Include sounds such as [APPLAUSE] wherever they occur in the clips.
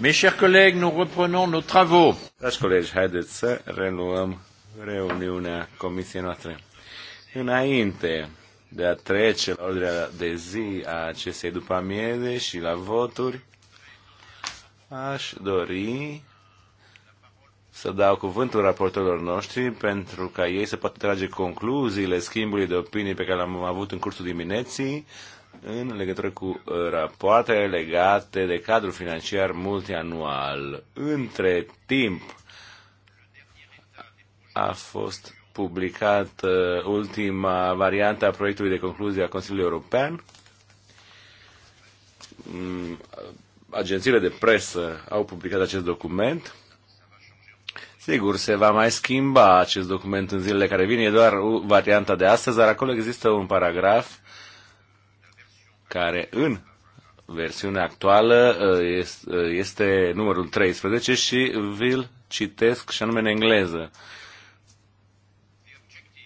Mes chers collègues, nous reprenons nos travaux. Dragi colegi, haideți să reluăm reuniunea comisiei noastre. Înainte de a trece la ordinea de zi a acestei după amieze și la voturi, aș dori să dau cuvântul raportorilor noștri pentru ca ei să poată trage concluziile schimbului de opinii pe care l-am avut în cursul dimineții în legătură cu uh, rapoartele legate de cadrul financiar multianual. Între timp a fost publicat uh, ultima variantă a proiectului de concluzie a Consiliului European. Mm, agențiile de presă au publicat acest document. Sigur, se va mai schimba acest document în zilele care vin, e doar varianta de astăzi, dar acolo există un paragraf care în versiunea actuală uh, uh, este numărul 13 și vi-l citesc și anume în engleză.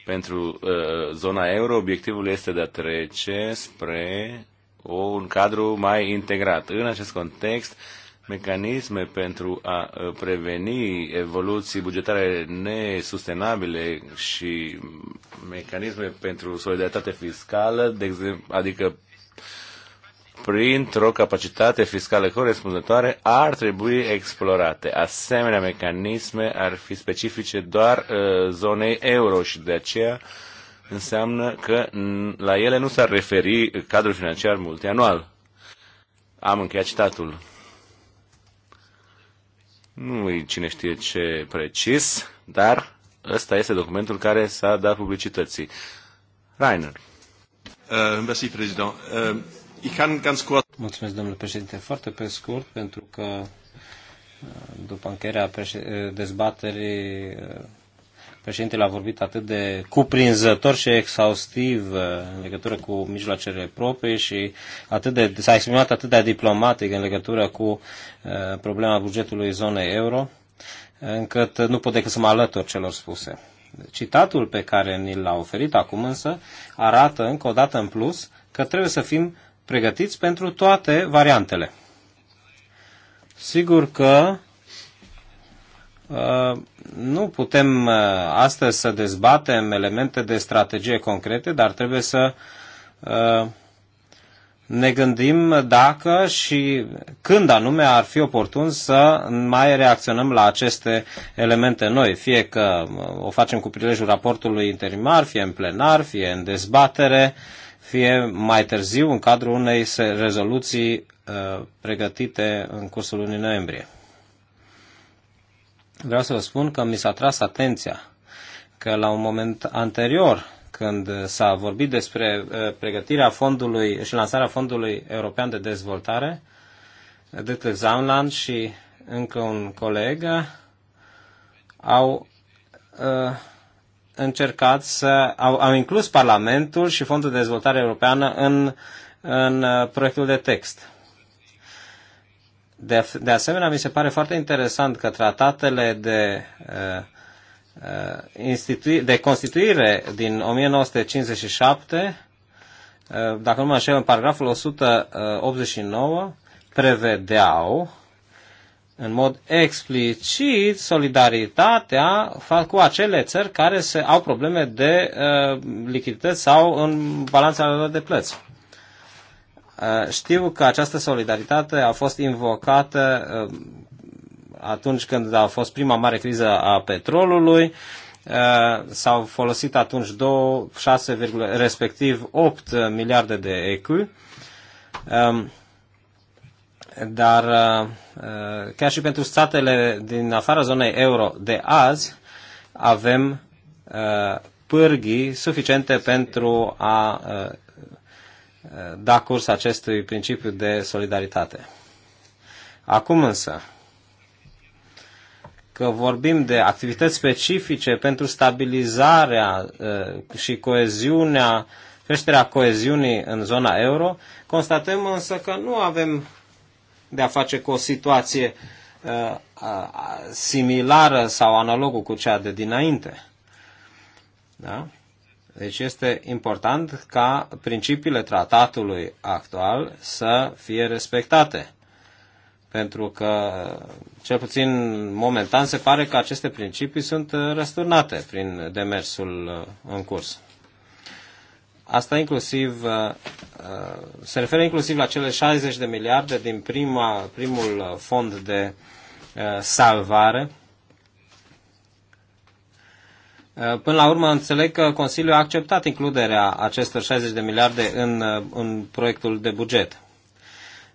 Pentru uh, zona euro, obiectivul este de a trece spre un cadru mai integrat. În acest context, mecanisme pentru a preveni evoluții bugetare nesustenabile și mecanisme pentru solidaritate fiscală, de exemplu, adică printr-o capacitate fiscală corespunzătoare ar trebui explorate. Asemenea, mecanisme ar fi specifice doar uh, zonei euro și de aceea înseamnă că la ele nu s-ar referi cadrul financiar multianual. Am încheiat citatul. Nu e cine știe ce precis, dar ăsta este documentul care s-a dat publicității. Rainer. Uh, merci, président. Uh... Ich kann ganz kurz... Mulțumesc, domnule președinte. Foarte pe scurt, pentru că uh, după încheierea uh, dezbaterii, uh, președintele a vorbit atât de cuprinzător și exhaustiv în legătură cu mijloacele proprii și atât de, s-a exprimat atât de diplomatic în legătură cu problema bugetului zonei euro, încât nu pot decât să mă alătur celor spuse. Citatul pe care ni l-a oferit acum însă arată încă o dată în plus că trebuie să fim pregătiți pentru toate variantele. Sigur că uh, nu putem uh, astăzi să dezbatem elemente de strategie concrete, dar trebuie să uh, ne gândim dacă și când anume ar fi oportun să mai reacționăm la aceste elemente noi, fie că o facem cu prilejul raportului interimar, fie în plenar, fie în dezbatere, uh, fie mai târziu în cadrul unei rezoluții uh, pregătite în cursul lunii noiembrie. Vreau să vă spun că mi s-a tras atenția că la un moment anterior, când s-a vorbit despre uh, pregătirea fondului și lansarea fondului european de dezvoltare, Dr. Zaunland și încă un coleg au uh, încercat să au, au inclus Parlamentul și Fondul de Dezvoltare Europeană în, în uh, proiectul de text. De, de asemenea, mi se pare foarte interesant că tratatele de, uh, uh, de constituire din 1957, dacă nu mă înșel, în paragraful 189, prevedeau în mod explicit solidaritatea cu acele țări care se, au probleme de uh, lichidități sau în balanța lor de plăți. Uh, știu că această solidaritate a fost invocată uh, atunci când a fost prima mare criză a petrolului, uh, s-au folosit atunci 2, 6, respectiv 8 miliarde de ecu. Uh, um, dar uh, uh, chiar și pentru statele din afara zonei euro de azi avem uh, pârghii suficiente pentru a da curs acestui principiu de solidaritate. Acum însă, că vorbim de activități specifice pentru stabilizarea și coeziunea, creșterea coeziunii în zona euro, constatăm însă că nu avem de a face cu o situație uh, similară sau analogă cu cea de dinainte. Da? Deci este important ca principiile tratatului actual să fie respectate. Pentru că, cel puțin momentan, se pare că aceste principii sunt uh, răsturnate prin demersul uh, în curs. Asta inclusiv uh, uh, se referă inclusiv la cele 60 de miliarde din prima, primul uh, fond de salvare. Până la urmă, înțeleg că Consiliul a acceptat includerea acestor 60 de miliarde în, în proiectul de buget.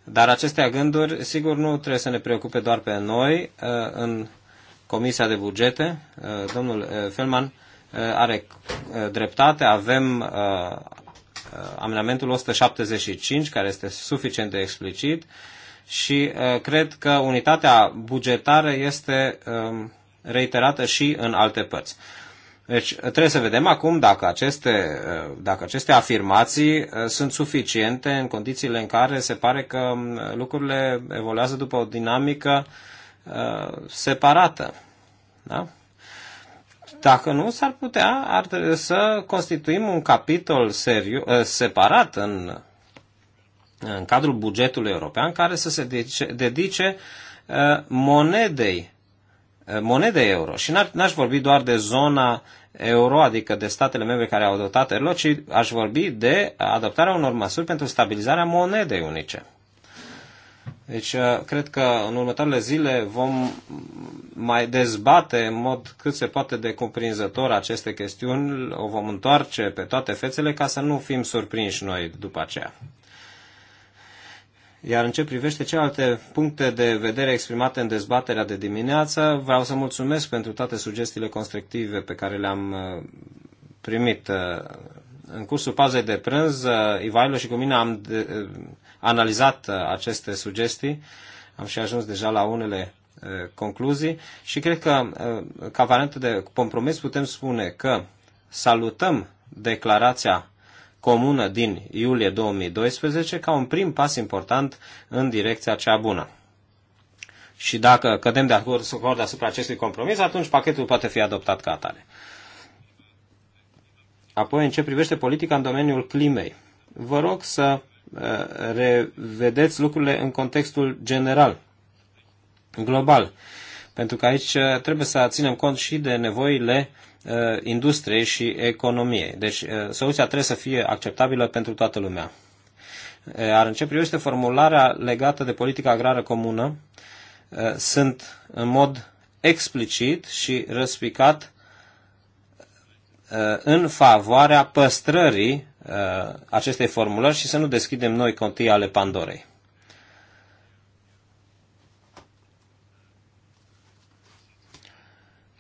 Dar aceste gânduri, sigur, nu trebuie să ne preocupe doar pe noi. În Comisia de Bugete, domnul Felman Uh, are uh, dreptate, avem uh, amendamentul 175, care este suficient de explicit și cred că unitatea bugetară este um, reiterată și în alte părți. Deci trebuie să vedem acum dacă aceste, dacă aceste afirmații sunt suficiente în condițiile în care se pare că um, lucrurile evoluează după o dinamică separată. Da? Dacă nu, s-ar putea ar trebui să constituim un capitol seriu, eh, separat în, în cadrul bugetului european care să se dedice, dedice eh, monedei, eh, monedei euro. Și n-aș vorbi doar de zona euro, adică de statele membre care au adoptat euro, ci aș vorbi de adoptarea unor măsuri pentru stabilizarea monedei unice. Deci, uh, cred că în următoarele zile vom mai dezbate în mod cât se poate de cuprinzător aceste chestiuni, o vom întoarce pe toate fețele ca să nu fim surprinși noi după aceea. Iar în ce privește celelalte puncte de vedere exprimate în dezbaterea de dimineață, vreau să mulțumesc pentru toate sugestiile constructive pe care le-am uh, primit. Uh, în cursul pauzei de prânz, Ivailo și cu mine am de- analizat uh, aceste sugestii, am și ajuns deja la unele uh, concluzii și cred că uh, ca variantă de compromis putem spune că salutăm declarația comună din iulie 2012 ca un prim pas important în direcția cea bună. Și dacă cădem de acord asupra acestui compromis, atunci pachetul poate fi adoptat ca atare. Apoi, în ce privește politica în domeniul climei, vă rog să Eh, revedeți lucrurile în contextul general, global. Pentru că aici eh, trebuie să ținem cont și de nevoile eh, industriei și economiei. Deci soluția trebuie să fie acceptabilă pentru toată lumea. Ar în ce privește formularea legată de politica agrară comună, sunt în mod explicit și răspicat în favoarea păstrării Uh, acestei formulări și să nu deschidem noi contii ale Pandorei.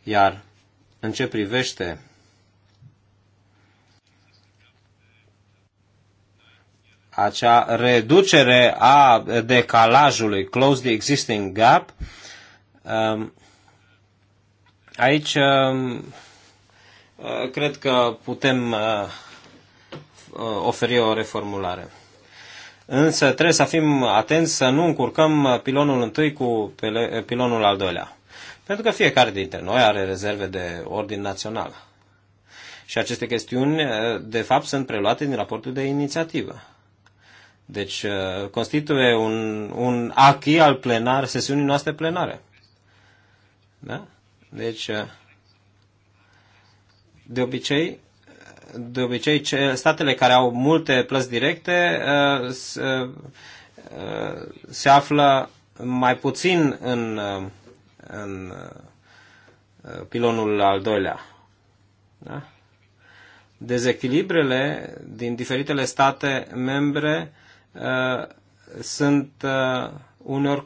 Iar în ce privește acea reducere a decalajului, close the existing gap, um, aici um, uh, cred că putem uh, Uh, oferi o reformulare. Însă trebuie să fim atenți să nu încurcăm pilonul întâi cu pilonul al doilea. Pentru că fiecare dintre noi are rezerve de ordin național. Și aceste chestiuni, uh, de fapt, sunt preluate din raportul de inițiativă. Deci, uh, constituie un, un achi al plenar, sesiunii noastre plenare. Da? Deci, de obicei, de obicei, statele care au multe plăți directe uh, uh, uh, se află mai puțin în, în pilonul al doilea. Da? Dezechilibrele din diferitele state membre uh, sunt uh, uneori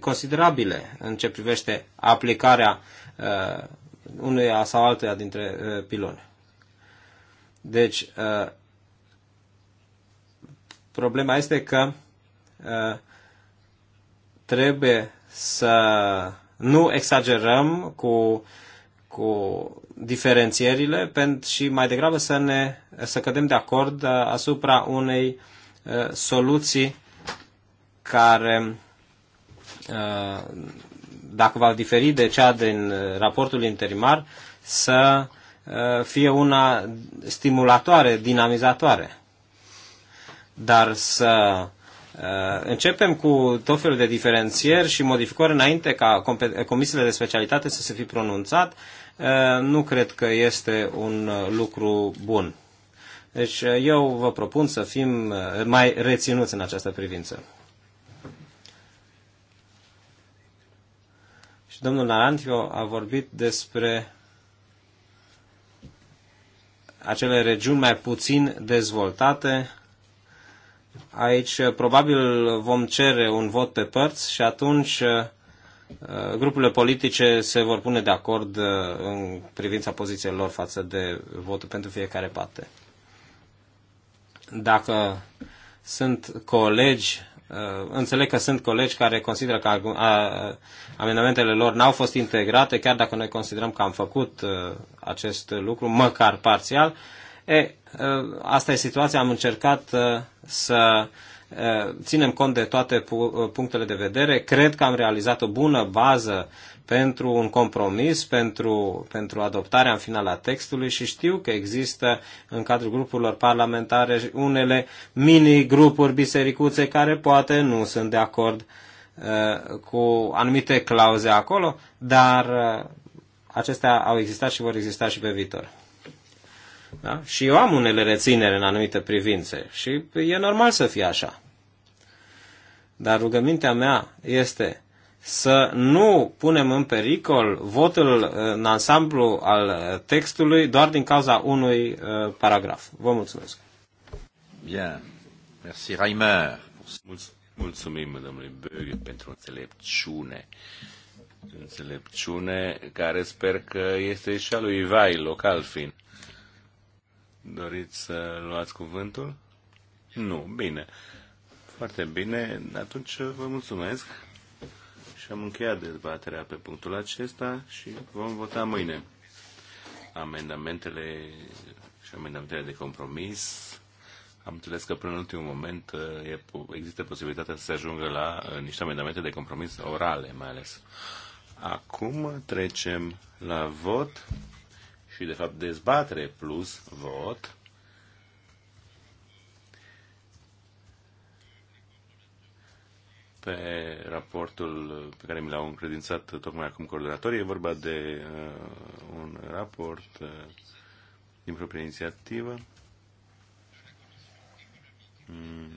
considerabile în ce privește aplicarea uh, uneia sau altuia dintre uh, piloni. Deci, uh, problema este că uh, trebuie să nu exagerăm cu, cu diferențierile și mai degrabă să, ne, să cădem de acord uh, asupra unei soluții care, dacă va diferi de cea din raportul interimar, să uh, Uh, fie una stimulatoare, dinamizatoare. Dar să uh, începem cu tot felul de diferențieri și modificări înainte ca comisiile de specialitate să se fi pronunțat, uh, nu cred că este un lucru bun. Deci eu vă propun să fim mai reținuți în această privință. Și domnul Narantio a vorbit despre acele regiuni mai puțin dezvoltate. Aici probabil vom cere un vot pe părți și atunci uh, grupurile politice se vor pune de acord uh, în privința poziției lor față de votul pentru fiecare parte. Dacă sunt colegi Uh, înțeleg că sunt colegi care consideră că amendamentele lor n-au fost integrate, chiar dacă noi considerăm că am făcut uh, acest lucru, măcar parțial. E, uh, asta e situația, am încercat să ținem cont de toate punctele de vedere. Cred că am realizat o bună bază pentru un compromis, pentru, pentru adoptarea în final a textului și știu că există în cadrul grupurilor parlamentare unele mini-grupuri bisericuțe care poate nu sunt de acord uh, cu anumite clauze acolo, dar uh, acestea au existat și vor exista și pe viitor. Da? Și eu am unele reținere în anumite privințe și e normal să fie așa. Dar rugămintea mea este să nu punem în pericol votul uh, în ansamblu al uh, textului doar din cauza unui uh, paragraf. Vă mulțumesc. Bien. Merci, Reimer. Mulțumim, domnului Böge, pentru înțelepciune. Înțelepciune care sper că este și a lui Ivai, local fiind. Doriți să luați cuvântul? Nu, bine. Foarte bine. Atunci vă mulțumesc am încheiat dezbaterea pe punctul acesta și vom vota mâine. Amendamentele și amendamentele de compromis am înțeles că până în ultimul moment uh, e, există posibilitatea să se ajungă la uh, niște amendamente de compromis orale, mai ales. Acum trecem la vot și, de fapt, dezbatere plus vot pe raportul pe care mi l-au încredințat tocmai acum coordonatorii. E vorba de uh, un raport uh, din proprie inițiativă. Mm,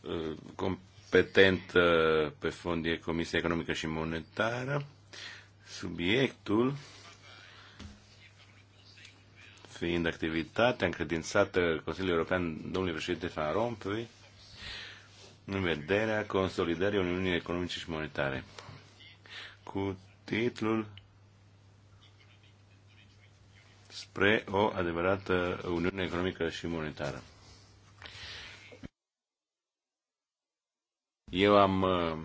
uh, competent uh, pe fond e Comisia Economică și Monetară. Subiectul fiind activitatea încredințată Consiliului European domnului președinte Van Rompuy, în vederea consolidării Uniunii Economice și Monetare cu titlul spre o adevărată Uniune Economică și Monetară. Eu am uh,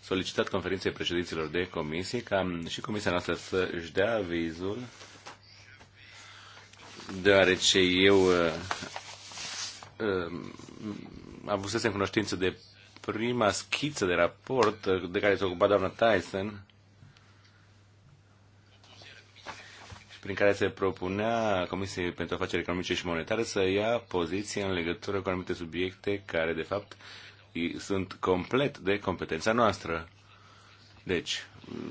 solicitat conferinței președinților de comisie ca și comisia noastră să își dea avizul, deoarece eu uh, uh, avusesem cunoștință de prima schiță de raport de care se ocupa doamna Tyson, prin care se propunea Comisiei pentru Afaceri Economice și Monetare să ia poziție în legătură cu anumite subiecte care, de fapt, sunt complet de competența noastră. Deci,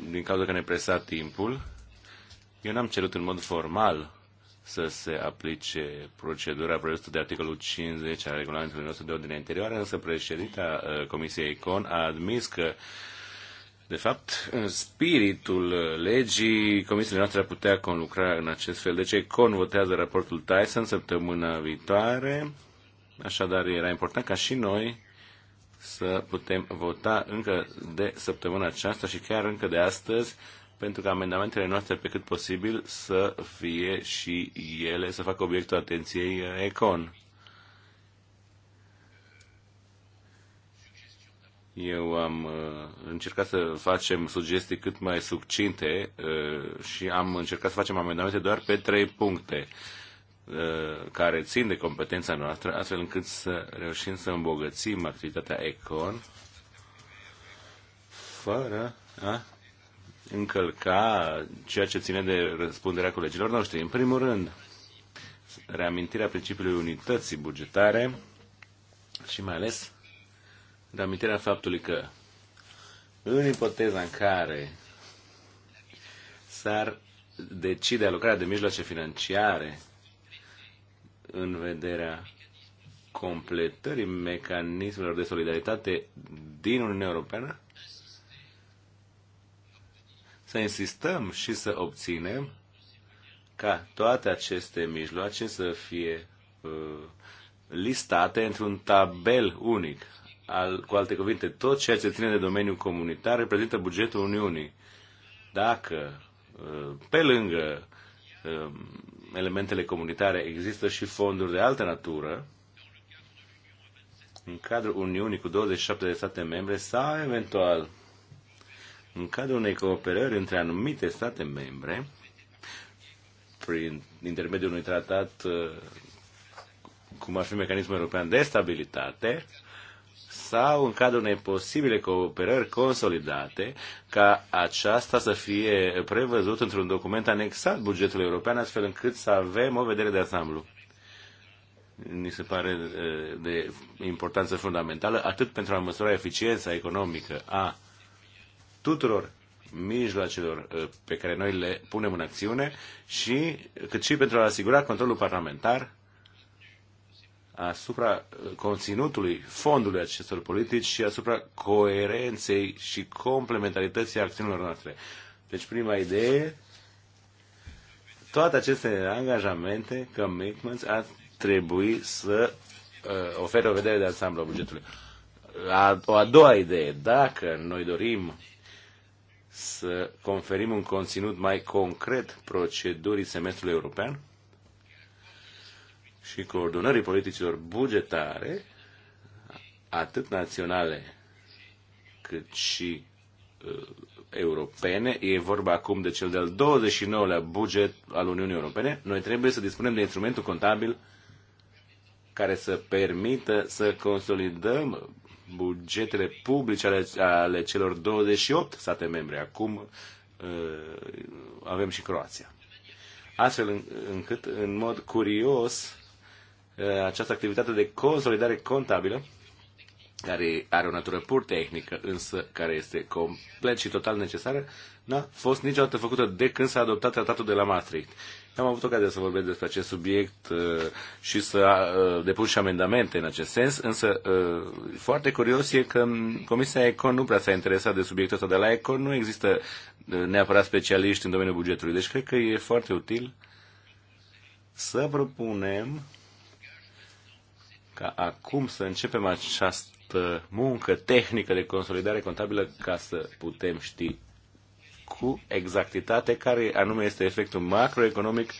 din cauza că ne presa timpul, eu n-am cerut în mod formal să se aplice procedura prevăzută de articolul 50 al regulamentului nostru de ordine interioară, însă președinta uh, Comisiei ICON a admis că de fapt, în spiritul legii, comisiile noastre ar putea conlucra în acest fel. ce Econ votează raportul Tyson săptămâna viitoare. Așadar, era important ca și noi să putem vota încă de săptămâna aceasta și chiar încă de astăzi pentru ca amendamentele noastre pe cât posibil să fie și ele să facă obiectul atenției Econ. Eu am uh, încercat să facem sugestii cât mai succinte uh, și am încercat să facem amendamente doar pe trei puncte uh, care țin de competența noastră, astfel încât să reușim să îmbogățim activitatea ECON fără a încălca ceea ce ține de răspunderea colegilor noștri. În primul rând, reamintirea principiului unității bugetare și mai ales reamintirea faptului că în ipoteza în care s-ar decide alocarea de mijloace financiare în vederea completării mecanismelor de solidaritate din Uniunea Europeană, să insistăm și să obținem ca toate aceste mijloace să fie uh, listate într-un tabel unic. Al, cu alte cuvinte, tot ceea ce ține de domeniul comunitar reprezintă bugetul Uniunii. Dacă uh, pe lângă uh, elementele comunitare există și fonduri de altă natură, în cadrul Uniunii cu 27 de state membre sau eventual în cadrul unei cooperări între anumite state membre, prin intermediul unui tratat uh, cum ar fi mecanismul european de stabilitate, sau în cadrul unei posibile cooperări consolidate, ca aceasta să fie prevăzut într-un document anexat bugetului european, astfel încât să avem o vedere de ansamblu. Ni se pare uh, de importanță fundamentală, atât pentru a măsura eficiența economică a tuturor mijloacelor uh, pe care noi le punem în acțiune și cât și pentru a asigura controlul parlamentar asupra uh, conținutului, fondului acestor politici și asupra coerenței și complementarității acțiunilor noastre. Deci prima idee, toate aceste angajamente, commitments, ar trebui să uh, ofere o vedere de ansamblu a bugetului. A, o a doua idee, dacă noi dorim să conferim un conținut mai concret procedurii semestrului european și coordonării politicilor bugetare, atât naționale cât și uh, europene. E vorba acum de cel de-al 29-lea buget al Uniunii Europene. Noi trebuie să dispunem de instrumentul contabil care să permită să consolidăm bugetele publice ale, ale celor 28 state membre. Acum uh, avem și Croația. Astfel încât, în mod curios, uh, această activitate de consolidare contabilă, care are o natură pur tehnică, însă care este complet și total necesară, n-a fost niciodată făcută de când s-a adoptat tratatul de la Maastricht. Am avut ocazia să vorbesc despre acest subiect uh, și să uh, depun și amendamente în acest sens, însă uh, foarte curios e că Comisia Econ nu prea s-a interesat de subiectul ăsta, de la Econ nu există neapărat specialiști în domeniul bugetului, deci cred că e foarte util să propunem ca acum să începem această muncă tehnică de consolidare contabilă ca să putem ști cu exactitate care anume este efectul macroeconomic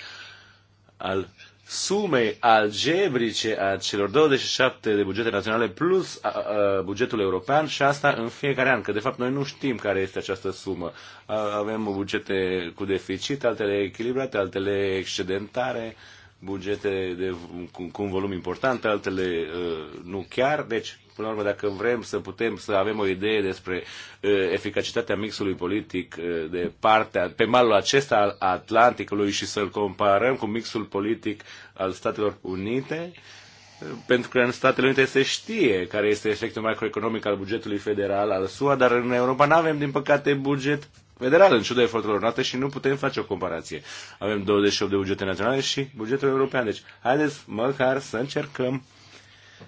al sumei algebrice a celor 27 de bugete naționale plus a, a, bugetul european și asta în fiecare an, că de fapt noi nu știm care este această sumă. A, avem bugete cu deficit, altele echilibrate, altele excedentare, bugete de, cu, cu un volum important, altele uh, nu chiar. Deci, până la urmă, dacă vrem să putem să avem o idee despre uh, eficacitatea mixului politic uh, de partea, pe malul acesta al Atlanticului și să-l comparăm cu mixul politic al Statelor Unite, uh, pentru că în Statele Unite se știe care este efectul macroeconomic al bugetului federal al SUA, dar în Europa nu avem, din păcate, buget federal, în ciuda eforturilor noastre și nu putem face o comparație. Avem 28 de bugete naționale și bugetul european. Deci, haideți măcar să încercăm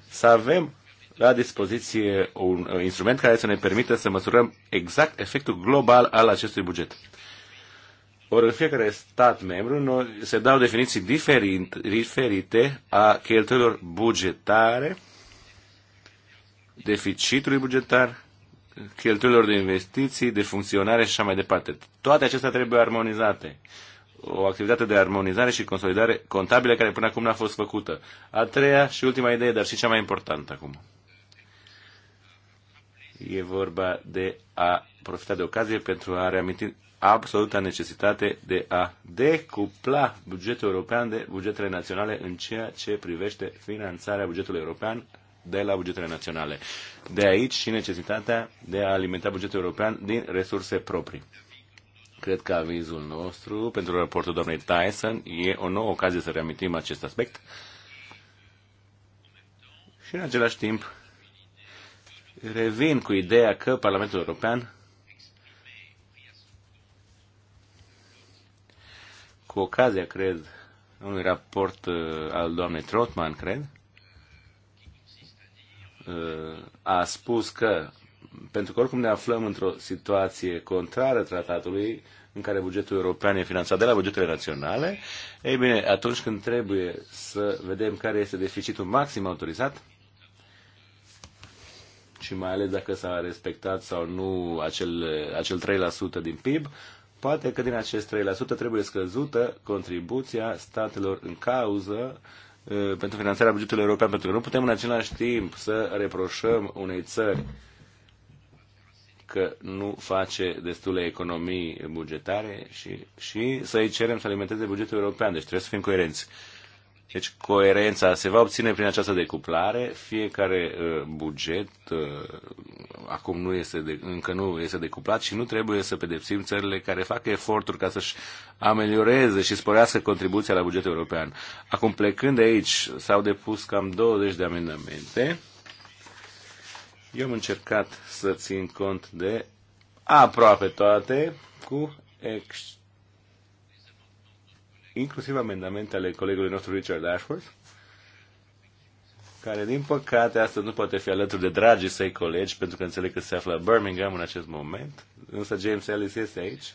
să avem la dispoziție un uh, instrument care să ne permită să măsurăm exact efectul global al acestui buget. Ori în fiecare stat membru se dau definiții diferit, diferite a cheltuielor bugetare, deficitului bugetar cheltuielor de investiții, de funcționare și așa mai departe. Toate acestea trebuie armonizate. O activitate de armonizare și consolidare contabilă care până acum n-a fost făcută. A treia și ultima idee, dar și cea mai importantă acum. E vorba de a profita de ocazie pentru a reaminti absoluta necesitate de a decupla bugetul european de bugetele naționale în ceea ce privește finanțarea bugetului european de la bugetele naționale. De aici și necesitatea de a alimenta bugetul european din resurse proprii. Cred că avizul nostru pentru raportul doamnei Tyson e o nouă ocazie să reamintim acest aspect. Și în același timp revin cu ideea că Parlamentul European cu ocazia, cred, unui raport uh, al doamnei Trotman, cred, Uh, a spus că, pentru că oricum ne aflăm într-o situație contrară tratatului, în care bugetul european e finanțat de la bugetele naționale, ei bine, atunci când trebuie să vedem care este deficitul maxim autorizat, și mai ales dacă s-a respectat sau nu acel, acel 3% din PIB, poate că din acest 3% trebuie scăzută contribuția statelor în cauză Uh, pentru finanțarea bugetului european, pentru că nu putem în același timp să reproșăm unei țări că nu face destule economii bugetare și, și să-i cerem să alimenteze bugetul european. Deci trebuie să fim coerenți. Deci coerența se va obține prin această decuplare. Fiecare uh, buget uh, acum nu este de, încă nu este decuplat și nu trebuie să pedepsim țările care fac eforturi ca să-și amelioreze și sporească contribuția la bugetul european. Acum plecând de aici s-au depus cam 20 de amendamente. Eu am încercat să țin cont de aproape toate, cu excepție inclusiv amendamente ale colegului nostru Richard Ashworth, care din păcate astăzi nu poate fi alături de dragii săi colegi, pentru că înțeleg că se află la Birmingham în acest moment, însă James Ellis este aici.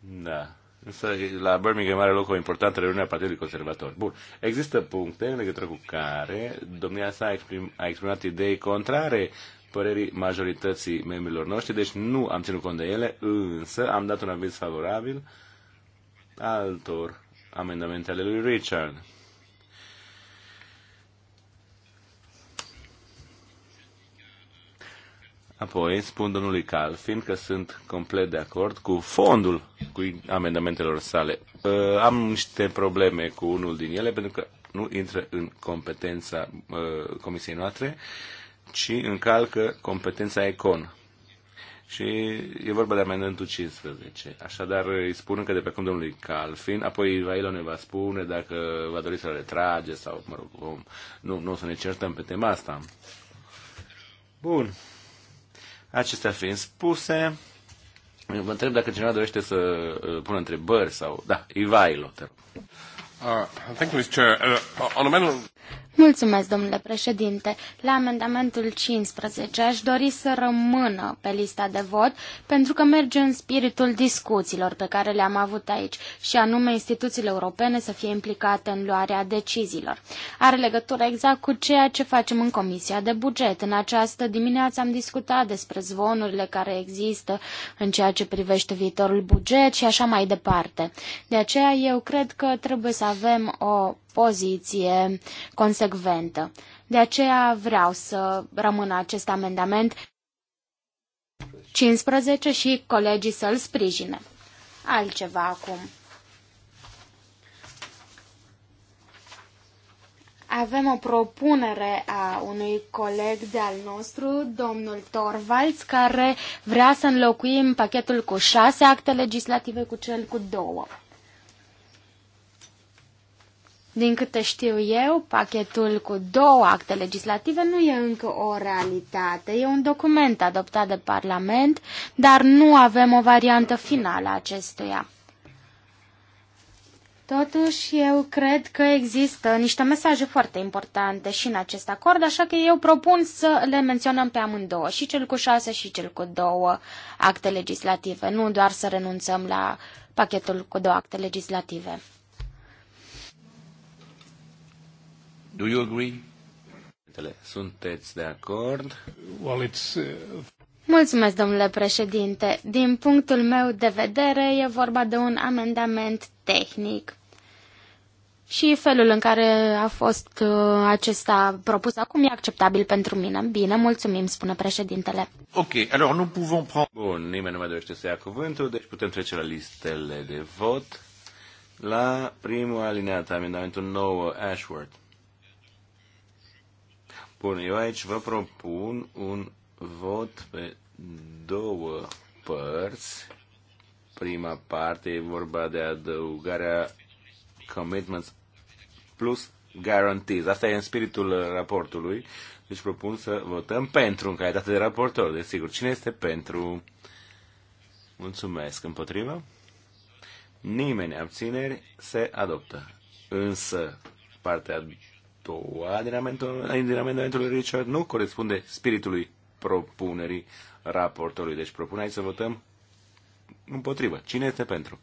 Da. Însă la Birmingham are loc o importantă reuniune a Partidului Conservator. Bun. Există puncte în legătură cu care domnia sa a, exprim, a exprimat idei contrare părerii majorității membrilor noștri, deci nu am ținut cont de ele, însă am dat un aviz favorabil uh, altor amendamente ale lui Richard. Apoi spun domnului Calfin că sunt complet de acord cu fondul cu amendamentelor sale. Uh, am niște probleme cu unul din ele pentru că nu intră în competența uh, comisiei noastre, ci încalcă competența ECON și e vorba de amendamentul 15. Așadar, îi spun încă de pe cum domnului Calfin, apoi Ivailo ne va spune dacă va dori să-l retrage sau, mă rog, vom, nu, nu o să ne certăm pe tema asta. Bun. Acestea fiind spuse, vă întreb dacă cineva dorește să uh, pună întrebări sau... Da, Ivailo, te rog. Uh, thank you, Mr. Uh, on a matter... Mulțumesc, domnule președinte. La amendamentul 15 aș dori să rămână pe lista de vot pentru că merge în spiritul discuțiilor pe care le-am avut aici și anume instituțiile europene să fie implicate în luarea deciziilor. Are legătură exact cu ceea ce facem în Comisia de Buget. În această dimineață am discutat despre zvonurile care există în ceea ce privește viitorul buget și așa mai departe. De aceea eu cred că trebuie să avem o poziție consecventă. De aceea vreau să rămână acest amendament 15 și colegii să-l sprijine. Altceva acum. Avem o propunere a unui coleg de-al nostru, domnul Torvalds, care vrea să înlocuim pachetul cu șase acte legislative cu cel cu două. Din câte știu eu, pachetul cu două acte legislative nu e încă o realitate. E un document adoptat de Parlament, dar nu avem o variantă finală a acestuia. Totuși, eu cred că există niște mesaje foarte importante și în acest acord, așa că eu propun să le menționăm pe amândouă, și cel cu șase și cel cu două acte legislative, nu doar să renunțăm la pachetul cu două acte legislative. Do you agree? Sunteți de acord? Well, it's, uh... Mulțumesc, domnule președinte. Din punctul meu de vedere, e vorba de un amendament tehnic. Și felul în care a fost uh, acesta propus acum e acceptabil pentru mine. Bine, mulțumim, spune președintele. Ok, alors nu putem prendre... Bun, nimeni nu mai dorește să ia cuvântul, deci putem trece la listele de vot. La primul alineat, amendamentul 9, Ashworth. Bun, eu aici vă propun un vot pe două părți. Prima parte e vorba de adăugarea commitments plus guarantees. Asta e în spiritul raportului. Deci propun să votăm pentru în calitate de raportor. Desigur, cine este pentru? Mulțumesc. Împotrivă? Nimeni abțineri se adoptă. Însă, partea 2 a lui Richard nu corespunde spiritului propunerii raportului. Deci propuneai să votăm împotrivă. Cine este pentru?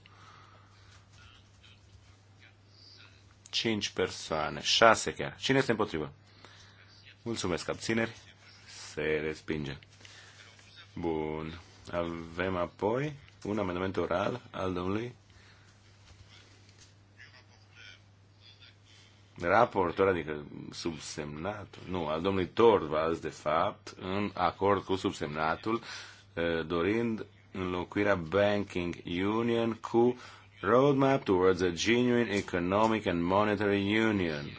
Cinci persoane, șase chiar. Cine este împotrivă? Mulțumesc, abțineri. Se respinge. Bun. Avem apoi un amendament oral al domnului raportor, adică subsemnatul, nu, al domnului Torvalds, de fapt, în acord cu subsemnatul, eh, dorind înlocuirea Banking Union cu Roadmap towards a genuine economic and monetary union.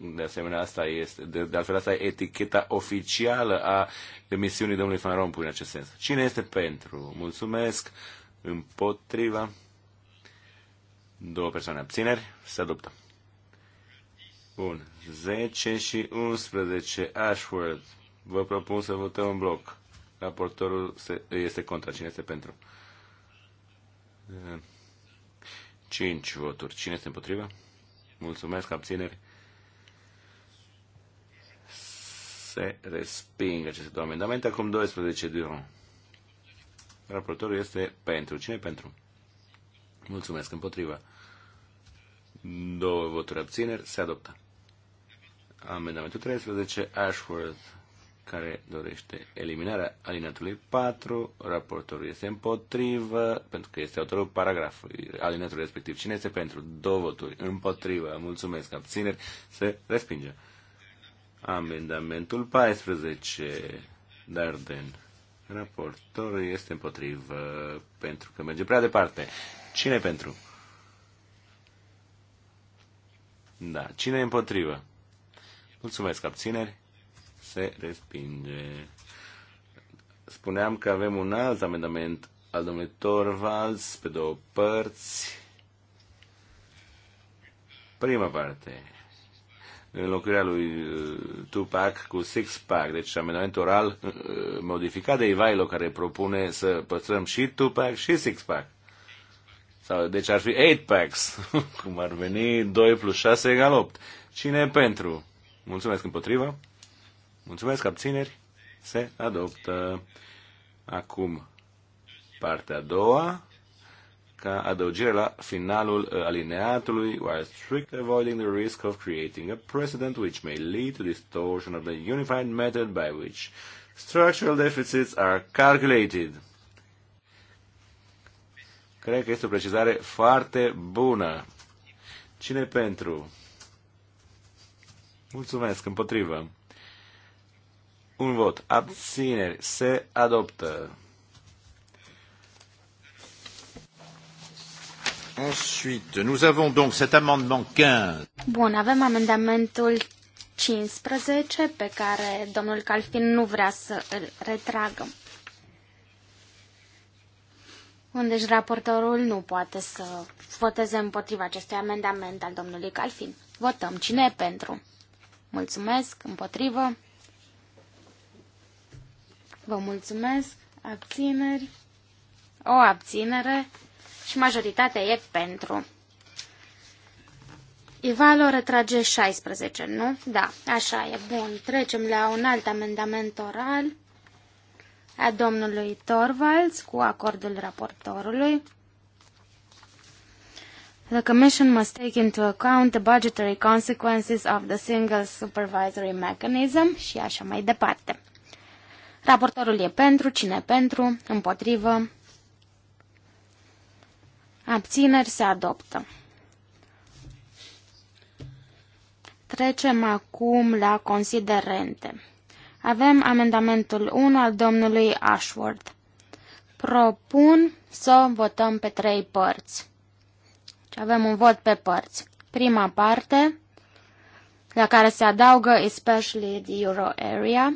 De asemenea, asta este, de, de altfel, asta e eticheta oficială a demisiunii domnului Van Rompuy în acest sens. Cine este pentru? Mulțumesc. Împotriva. Două persoane abțineri. Se adoptă. Bun. 10 și 11. Ashworth. Vă propun să votăm în bloc. Raportorul se, este contra. Cine este pentru? 5 voturi. Cine este împotriva? Mulțumesc, abțineri. Se resping aceste două amendamente. Acum 12 Duron. Raportorul este pentru. Cine pentru? Mulțumesc, împotriva. Două voturi abțineri. Se adoptă. Amendamentul 13, Ashworth, care dorește eliminarea alinatului 4. Raportorul este împotrivă, pentru că este autorul paragrafului. alinatului respectiv. Cine este pentru? Două voturi. Împotrivă. Mulțumesc. Abțineri. Se respinge. Amendamentul 14. Darden. Raportorul este împotrivă pentru că merge prea departe. Cine pentru? Da. Cine e împotrivă? Mulțumesc, abțineri. Se respinge. Spuneam că avem un alt amendament al domnului Torvalds pe două părți. Prima parte. Înlocuirea lui uh, Tupac cu six-pack, deci amendament oral uh, modificat de Ivailo care propune să păstrăm și Tupac și six-pack. Sau, deci ar fi 8 packs, [LAUGHS] cum ar veni 2 plus 6 egal 8. Cine e pentru? Mulțumesc împotrivă. Mulțumesc abțineri. Se adoptă. Acum partea a doua ca adăugire la finalul uh, alineatului while strict avoiding the risk of creating a precedent which may lead to distortion of the unified method by which structural deficits are calculated. Cred că este o precizare foarte bună. Cine pentru? Mulțumesc, împotrivă. Un vot. Abțineri. Se adoptă. Ensuite, nous avons donc cet amendement 15. Bun, avem amendamentul 15 pe care domnul Calfin nu vrea să îl retragă. Unde deci raportorul nu poate să voteze împotriva acestui amendament al domnului Calfin. Votăm. Cine e pentru? Mulțumesc. Împotrivă. Vă mulțumesc. Abțineri. O abținere. Și majoritatea e pentru. Ivalo retrage 16, nu? Da, așa e, bun. Trecem la un alt amendament oral a domnului Torvalds cu acordul raportorului. The Commission must take into account the budgetary consequences of the single supervisory mechanism și așa mai departe. Raportorul e pentru, cine pentru, împotrivă, abțineri se adoptă. Trecem acum la considerente. Avem amendamentul 1 al domnului Ashworth. Propun să votăm pe trei părți. Și avem un vot pe părți. Prima parte, la care se adaugă especially the euro area,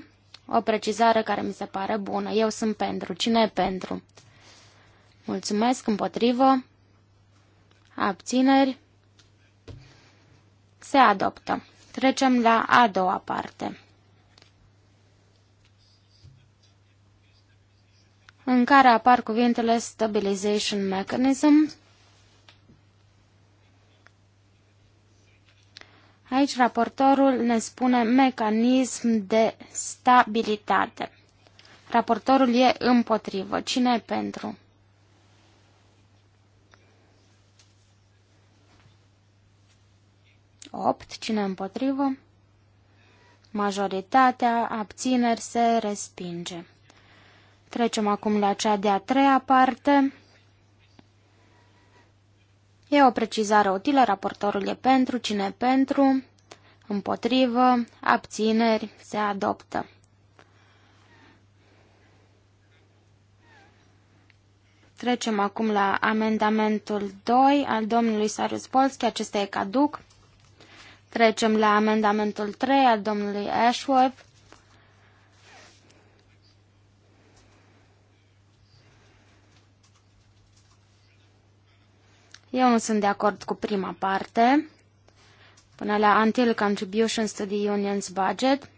o precizare care mi se pare bună. Eu sunt pentru. Cine e pentru? Mulțumesc, împotrivă. Abțineri. Se adoptă. Trecem la a doua parte. în care apar cuvintele Stabilization Mechanism Aici raportorul ne spune mecanism de stabilitate. Raportorul e împotrivă. Cine e pentru? Opt. Cine împotrivă? Majoritatea abțineri se respinge. Trecem acum la cea de-a treia parte. E o precizare utilă, raportorul e pentru, cine e pentru, împotrivă, abțineri, se adoptă. Trecem acum la amendamentul 2 al domnului Sarius Polski, acesta e caduc. Trecem la amendamentul 3 al domnului Ashworth. Eu nu sunt de acord cu prima parte, până la Until Contributions to the Union's Budget.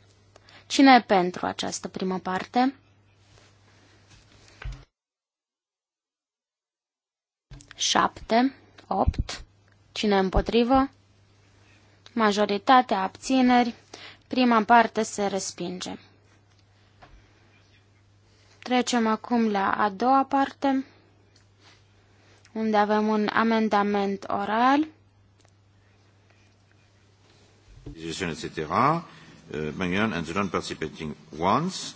Cine e pentru această primă parte? Șapte, opt. Cine e împotrivă? Majoritatea abțineri. Prima parte se respinge. Trecem acum la a doua parte unde avem un amendament oral. etc. Euh, Mangan and the non-participating ones.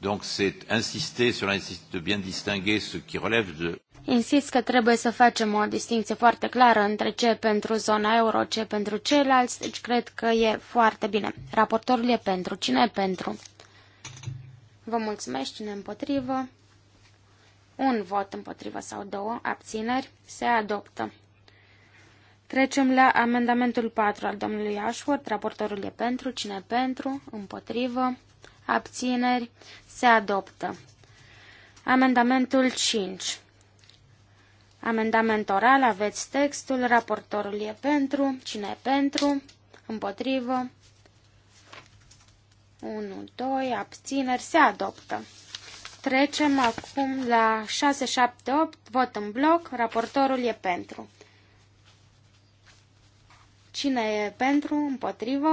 Donc c'est insister sur de bien distinguer ce qui relève de Insist că trebuie să facem o distinție foarte clară între ce pentru zona euro, ce pentru ceilalți, deci cred că e foarte bine. Raportorul e pentru. Cine e pentru? Vă mulțumesc, cine împotrivă? Un vot împotrivă sau două abțineri se adoptă. Trecem la amendamentul 4 al domnului Ashworth. Raportorul e pentru. Cine pentru? Împotrivă. Abțineri. Se adoptă. Amendamentul 5. Amendament oral. Aveți textul. Raportorul e pentru. Cine e pentru? Împotrivă. 1, 2. Abțineri. Se adoptă. Trecem acum la 8, vot în bloc, raportorul e pentru. Cine e pentru, împotrivă,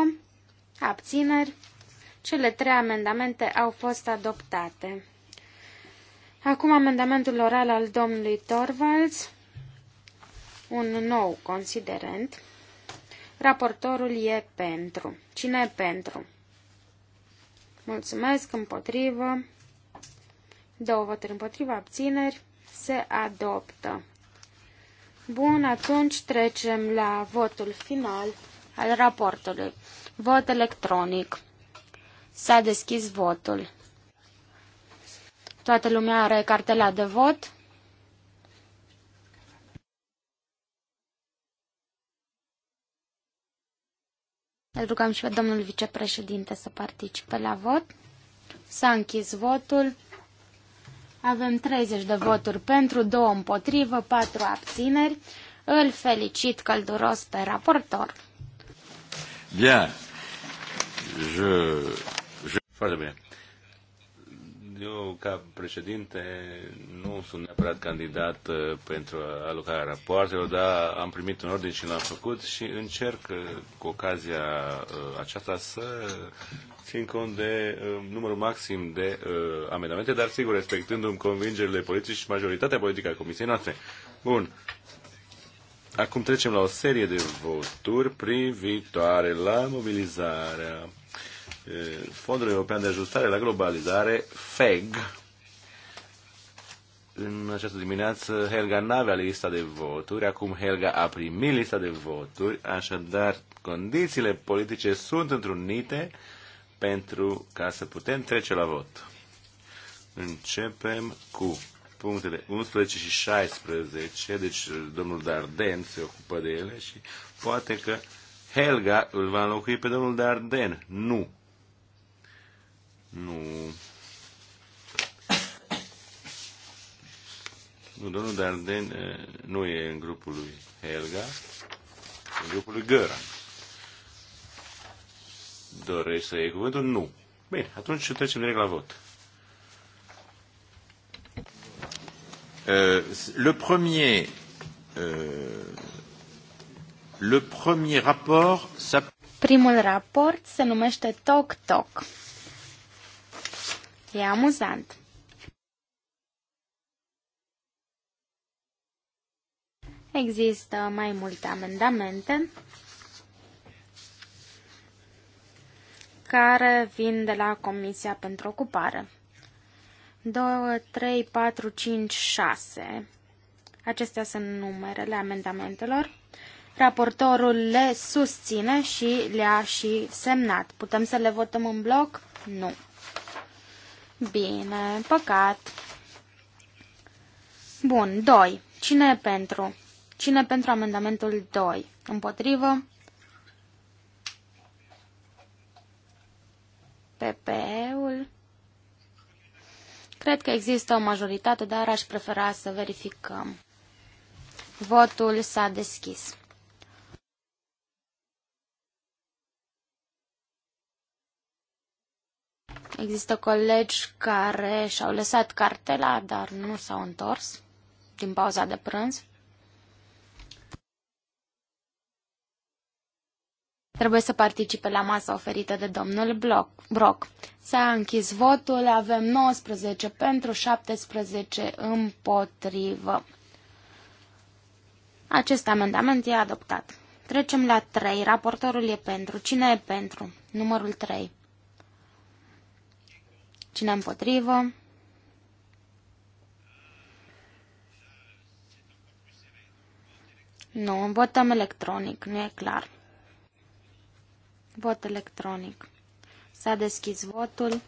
abțineri. Cele trei amendamente au fost adoptate. Acum amendamentul oral al domnului Torvalds, un nou considerent. Raportorul e pentru. Cine e pentru? Mulțumesc, împotrivă, Două voturi împotriva, abțineri, se adoptă. Bun, atunci trecem la votul final al raportului. Vot electronic. S-a deschis votul. Toată lumea are cartela de vot. Îl rugăm și pe domnul vicepreședinte să participe la vot. S-a închis votul. Avem 30 de voturi pentru, 2 împotrivă, 4 abțineri. Îl felicit călduros pe raportor. Bine, Je... Je... Foarte bine eu, ca președinte, nu sunt neapărat candidat uh, pentru alocarea rapoartelor, dar am primit un ordin și l-am făcut și încerc uh, cu ocazia uh, aceasta să țin cont de numărul maxim de amendamente, dar sigur respectându-mi convingerile politice și majoritatea politică a Comisiei noastre. Bun. Acum trecem la o serie de voturi privitoare la mobilizarea Fondul European de Ajustare la Globalizare, FEG. În această dimineață Helga n-avea lista de voturi, acum Helga a primit lista de voturi, așadar condițiile politice sunt întrunite pentru ca să putem trece la vot. Începem cu punctele 11 și 16, deci domnul Darden se ocupă de ele și poate că Helga îl va înlocui pe domnul Darden. Nu. Nu. Nu, domnul Darden eh, nu e în grupul lui Helga, e în grupul lui Göran. Doresc să iei cuvântul? Nu. Bine, atunci trecem direct la vot. Euh, le premier euh, le premier rapport Primul raport se numește Toc Toc. E amuzant. Există mai multe amendamente care vin de la Comisia pentru Ocupare. 2, 3, 4, 5, 6. Acestea sunt numerele amendamentelor. Raportorul le susține și le-a și semnat. Putem să le votăm în bloc? Nu. Bine, păcat. Bun, 2. Cine e pentru? Cine pentru amendamentul 2? Împotrivă? pp ul Cred că există o majoritate, dar aș prefera să verificăm. Votul s-a deschis. Există colegi care și-au lăsat cartela, dar nu s-au întors din pauza de prânz. Trebuie să participe la masa oferită de domnul Brock. S-a închis votul, avem 19 pentru, 17 împotrivă. Acest amendament e adoptat. Trecem la 3. Raportorul e pentru. Cine e pentru? Numărul 3. Cine împotrivă? Nu, votăm electronic, nu e clar. Vot electronic. S-a deschis votul.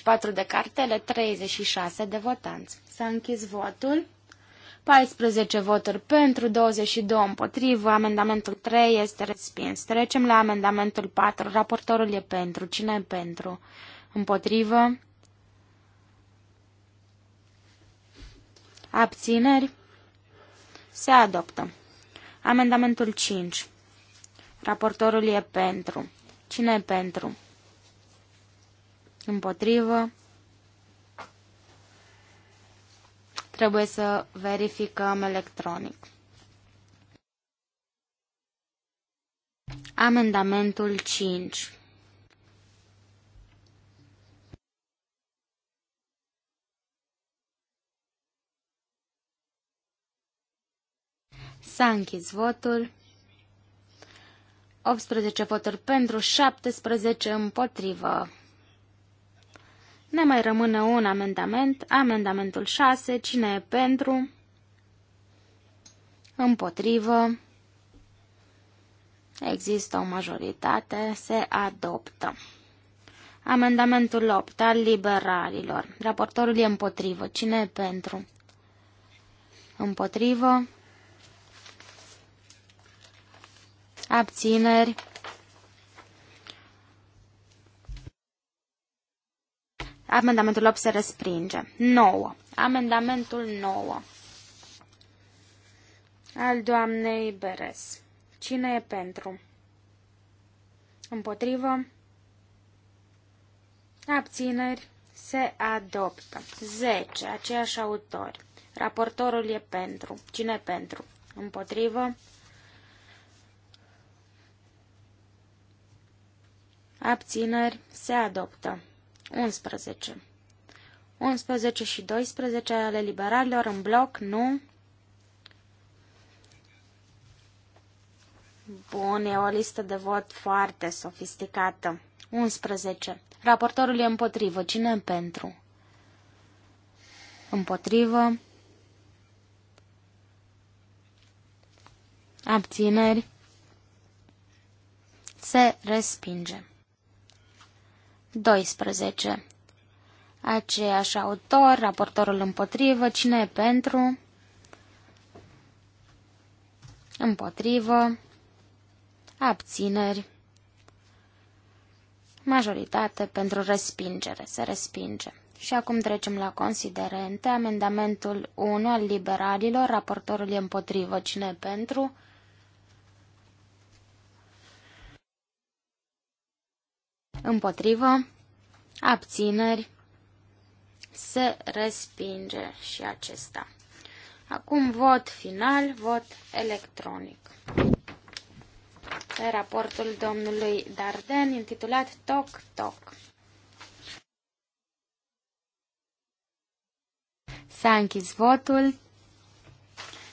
patru de cartele, șase de votanți. S-a închis votul. 14 voturi pentru, 22 împotrivă, amendamentul 3 este respins. Trecem la amendamentul 4. Raportorul e pentru. Cine e pentru? Împotrivă? Abțineri? Se adoptă. Amendamentul 5. Raportorul e pentru. Cine e pentru? Împotrivă? Trebuie să verificăm electronic. Amendamentul 5. S-a închis votul. 18 voturi pentru, 17 împotrivă. Ne mai rămâne un amendament, amendamentul 6, cine e pentru, împotrivă, există o majoritate, se adoptă. Amendamentul 8 al liberalilor. Raportorul e împotrivă. Cine e pentru? Împotrivă. Abțineri. Amendamentul 8 se respinge. 9. Amendamentul 9 al doamnei Beres. Cine e pentru? Împotrivă? Abțineri? Se adoptă. 10. Aceiași autori. Raportorul e pentru. Cine e pentru? Împotrivă? Abțineri? Se adoptă. 11. 11 și 12 ale liberalilor în bloc, nu? Bun, e o listă de vot foarte sofisticată. 11. Raportorul e împotrivă. Cine pentru? Împotrivă. Abțineri. Se respinge. 12. Aceeași autor, raportorul împotrivă, cine e pentru? Împotrivă. Abțineri. Majoritate pentru respingere. Se respinge. Și acum trecem la considerente. Amendamentul 1 al liberalilor. Raportorul e împotrivă. Cine e pentru? Pentru. împotrivă, abțineri, se respinge și acesta. Acum vot final, vot electronic. Pe raportul domnului Darden, intitulat Toc Toc. S-a închis votul.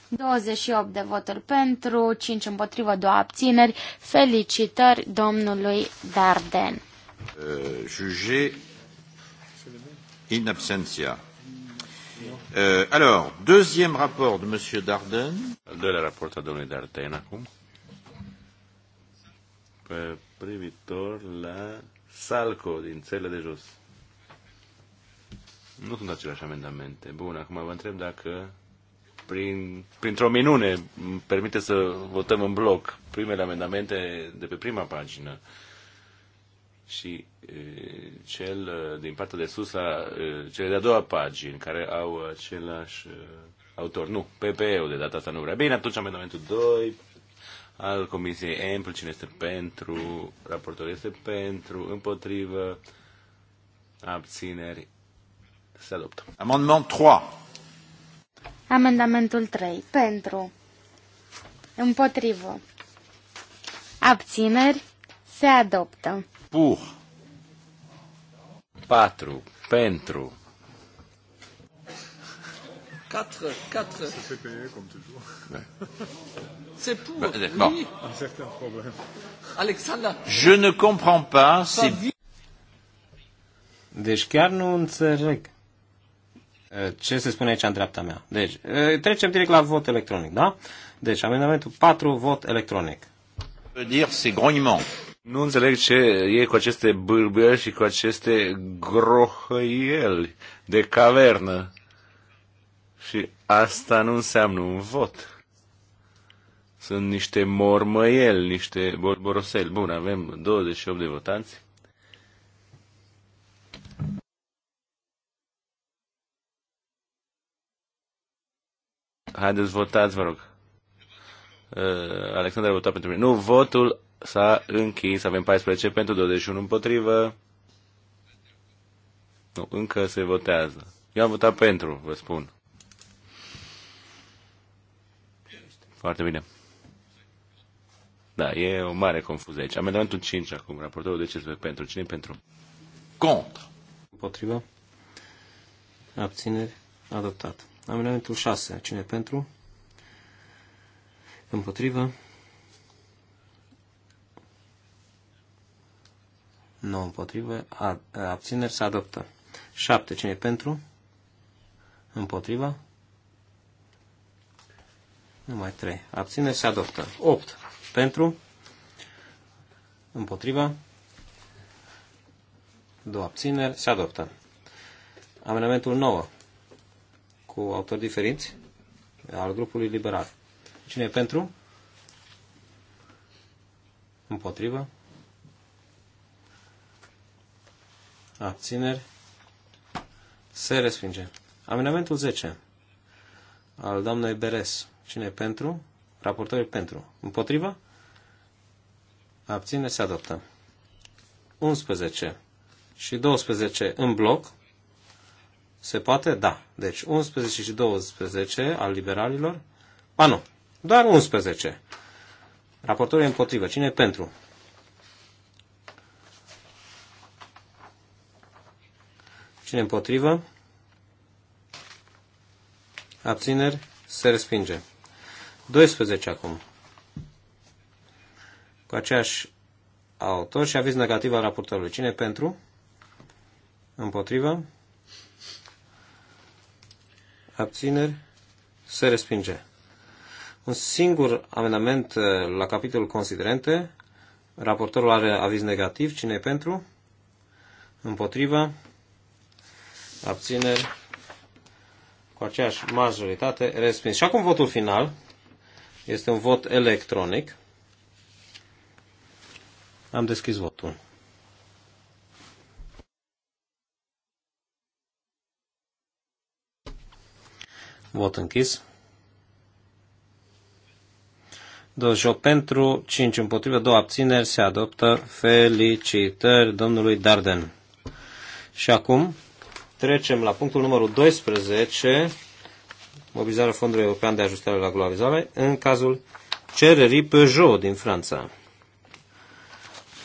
28 de voturi pentru, 5 împotrivă, 2 abțineri. Felicitări domnului Darden. Euh, jugé in absentia. Euh, alors, deuxième rapport de M. Darden. Al doilea raport de domnului Darden acum. Pe privitor la Salco din țările de jos. Nu sunt aceleași amendamente. Bun, acum vă întreb dacă prin, printr-o minune permite să votăm în bloc primele amendamente de pe prima pagină. Uh, și cel din partea de sus la cele de-a doua pagini, care au același autor. Nu, PPE-ul de data asta nu vrea. Bine, atunci amendamentul 2 al Comisiei Ample, cine este pentru, raportorul este pentru, împotrivă, abțineri, se adoptă. Amendament 3. Amendamentul 3. Pentru. Împotrivă. Abțineri. Se adoptă pour, 4. Pentru. 4, 4. Ça fait payer comme toujours. Ouais. C'est pour. Bah, euh, oui. bon. Un certain problème. Alexandra. Je ne comprends pas. Si... Deci chiar nu înțeleg uh, ce se spune aici în dreapta mea. Deci, uh, trecem direct la vot electronic, da? Deci, amendamentul 4, vot electronic. Dire, c'est grognement. Nu înțeleg ce e cu aceste bâlbâieli și cu aceste grohăieli de cavernă. Și asta nu înseamnă un vot. Sunt niște mormăieli, niște borboroseli. Bun, avem 28 de votanți. Haideți, votați, vă rog. Uh, Alexandra a votat pentru mine. Nu, votul s-a închis, avem 14 pentru 21 împotrivă. Nu, încă se votează. Eu am votat pentru, vă spun. Foarte bine. Da, e o mare confuzie aici. Amendamentul 5 acum, raportorul de ce se pentru. cine pentru? Contra. Împotrivă. Abțineri. Adoptat. Amendamentul 6. Cine pentru? Împotrivă. 9 împotrivă, abțineri se adoptă. 7. Cine e pentru? Împotriva? Numai 3. Abțineri se adoptă. 8. Pentru? Împotriva? Două abțineri se adoptă. Amendamentul 9. Cu autori diferiți al grupului liberal. Cine e pentru? Împotrivă? abțineri, se respinge. Amendamentul 10 al doamnei Beres. Cine pentru? Raportorii pentru. Împotriva? Abține, se adoptă. 11 și 12 în bloc. Se poate? Da. Deci 11 și 12 al liberalilor. A, nu. Doar 11. Raportorii împotrivă. Cine e pentru? Cine împotrivă? Abțineri? Se respinge. 12 acum. Cu aceeași autor și aviz negativ al raportorului. Cine pentru? Împotrivă? Abțineri? Se respinge. Un singur amendament uh, la capitolul considerente. Raportorul are aviz negativ. Cine e pentru? Împotriva? abțineri, cu aceeași majoritate, respins. Și acum votul final este un vot electronic. Am deschis votul. Vot închis. 28 pentru, 5 împotrivă, 2 abțineri, se adoptă. Felicitări domnului Darden. Și acum Trecem la punctul numărul 12, mobilizarea Fondului European de Ajustare la Globalizare, în cazul cererii Peugeot din Franța.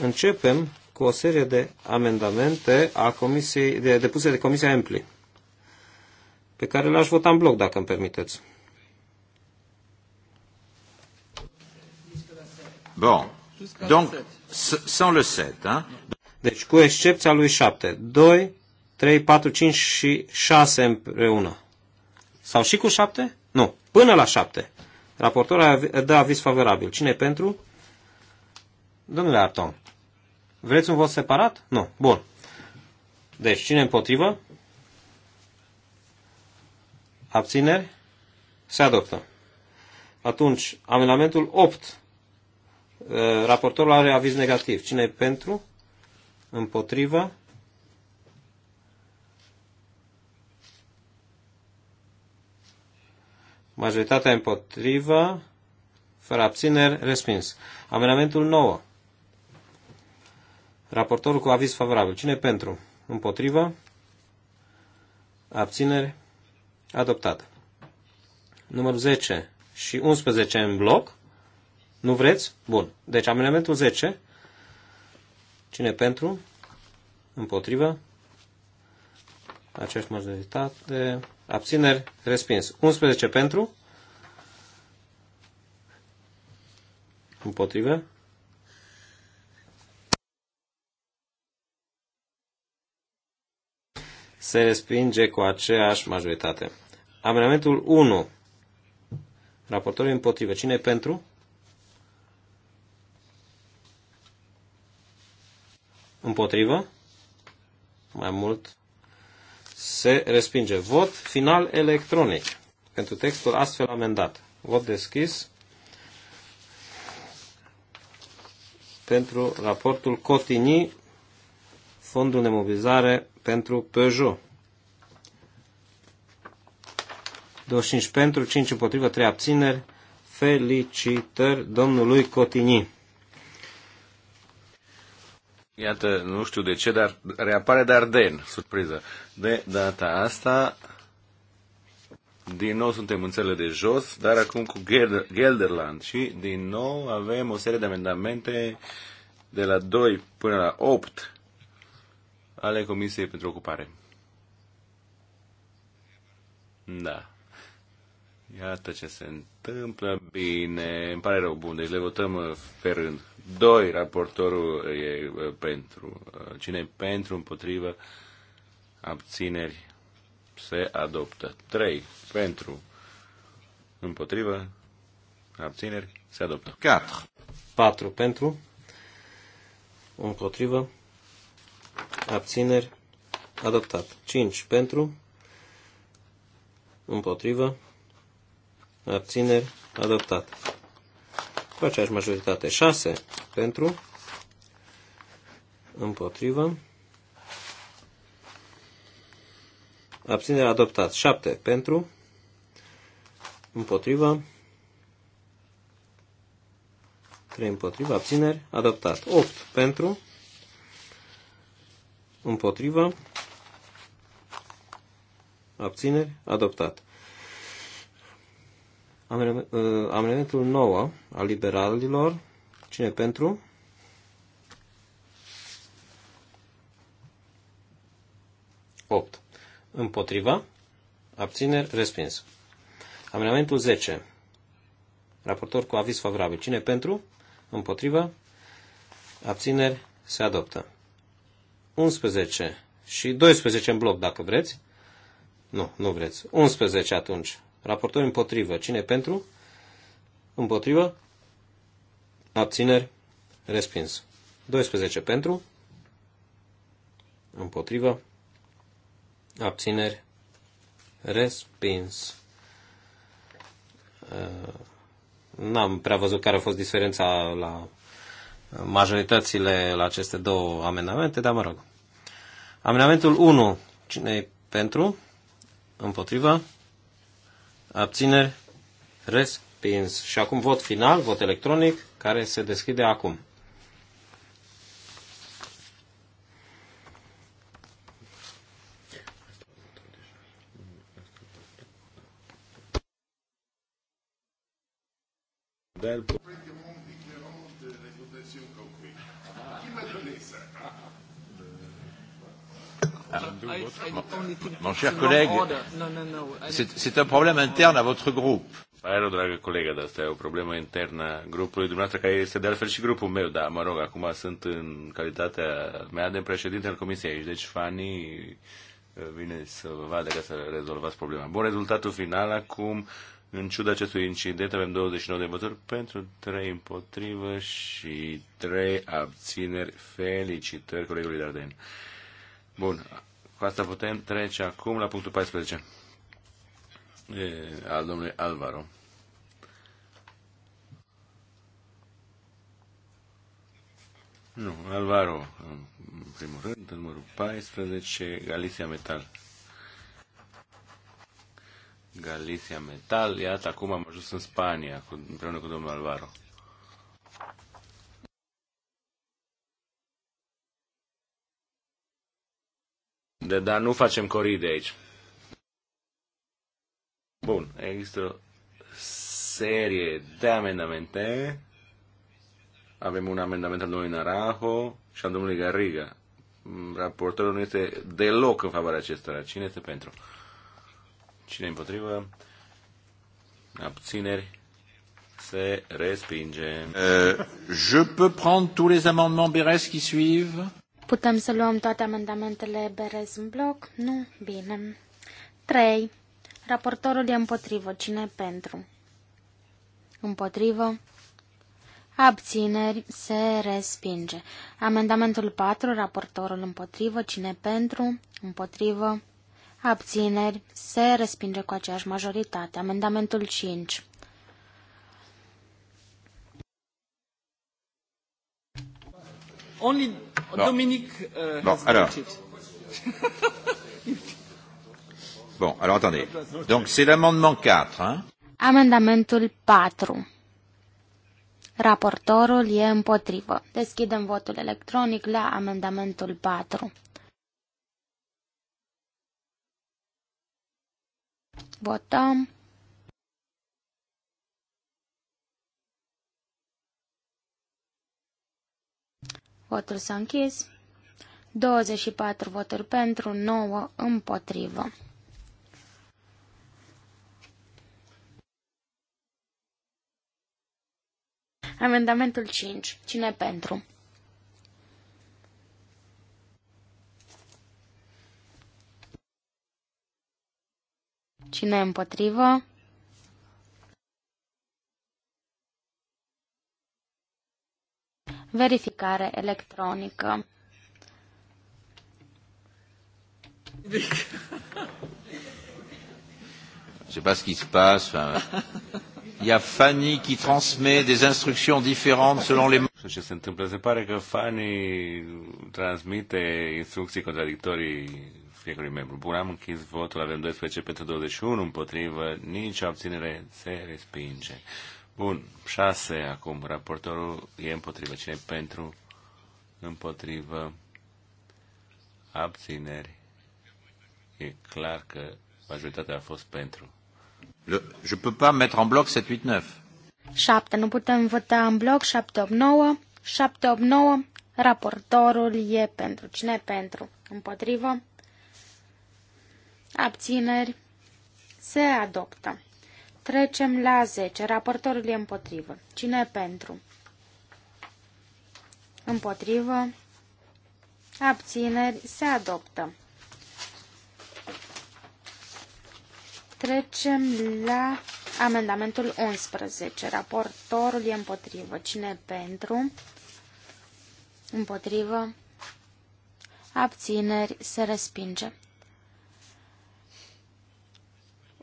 Începem cu o serie de amendamente a comisiei, de, depuse de Comisia Empli, pe care le-aș vota în bloc, dacă îmi permiteți. Bon. Donc, sans le 7, hein? Deci, cu excepția lui 7. 2, 3, 4, 5 și 6 împreună. Sau și cu 7? Nu. Până la 7. Raportorul dă aviz favorabil. Cine pentru? Domnule Arton. Vreți un vot separat? Nu. Bun. Deci, cine împotrivă? Abțineri? Se adoptă. Atunci, amendamentul 8. Eh, raportorul are aviz negativ. Cine e pentru? Împotrivă? majoritatea împotrivă, fără abțineri, respins. Amendamentul 9. Raportorul cu aviz favorabil. Cine pentru? Împotrivă? Abțineri? Adoptat. Numărul 10 și 11 în bloc. Nu vreți? Bun. Deci amendamentul 10. Cine pentru? Împotrivă? Aceeași majoritate abțineri, respins. 11 pentru, împotrivă. Se respinge cu aceeași majoritate. Amendamentul 1. Raportorul împotrivă. Cine e pentru? Împotrivă? Mai mult se respinge. Vot final electronic pentru textul astfel amendat. Vot deschis pentru raportul Cotini, fondul de mobilizare pentru Peugeot. 25 pentru, 5 împotrivă, 3 abțineri. Felicitări domnului Cotini. Iată, nu știu de ce, dar reapare Darden, surpriză. De data asta, din nou suntem în țările de jos, dar acum cu Gelderland și din nou avem o serie de amendamente de la 2 până la 8 ale Comisiei pentru Ocupare. Da. Iată ce se întâmplă. Bine, îmi pare rău. Bun, deci le votăm uh, pe rând doi raportorul e pentru. Uh, cine e pentru, împotrivă, abțineri, se adoptă. trei pentru, împotrivă, abțineri, se adoptă. 4. 4 pentru, împotrivă, abțineri, adoptat. 5 pentru, împotrivă, abțineri, adoptat cu aceeași majoritate. 6 pentru, împotrivă, abținere adoptat. 7 pentru, împotrivă, 3 împotrivă, abțineri, adoptat. 8 pentru, împotrivă, abțineri, adoptat. Uh, amendamentul nouă al liberalilor. Cine pentru? Opt. Împotriva. Abțineri. Respins. Amendamentul 10. Raportor cu aviz favorabil. Cine pentru? Împotriva. Abțineri. Se adoptă. 11 și 12 în bloc, dacă vreți. Nu, nu vreți. 11 atunci. Raportori împotrivă. Cine pentru? Împotrivă? Abțineri? Respins. 12 pentru? Împotrivă? Abțineri? Respins. Uh, n-am prea văzut care a fost diferența la majoritățile la aceste două amendamente, dar mă rog. Amendamentul 1. Cine pentru? Împotrivă? abțineri, respins. Și acum vot final, vot electronic, care se deschide acum. Chers collègues, c'est un problème interne à votre groupe. Aero, păi, dragă colegă, dar asta e o problemă internă a grupului dumneavoastră, care este de altfel și grupul meu, dar mă rog, acum sunt în calitatea mea de președinte al comisiei aici, deci Fani vine să vă vadă ca să rezolvați problema. Bun, rezultatul final acum, în ciuda acestui incident, avem 29 de voturi pentru 3 împotrivă și 3 abțineri. Felicitări colegului Darden. Bun, cu asta putem trece acum la punctul 14 e, al domnului Alvaro. Nu, Alvaro, în primul rând, în numărul 14, Galicia Metal. Galicia Metal, iată, acum am ajuns în Spania, cu, împreună cu domnul Alvaro. repede, dar nu facem coride aici. Bun, există o serie de amendamente. Avem un amendament al domnului Naraho și al domnului Garriga. Raportorul nu este deloc în favoarea acestora. Cine este pentru? Cine împotrivă? Abțineri? Se respinge. Uh, je peux prendre tous les amendements Beres qui suivent? Putem să luăm toate amendamentele Berez în bloc? Nu? Bine. 3. Raportorul e împotrivă. Cine pentru? Împotrivă. Abțineri se respinge. Amendamentul 4, raportorul împotrivă, cine pentru, împotrivă, abțineri se respinge cu aceeași majoritate. Amendamentul 5. Only Dominique uh, bon, alors. [LAUGHS] bon, alors attendez. Donc c'est l'amendement 4. Hein? Amendamentul 4. Raportorul e împotrivă. Deschidem votul electronic la amendamentul 4. Votăm. Votul s-a închis. 24 voturi pentru, 9 împotrivă. Amendamentul 5. Cine pentru? Cine împotrivă? Verificare electronică. Je sais pas ce qui se passe. Enfin, il y a Fanny qui transmet des instructions différentes selon les. Ce se întâmplă, se pare că Fanny transmite instrucții contradictorii fiecărui membru. Bun, am închis votul, avem 12 pentru 21, împotrivă, nicio abținere se respinge. Bun, 6 acum. Raportorul e împotrivă. Cine pentru? Împotrivă. Abțineri. E clar că majoritatea a fost pentru. Le, je peux pas mettre en bloc 7, 8, 9. 7. Nu putem vota în bloc 7, 8, 9. 7, 8, 9. Raportorul e pentru. Cine pentru? Împotrivă. Abțineri. Se adoptă. Trecem la 10. Raportorul e împotrivă. Cine e pentru? Împotrivă. Abțineri. Se adoptă. Trecem la amendamentul 11. Raportorul e împotrivă. Cine e pentru? Împotrivă. Abțineri. Se respinge.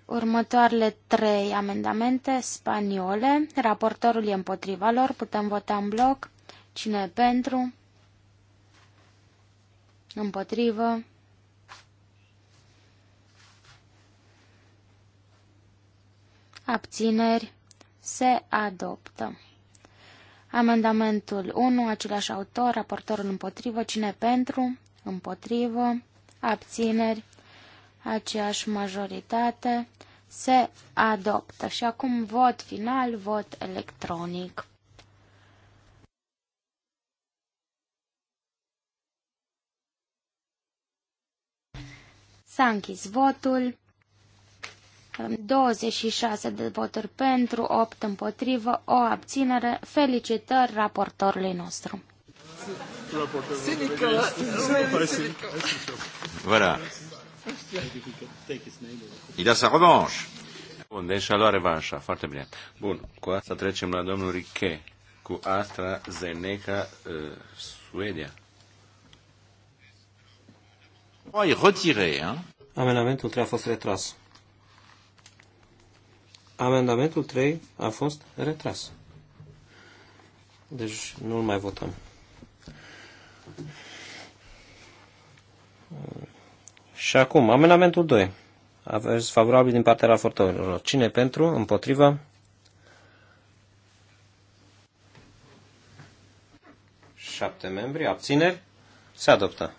Următoarele trei amendamente spaniole. Raportorul e împotriva lor. Putem vota în bloc. Cine e pentru? Împotrivă. Abțineri. Se adoptă. Amendamentul 1, același autor, raportorul împotrivă, cine pentru, împotrivă, abțineri, aceeași majoritate, se adoptă. Și acum vot final, vot electronic. S-a închis votul. 26 de voturi pentru, 8 împotrivă, o abținere. Felicitări raportorului nostru. Voilà. Îi a sa revanche. Bun, deci a luat revanșa. Foarte bine. Bun, cu asta trecem la domnul Riche, cu Astra Zeneca, uh, Suedia. Oi, păi, retire, Amendamentul 3 a fost retras. Amendamentul 3 a fost retras. Deci nu-l mai votăm. Și acum, amenamentul 2. Aveți favorabil din partea raportorilor. Cine pentru? Împotriva? Șapte membri. Abțineri? Se adoptă.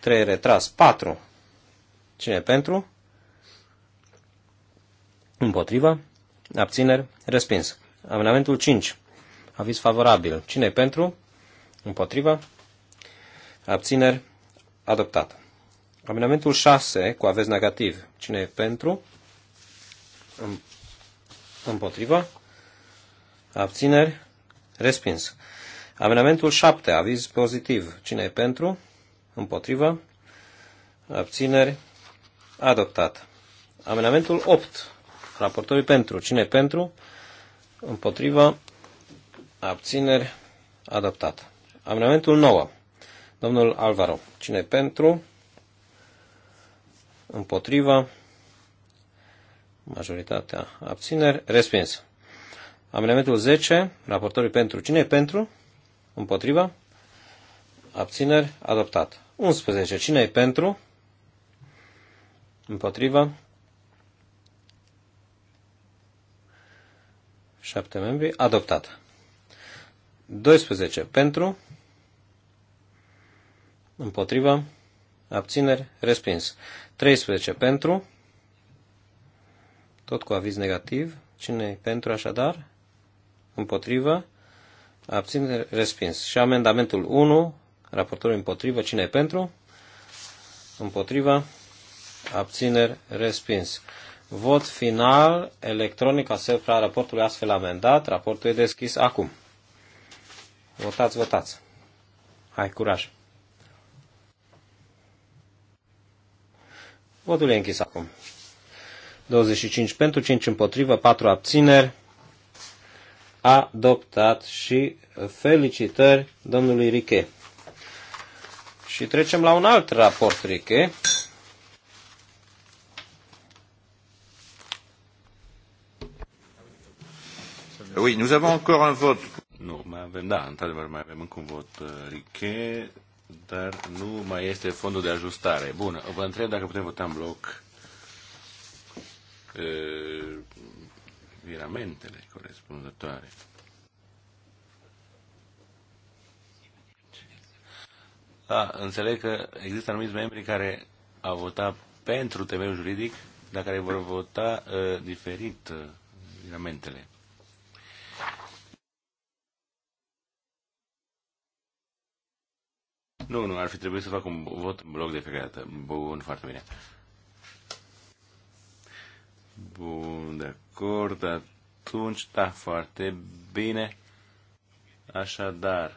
3 retras. 4. Cine pentru? Împotriva? Abțineri? Respins. Amenamentul 5. Aviz favorabil. Cine pentru? Împotriva? Abțineri? Adoptată. Amendamentul 6 cu aveți negativ. Cine e pentru? Împotriva? Abțineri? Respins. Amendamentul 7, aviz pozitiv. Cine e pentru? Împotriva? Abțineri? Adoptat. Amendamentul 8, raportorii pentru. Cine e pentru? Împotriva? Abțineri? Adoptat. Amendamentul 9, domnul Alvaro. Cine e pentru? împotriva, majoritatea abțineri, respins. Amendamentul 10, raportorul pentru, cine e pentru, împotriva, abțineri, adoptat. 11, cine e pentru, împotriva, 7 membri, adoptat. 12 pentru, împotriva, abțineri, respins. 13 pentru, tot cu aviz negativ, cine pentru așadar, împotrivă, abțineri, respins. Și amendamentul 1, raportorul împotrivă, cine e pentru, împotriva, abțineri, respins. Vot final electronic asupra raportului astfel amendat. Raportul e deschis acum. Votați, votați. Hai, curaj! Votul e închis acum. 25 pentru, 5 împotrivă, 4 abțineri. Adoptat și felicitări domnului Riche. Și trecem la un alt raport, Riche. Oui, nous avons encore un vote. Nu, mai avem, da, într-adevăr, mai avem încă un vot uh, Riche dar nu mai este fondul de ajustare. Bun, vă întreb dacă putem vota în bloc viramentele corespunzătoare. Da, înțeleg că există anumiți membri care au votat pentru temeiul juridic, dar care vor vota uh, diferit uh, viramentele. Nu, nu, ar fi trebuit să fac un vot în bloc de fiecare dată. Bun, foarte bine. Bun, de acord, atunci, da, foarte bine. Așadar,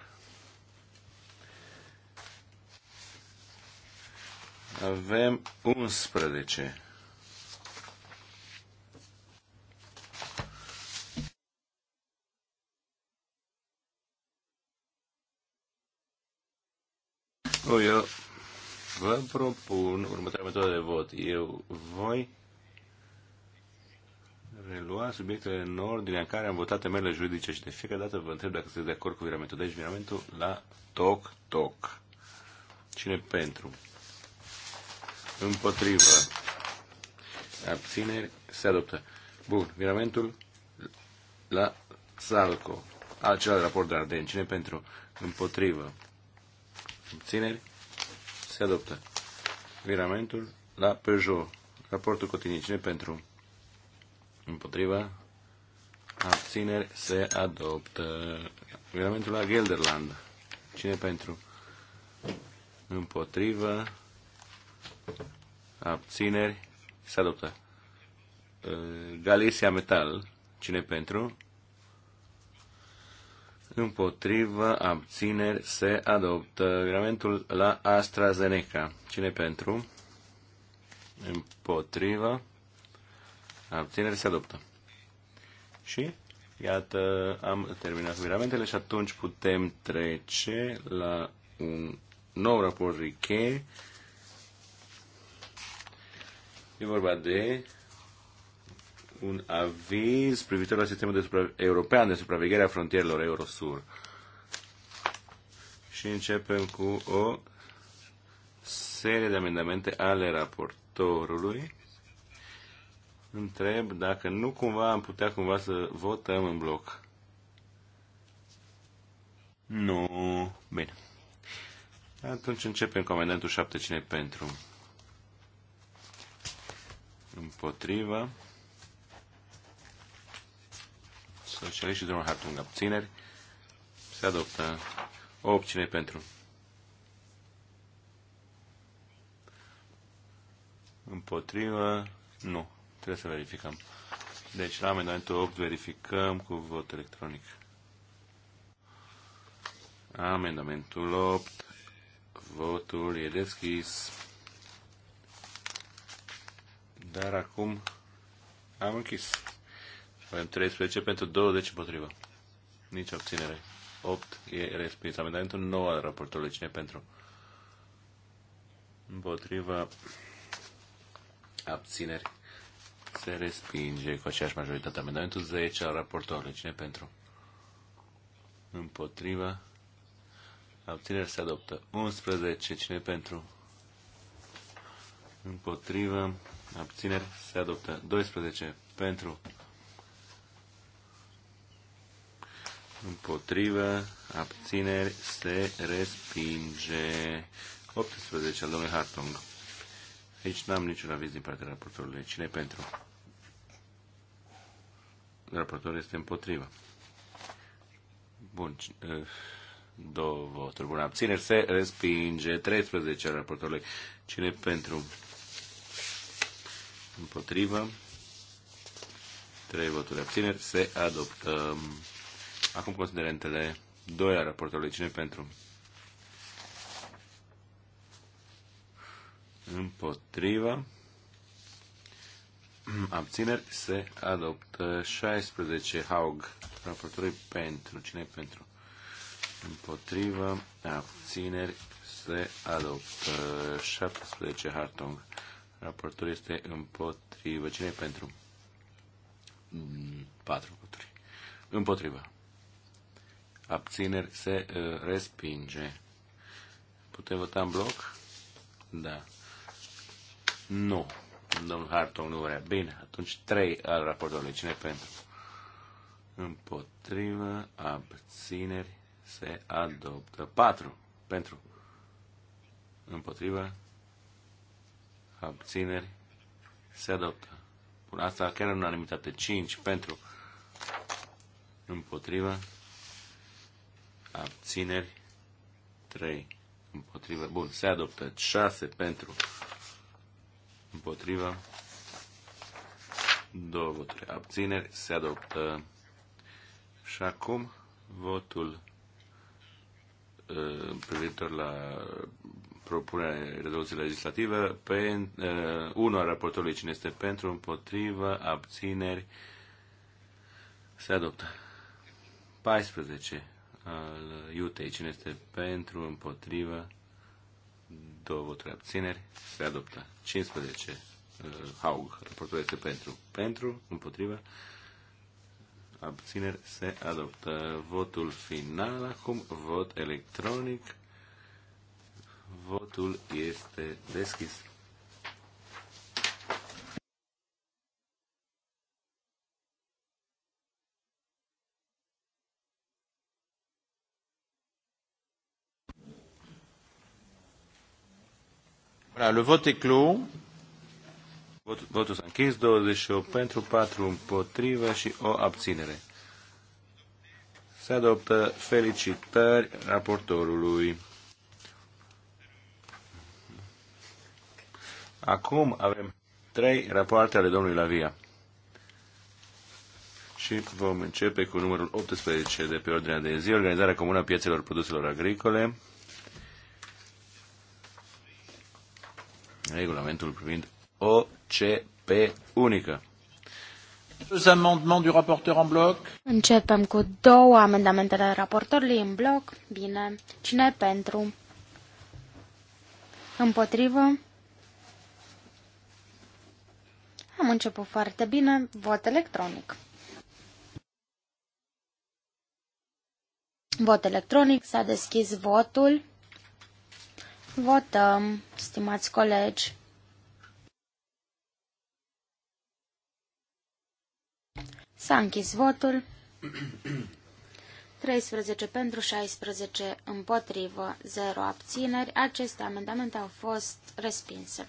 avem 11 Nu, eu vă propun următoarea metodă de vot. Eu voi relua subiectele în ordinea în care am votat temele juridice și de fiecare dată vă întreb dacă sunteți de acord cu viramentul. Deci viramentul la toc, toc. Cine pentru? Împotrivă. Abțineri. Se adoptă. Bun. Viramentul la Salco. de raport de Arden. Cine pentru? Împotrivă obțineri, Se adoptă. Viramentul la Peugeot. Raportul Cotinicine Cine pentru? Împotriva. Abțineri. Se adoptă. Viramentul la Gelderland. Cine pentru? Împotriva. Abțineri. Se adoptă. Galicia Metal. Cine pentru? împotrivă, abțineri, se adoptă. Gramentul la AstraZeneca. Cine pentru? Împotrivă, abțineri, se adoptă. Și Iată, am terminat cu viramentele și atunci putem trece la un nou raport Riche. E vorba de un aviz privitor la sistemul de supra- european de supraveghere a frontierelor Eurosur. Și începem cu o serie de amendamente ale raportorului. Întreb dacă nu cumva am putea cumva să votăm în bloc. Nu. Bine. Atunci începem amendamentul 7 cine pentru. Împotriva. socialiști și domnul Hartung. Abțineri. Se adoptă. o opțiune pentru? Împotrivă? Nu. Trebuie să verificăm. Deci, la amendamentul 8 verificăm cu vot electronic. Amendamentul 8. Votul e deschis. Dar acum am închis. Avem 13 pentru 20 deci împotrivă. Nici obținere. 8 e respins. Amendamentul 9 al raportului. Cine pentru? Împotriva Abțineri. Se respinge cu aceeași majoritate. Amendamentul 10 al raportorului. Cine pentru? Împotriva Abțineri se adoptă. 11. Cine pentru? Împotriva Abțineri se adoptă. 12. Pentru. împotrivă, abțineri, se respinge. 18 al domnului Hartong. Aici n-am niciun aviz din partea raportorului. cine pentru? Raportorul este împotrivă. Bun. Eh, două voturi. Bun. Abțineri se respinge. 13 al raportorului. Cine pentru? Împotrivă. trei voturi abțineri. Se adoptă. Acum considerentele doi la raportului. Cine pentru? Împotriva. Abțineri se adoptă 16 haug. Raportului pentru. Cine pentru? Împotriva. Abțineri se adoptă 17 hartong. Raportul este împotrivă. Cine pentru? 4 mm, împotrivă. Împotriva abțineri, se uh, respinge. Putem vota în bloc? Da. Nu. Domnul Harton nu vrea. Bine, atunci trei al raportului. Cine pentru? Împotrivă, abțineri, se adoptă. 4 pentru. Împotrivă, abțineri, se adoptă. Bun, asta chiar în unanimitate. 5 pentru. Împotrivă, abțineri, 3 împotrivă. Bun, se adoptă 6 pentru împotrivă, 2 voturi abțineri, se adoptă. Și acum votul uh, privitor la propunerea rezoluției legislative, pe, uh, unul a raportorului cine este pentru, împotrivă, abțineri, se adoptă. 14 al iutei. Cine este pentru, împotrivă, două voturi abțineri, se adoptă. 15. Uh, Haug, raportul este pentru. Pentru, împotrivă, abțineri, se adoptă. Votul final acum, vot electronic. Votul este deschis. Voilà, le vote est clos. Votul, votul s-a închis, 28 pentru, 4 împotrivă și o abținere. Se adoptă felicitări raportorului. Acum avem trei rapoarte ale domnului Lavia. Și vom începe cu numărul 18 de pe ordinea de zi, Organizarea Comună a Piețelor Produselor Agricole. regulamentul privind OCP unică. Începem cu două amendamente ale raportorului în bloc. Bine. Cine pentru? Împotrivă? Am început foarte bine. Vot electronic. Vot electronic. S-a deschis votul. Votăm, stimați colegi. S-a închis votul. 13 [CLEARS THROAT] pentru 16 împotrivă, 0 abțineri. Aceste amendamente au fost respinse.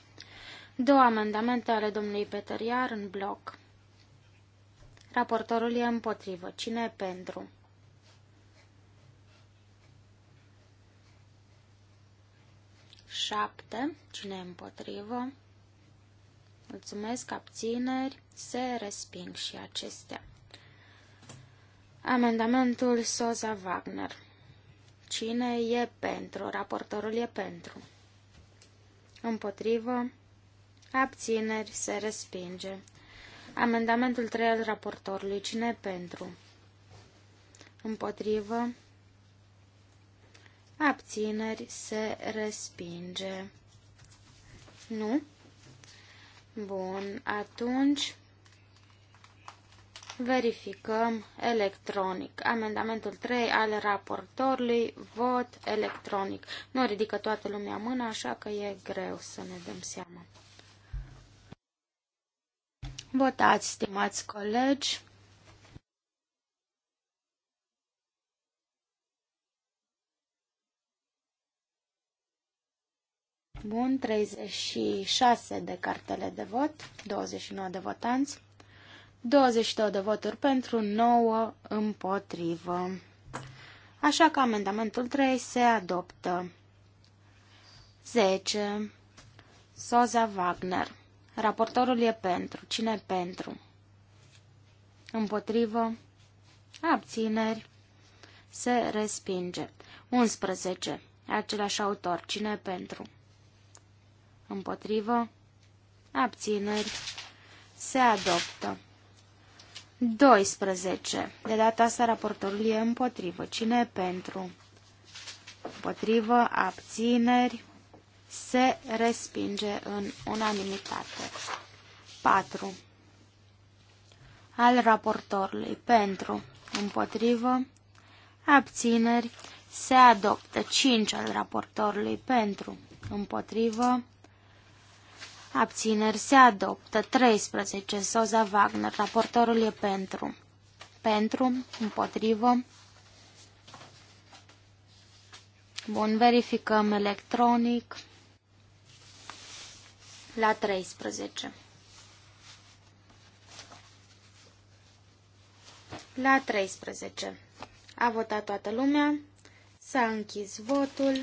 Două amendamente ale domnului Peteriar în bloc. Raportorul e împotrivă. Cine e pentru? 7. Cine e împotrivă? Mulțumesc, abțineri. Se resping și acestea. Amendamentul Soza Wagner. Cine e pentru? Raportorul e pentru. Împotrivă. Abțineri. Se respinge. Amendamentul 3 al raportorului. Cine e pentru? Împotrivă abțineri, se respinge. Nu? Bun, atunci verificăm electronic. Amendamentul 3 al raportorului, vot electronic. Nu ridică toată lumea mâna, așa că e greu să ne dăm seama. Votați, stimați colegi. Bun, 36 de cartele de vot, 29 de votanți, 22 de voturi pentru, 9 împotrivă. Așa că amendamentul 3 se adoptă. 10. Soza Wagner. Raportorul e pentru. Cine e pentru? Împotrivă. Abțineri. Se respinge. 11. Același autor. Cine e pentru? Împotrivă. Abțineri. Se adoptă. 12. De data asta raportorul e împotrivă. Cine e pentru? Împotrivă. Abțineri. Se respinge în unanimitate. 4. Al raportorului. Pentru. Împotrivă. Abțineri. Se adoptă 5 al raportorului pentru, împotrivă, Abțineri se adoptă. 13. Soza Wagner. Raportorul e pentru. Pentru. Împotrivă. Bun, verificăm electronic la 13. La 13. A votat toată lumea. S-a închis votul.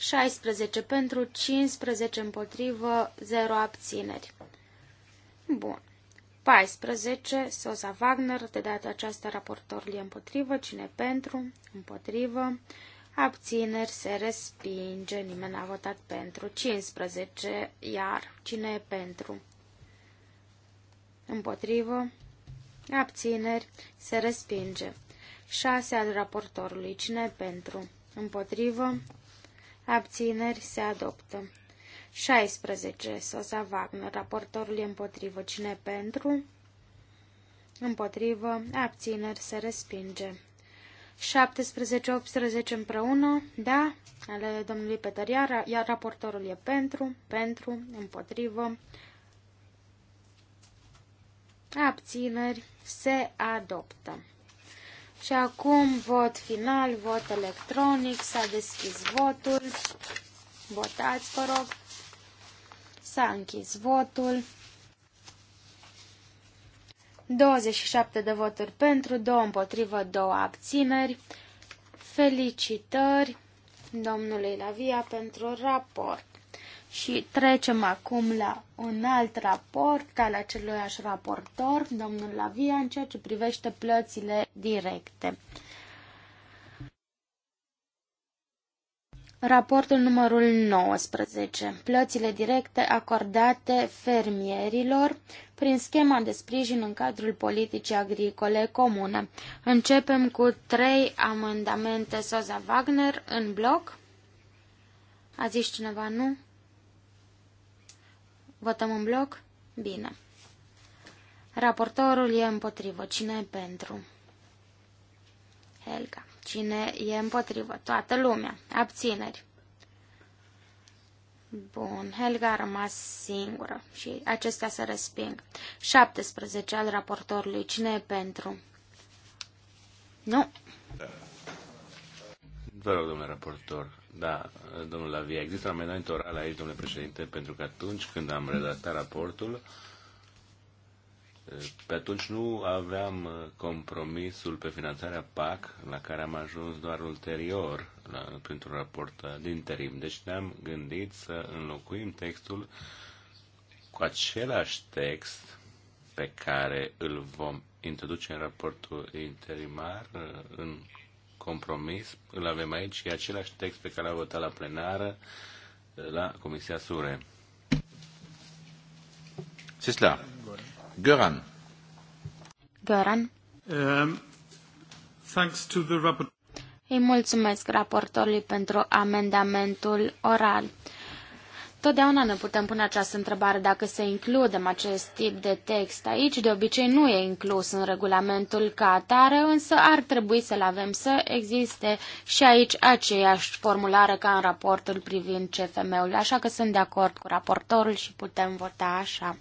16 pentru, 15 împotrivă, 0 abțineri. Bun. 14. Sosa Wagner, de data aceasta raportorul e împotrivă, cine pentru, împotrivă, abțineri, se respinge, nimeni n-a votat pentru, 15, iar, cine e pentru, împotrivă, abțineri, se respinge, 6 al raportorului, cine e pentru, împotrivă, abțineri, se adoptă. 16. Sosa Wagner. Raportorul e împotrivă. Cine pentru? Împotrivă. Abțineri. Se respinge. 17-18 împreună. Da. Ale domnului Petăria, Iar raportorul e pentru. Pentru. Împotrivă. Abțineri. Se adoptă. Și acum vot final, vot electronic, s-a deschis votul. Votați, vă rog. S-a închis votul. 27 de voturi pentru, 2 împotrivă, 2 abțineri. Felicitări domnului Lavia pentru raport. Și trecem acum la un alt raport al aceluiași raportor, domnul Lavia, în ceea ce privește plățile directe. Raportul numărul 19. Plățile directe acordate fermierilor prin schema de sprijin în cadrul politicii agricole comune. Începem cu trei amendamente Soza Wagner în bloc. A zis cineva nu? Votăm în bloc? Bine. Raportorul e împotrivă. Cine e pentru? Helga. Cine e împotrivă? Toată lumea. Abțineri. Bun, Helga a rămas singură și acestea se resping. 17 al raportorului. Cine e pentru? Nu. Vă rog, domnule raportor, da, domnul Lavia, există un amendament oral aici, domnule președinte, pentru că atunci când am redactat raportul, pe atunci nu aveam compromisul pe finanțarea PAC, la care am ajuns doar ulterior, la, printr-un raport din interim. Deci ne-am gândit să înlocuim textul cu același text pe care îl vom introduce în raportul interimar în compromis, îl avem aici, e același text pe care l-a votat la plenară eh, la Comisia Sure. C'est Göran. Göran. Um, thanks to the rapporteur. Îi mulțumesc raportorului pentru amendamentul oral. Totdeauna ne putem pune această întrebare dacă să includem acest tip de text aici. De obicei nu e inclus în regulamentul ca atare, însă ar trebui să-l avem să existe și aici aceeași formulare ca în raportul privind CFM-ul. Așa că sunt de acord cu raportorul și putem vota așa.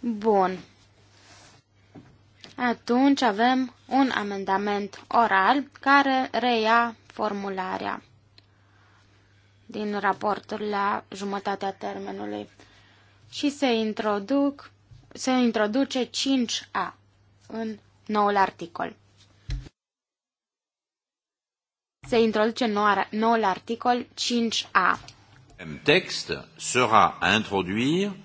Bun. Atunci avem un amendament oral care reia formularea din raportul la jumătatea termenului și se, introduc, se introduce 5A în noul articol. Se introduce noua, noul articol 5A. Text sera à introduire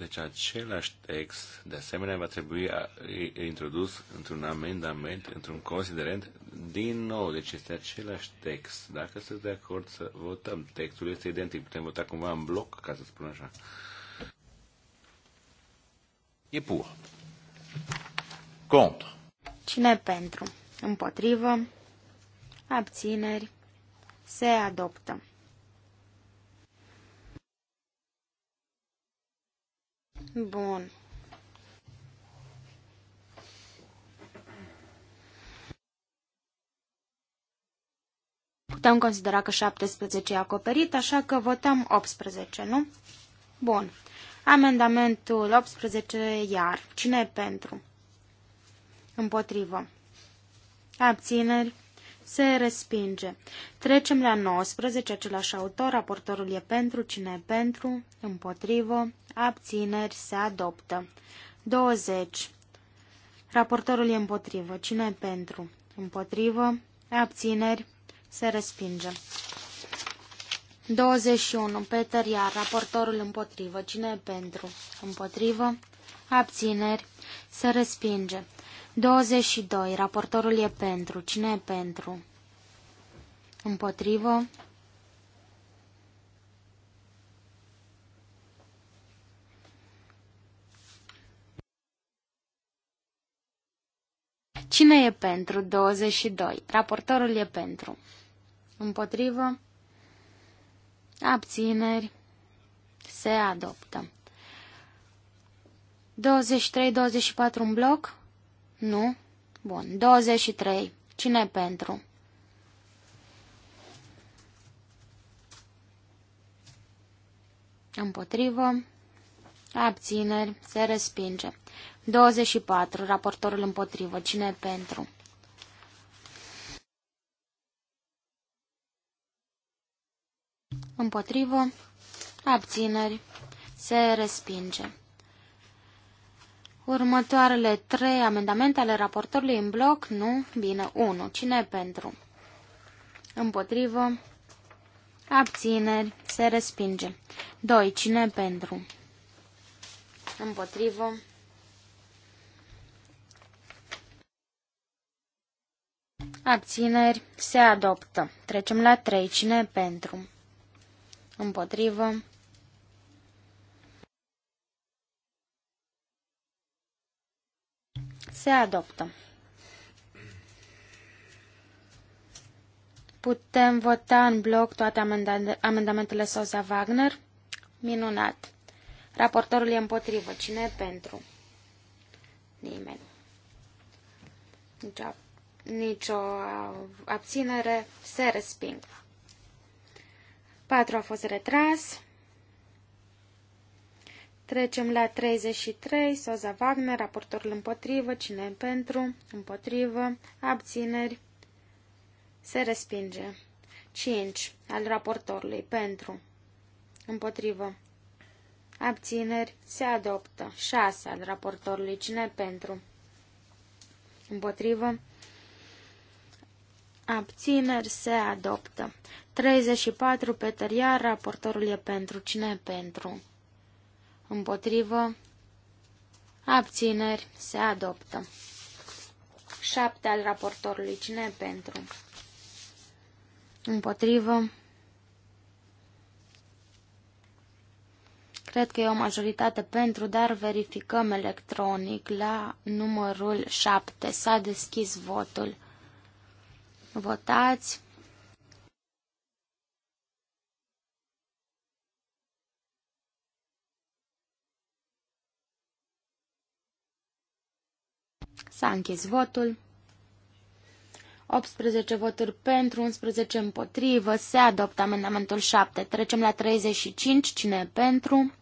deci același text, de asemenea, va trebui introdus într-un amendament, într-un considerent, din nou. Deci este același text. Dacă sunteți de acord să votăm, textul este identic. Putem vota cumva în bloc, ca să spun așa. E pur. Contre. Cine pentru? Împotrivă? Abțineri? Se adoptă. Bun. Putem considera că 17 e acoperit, așa că votăm 18, nu? Bun. Amendamentul 18, iar. Cine e pentru? Împotrivă. Abțineri. Se respinge. Trecem la 19, același autor, raportorul e pentru, cine e pentru, împotrivă, abțineri, se adoptă. 20. Raportorul e împotrivă, cine e pentru, împotrivă, abțineri, se respinge. 21. Peter Iar, raportorul împotrivă, cine e pentru, împotrivă, abțineri, se respinge. 22. Raportorul e pentru. Cine e pentru? Împotrivă. Cine e pentru? 22. Raportorul e pentru. Împotrivă. Abțineri. Se adoptă. 23-24 în bloc. Nu? Bun. 23. Cine pentru? Împotrivă. Abțineri. Se respinge. 24. Raportorul împotrivă. Cine pentru? Împotrivă. Abțineri. Se respinge. Următoarele trei amendamente ale raportorului în bloc? Nu. Bine, 1. Cine e pentru? Împotrivă. Abțineri. Se respinge. 2. Cine e pentru? Împotrivă. Abțineri. Se adoptă. Trecem la 3. Cine e pentru? Împotrivă. Se adoptă. Putem vota în bloc toate amendamentele Sosa Wagner? Minunat. Raportorul e împotrivă. Cine e pentru? Nimeni. Nicio, nicio abținere. Se resping. 4 a fost retras. Trecem la 33, Soza Wagner, raportorul împotrivă, cine e pentru, împotrivă, abțineri, se respinge. 5. Al raportorului, pentru, împotrivă, abțineri, se adoptă. 6. Al raportorului, cine e pentru, împotrivă, abțineri, se adoptă. 34. Peter Iar, raportorul e pentru, cine e pentru, împotrivă, abțineri, se adoptă. 7 al raportorului, cine e pentru? Împotrivă. Cred că e o majoritate pentru, dar verificăm electronic la numărul 7. S-a deschis votul. Votați. S-a închis votul. 18 voturi pentru, 11 împotrivă. Se adoptă amendamentul 7. Trecem la 35. Cine e pentru?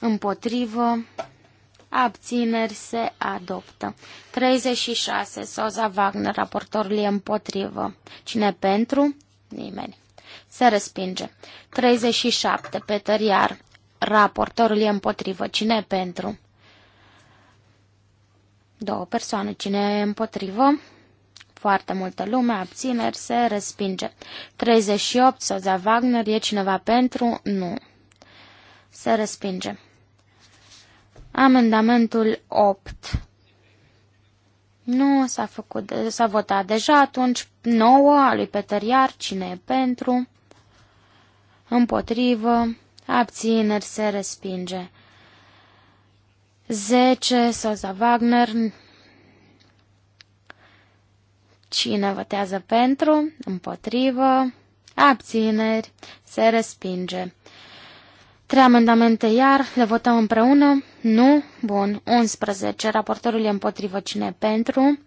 Împotrivă. Abțineri se adoptă. 36. Soza Wagner, raportorul e împotrivă. Cine pentru? Nimeni. Se respinge. 37. Peter Iar, raportorul e împotrivă. Cine pentru? Două persoane. Cine e împotrivă? Foarte multă lume, abțineri, se respinge. 38, Soza Wagner, e cineva pentru? Nu. Se respinge. Amendamentul 8. Nu, s-a făcut, s-a votat deja atunci. 9, a lui Peter Iar, cine e pentru? Împotrivă, abțineri, se respinge. 10, Sosa Wagner. Cine votează pentru? Împotrivă. Abțineri. Se respinge. Trei amendamente iar, le votăm împreună? Nu? Bun. 11. Raportorul e împotrivă. Cine pentru?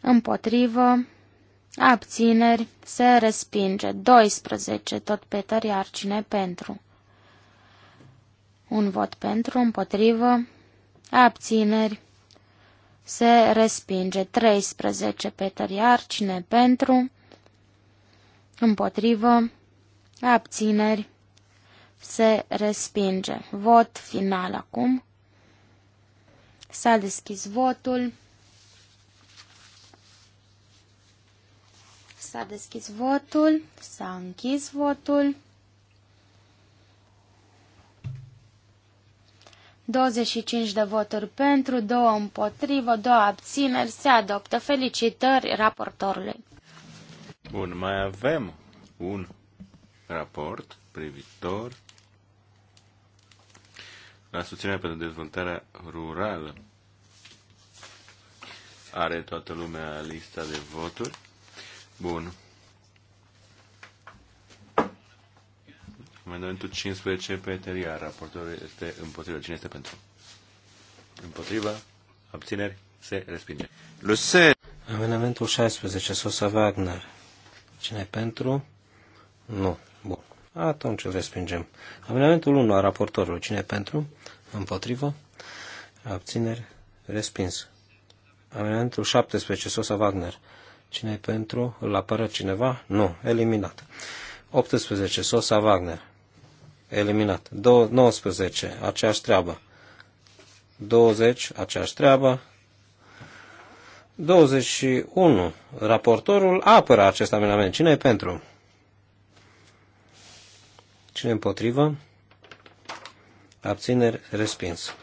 Împotrivă. Abțineri. Se respinge. 12. Tot Peter iar cine pentru? Un vot pentru, împotrivă, abțineri, se respinge. 13 Peter Iar, cine pentru, împotrivă, abțineri, se respinge. Vot final acum. S-a deschis votul. S-a deschis votul, s-a închis votul. 25 de voturi pentru, 2 împotrivă, 2 abțineri, se adoptă. Felicitări raportorului. Bun, mai avem un raport privitor la susținerea pentru dezvoltarea rurală. Are toată lumea lista de voturi. Bun. Amendamentul 15, pe teria. raportorul este împotrivă. Cine este pentru? Împotriva, abțineri, se respinge. Luse. Amendamentul 16, Sosa Wagner. Cine pentru? Nu. Bun. Atunci îl respingem. Amendamentul 1 a raportorului. Cine pentru? Împotrivă. Abțineri. Respins. Amendamentul 17. Sosa Wagner. Cine pentru? Îl apără cineva? Nu. Eliminat. 18. Sosa Wagner eliminat. 19, aceeași treabă. 20, aceeași treabă. 21. Raportorul apără acest amendament. Cine e pentru? Cine împotrivă? Abțineri, respins.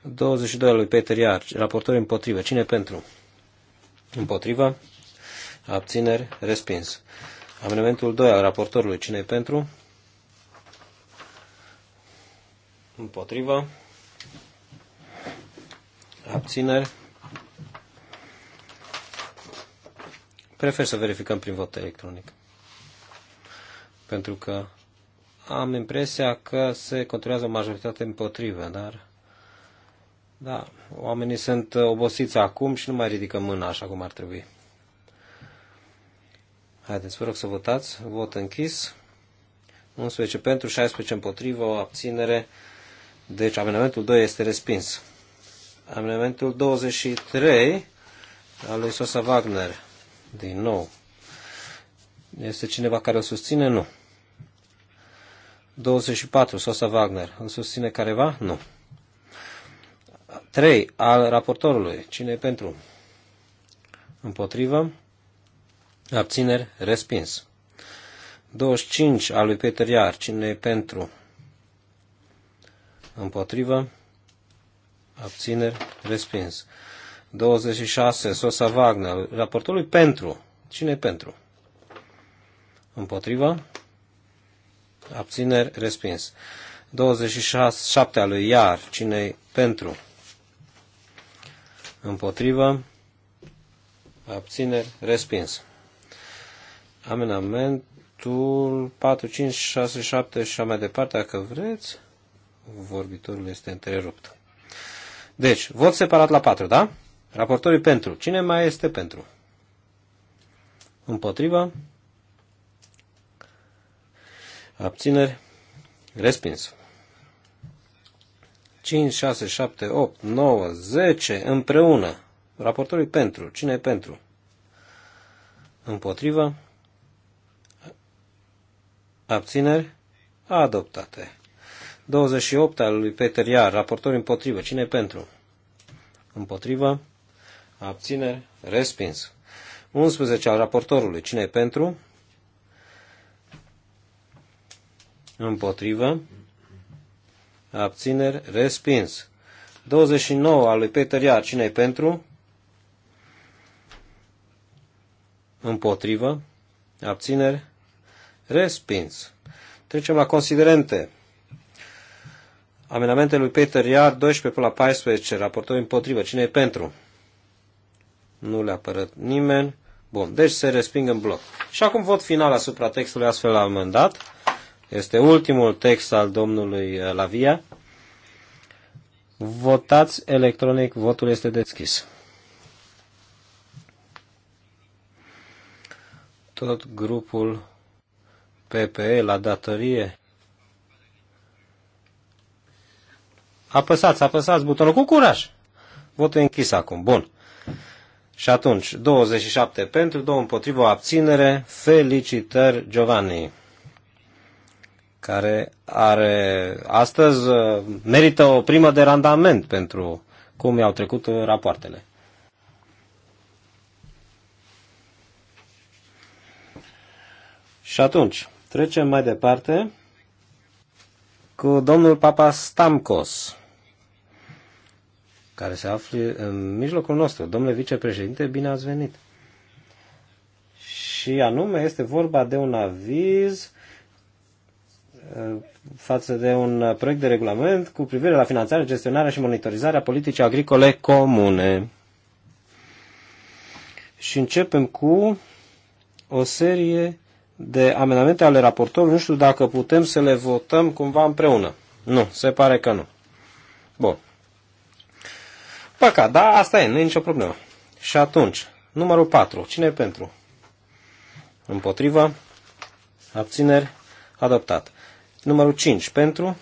22 lui Peter Iar, raportor împotrivă. Cine pentru? Împotrivă. Abțineri, respins. Amendamentul 2 al raportorului. Cine pentru? Împotrivă. Abțineri. Prefer să verificăm prin vot electronic. Pentru că am impresia că se controlează o majoritate împotrivă, dar... Da, oamenii sunt obosiți acum și nu mai ridică mâna așa cum ar trebui. Haideți, vă rog să votați. Vot închis. 11 pentru, 16 împotrivă, o abținere. Deci amendamentul 2 este respins. Amendamentul 23 al lui Sosa Wagner. Din nou. Este cineva care îl susține? Nu. 24. Sosa Wagner. Îl susține careva? Nu. 3. Al raportorului. Cine e pentru? Împotrivă. Abțineri. Respins. 25. Al lui Peter Iar. Cine e pentru? împotrivă, abțineri, respins. 26, Sosa Wagner, raportului pentru. Cine pentru? Împotrivă, abțineri, respins. 26, 7 lui Iar, cine pentru? Împotrivă, abțineri, respins. Amenamentul 4, 5, 6, 7 și așa mai departe, dacă vreți vorbitorul este întrerupt. Deci, vot separat la 4, da? Raportorii pentru. Cine mai este pentru? Împotrivă? Abțineri? Respins. 5, 6, 7, 8, 9, 10 împreună. Raportorii pentru. Cine e pentru? Împotrivă? Abțineri? Adoptate. 28 al lui Peter Iar, raportor împotrivă. Cine e pentru? Împotrivă. Abțineri. Respins. 11 al raportorului. Cine e pentru? Împotrivă. Abțineri. Respins. 29 al lui Peter Iar. Cine e pentru? Împotrivă. Abțineri. Respins. Trecem la considerente. Amendamentele lui Peter Iar, 12 până la 14, raportul împotrivă. Cine e pentru? Nu le-a părăt nimeni. Bun, deci se resping în bloc. Și acum vot final asupra textului astfel amendat. Este ultimul text al domnului uh, Lavia. Votați electronic, votul este deschis. Tot grupul PPE la datorie Apăsați, apăsați butonul cu curaj. Votul e închis acum. Bun. Și atunci, 27 pentru, 2 împotrivă, o abținere. Felicitări, Giovanni, care are astăzi uh, merită o primă de randament pentru cum i-au trecut uh, rapoartele. Și atunci, trecem mai departe cu domnul Papa Stamkos care se află în mijlocul nostru. Domnule vicepreședinte, bine ați venit! Și anume este vorba de un aviz uh, față de un proiect de regulament cu privire la finanțarea, gestionarea și monitorizarea politicii agricole comune. Și începem cu o serie de amendamente ale raportorului. Nu știu dacă putem să le votăm cumva împreună. Nu, se pare că nu. Bun. Păcat, da, asta e, nu e nicio problemă. Și atunci, numărul 4, cine e pentru? Împotrivă, abțineri, adoptat. Numărul 5, pentru,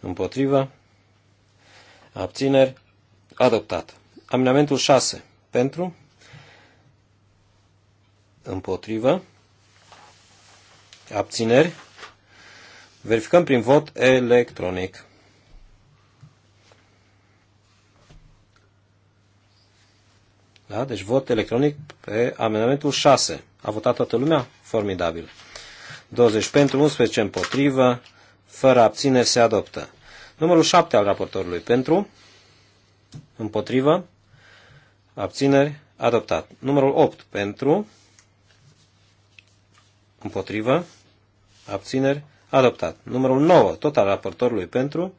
împotrivă, abțineri, adoptat. Amendamentul 6, pentru, împotrivă, abțineri. Verificăm prin vot electronic. Da? Deci vot electronic pe amendamentul 6. A votat toată lumea? Formidabil. 20 pentru, 11 împotrivă, fără abține se adoptă. Numărul 7 al raportorului pentru, împotrivă, abțineri, adoptat. Numărul 8 pentru, împotrivă, abțineri, adoptat. Numărul 9, tot al raportorului pentru,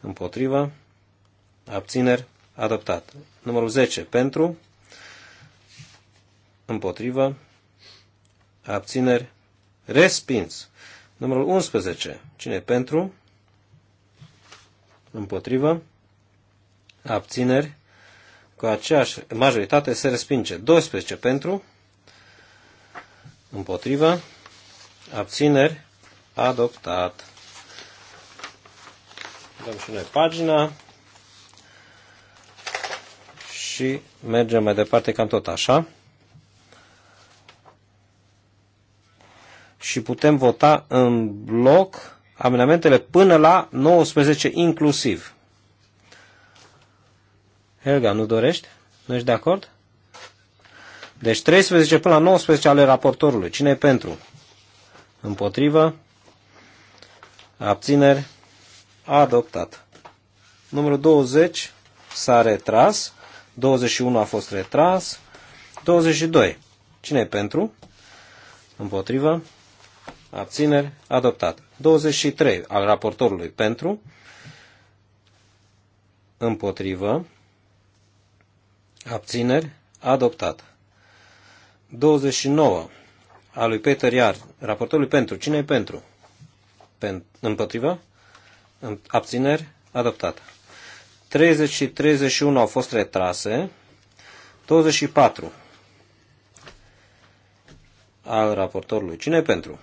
împotrivă, abțineri, adoptat. Numărul 10 pentru, împotrivă, abțineri, respins. Numărul 11, cine pentru, împotrivă, abțineri, cu aceeași majoritate se respinge. 12 pentru, împotrivă, abțineri, adoptat. Dăm și noi pagina și mergem mai departe cam tot așa. Și putem vota în bloc amendamentele până la 19 inclusiv. Helga, nu dorești? Nu ești de acord? Deci 13 până la 19 ale raportorului. Cine e pentru? Împotrivă? Abțineri? Adoptat. Numărul 20 s-a retras. 21 a fost retras. 22. Cine e pentru? Împotrivă. Abțineri. Adoptat. 23 al raportorului pentru. Împotrivă. Abțineri. Adoptat. 29 al lui Peter Iar, raportorului pentru. Cine e pentru? Pen, împotrivă. Abțineri. Adoptat. 30 și 31 au fost retrase. 24 al raportorului. Cine pentru?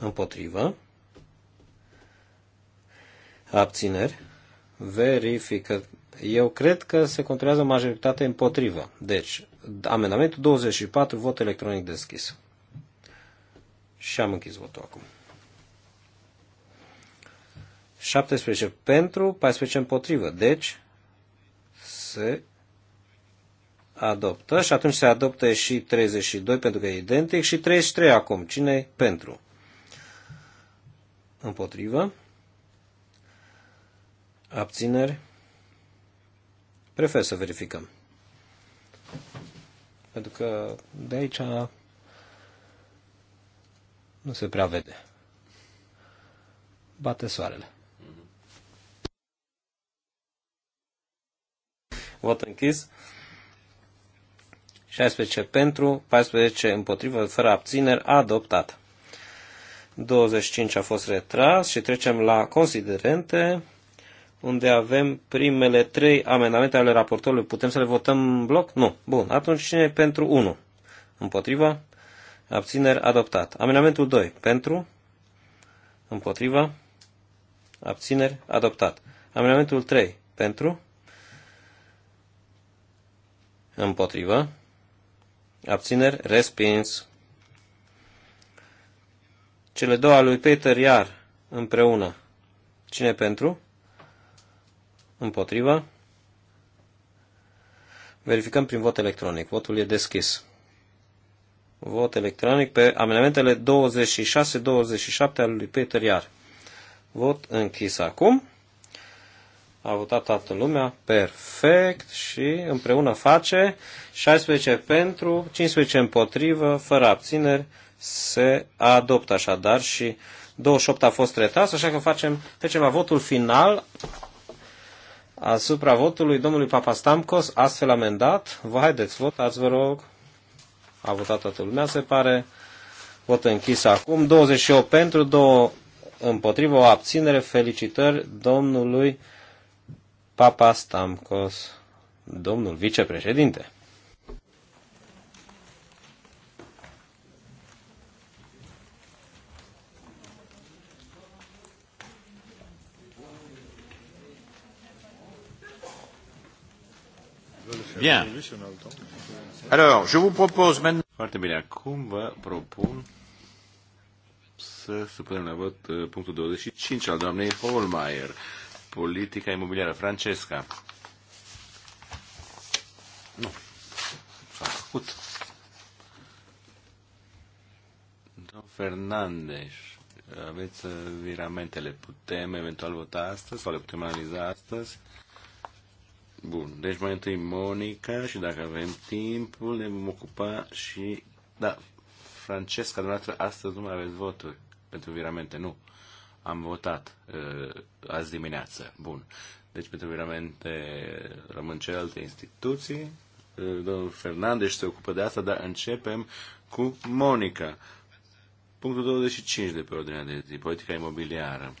Împotrivă. Abțineri. Verifică. Eu cred că se controlează majoritatea împotrivă. Deci, amendamentul 24, vot electronic deschis. Și am închis votul acum. 17 pentru, 14 împotrivă. Deci, se adoptă și atunci se adoptă și 32 pentru că e identic și 33 acum. cine pentru? Împotrivă. Abțineri. Prefer să verificăm. Pentru că de aici nu se prea vede. Bate soarele. Vot închis. 16 pentru, 14 împotrivă, fără abțineri, adoptat. 25 a fost retras și trecem la considerente, unde avem primele trei amendamente ale raportorului. Putem să le votăm în bloc? Nu. Bun. Atunci cine e pentru 1? Împotrivă, Abțineri adoptat. Amendamentul 2. Pentru? împotrivă, Abțineri adoptat. Amendamentul 3. Pentru? Împotrivă. Abțineri. Respins. Cele două lui Peter iar împreună. Cine pentru? Împotrivă. Verificăm prin vot electronic. Votul e deschis. Vot electronic pe amendamentele 26-27 al lui Peter Iar. Vot închis acum. A votat toată lumea. Perfect. Și împreună face 16 pentru, 15 împotrivă, fără abțineri. Se adoptă așadar și 28 a fost retras, așa că facem, trecem la votul final asupra votului domnului Papa Stamcos, astfel amendat. Vă haideți, votați, vă rog. A votat toată lumea, se pare. Vot închis acum. 28 pentru, 2 împotrivă, o abținere. Felicitări domnului Papa Stamkos, domnul vicepreședinte. Bien. Alors, je vous propose maintenant... Foarte bine, acum vă propun să supunem la vot uh, punctul 25 al doamnei Holmeier politica imobiliară. Francesca. Nu. S-a făcut. Domnul Fernandes, aveți uh, viramentele. Putem eventual vota astăzi sau le putem analiza astăzi? Bun, deci mai întâi Monica și dacă avem timpul ne vom ocupa și... Da, Francesca, dumneavoastră, astăzi nu mai aveți voturi pentru viramente, nu. Am votat uh, azi dimineață. Bun. Deci pentru viramente rămân celelalte instituții. Uh, domnul Fernandez se ocupă de asta, dar începem cu Monica. Punctul 25 de pe ordinea de zi, politica imobiliară.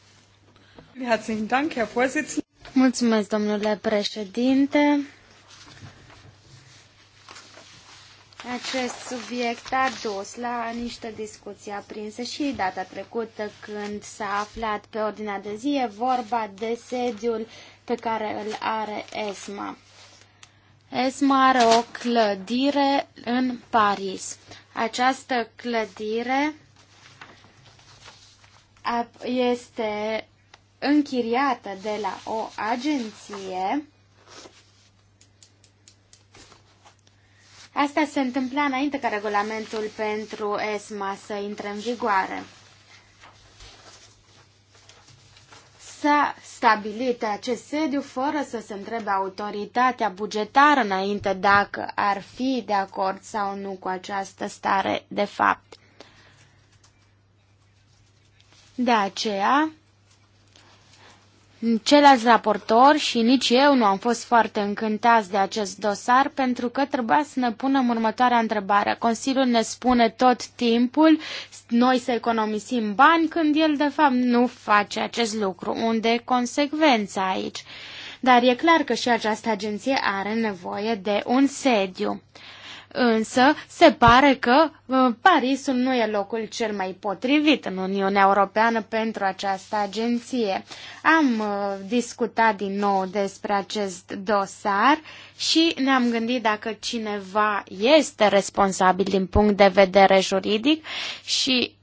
Mulțumesc, domnule președinte. Acest subiect a dus la niște discuții aprinse și data trecută când s-a aflat pe ordinea de zi e vorba de sediul pe care îl are ESMA. ESMA are o clădire în Paris. Această clădire este închiriată de la o agenție Asta se întâmpla înainte ca regulamentul pentru ESMA să intre în vigoare. S-a stabilit acest sediu fără să se întrebe autoritatea bugetară înainte dacă ar fi de acord sau nu cu această stare de fapt. De aceea, Ceilalți raportori și nici eu nu am fost foarte încântați de acest dosar pentru că trebuia să ne punem următoarea întrebare. Consiliul ne spune tot timpul noi să economisim bani când el de fapt nu face acest lucru. Unde e consecvența aici? Dar e clar că și această agenție are nevoie de un sediu. Însă, se pare că uh, Parisul nu e locul cel mai potrivit în Uniunea Europeană pentru această agenție. Am uh, discutat din nou despre acest dosar și ne-am gândit dacă cineva este responsabil din punct de vedere juridic și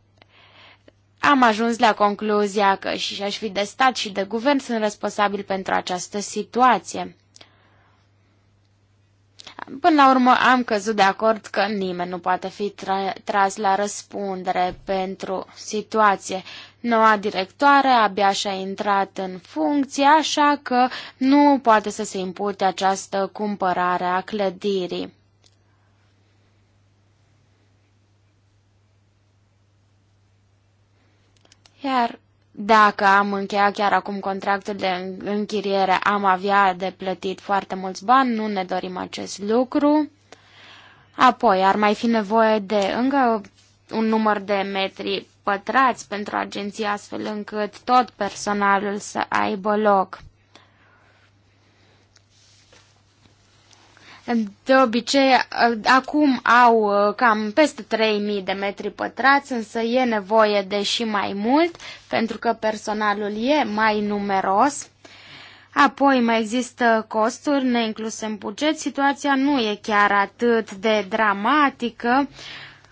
am ajuns la concluzia că și aș fi de stat și de guvern sunt responsabili pentru această situație. Până la urmă am căzut de acord că nimeni nu poate fi tra- tras la răspundere pentru situație. Noua directoare abia și-a intrat în funcție, așa că nu poate să se impute această cumpărare a clădirii. Iar dacă am încheiat chiar acum contractul de închiriere, am avea de plătit foarte mulți bani, nu ne dorim acest lucru. Apoi, ar mai fi nevoie de încă un număr de metri pătrați pentru agenția, astfel încât tot personalul să aibă loc. De obicei, acum au uh, cam peste 3000 de metri pătrați, însă e nevoie de și mai mult, pentru că personalul e mai numeros. Apoi mai există costuri neincluse în buget. Situația nu e chiar atât de dramatică,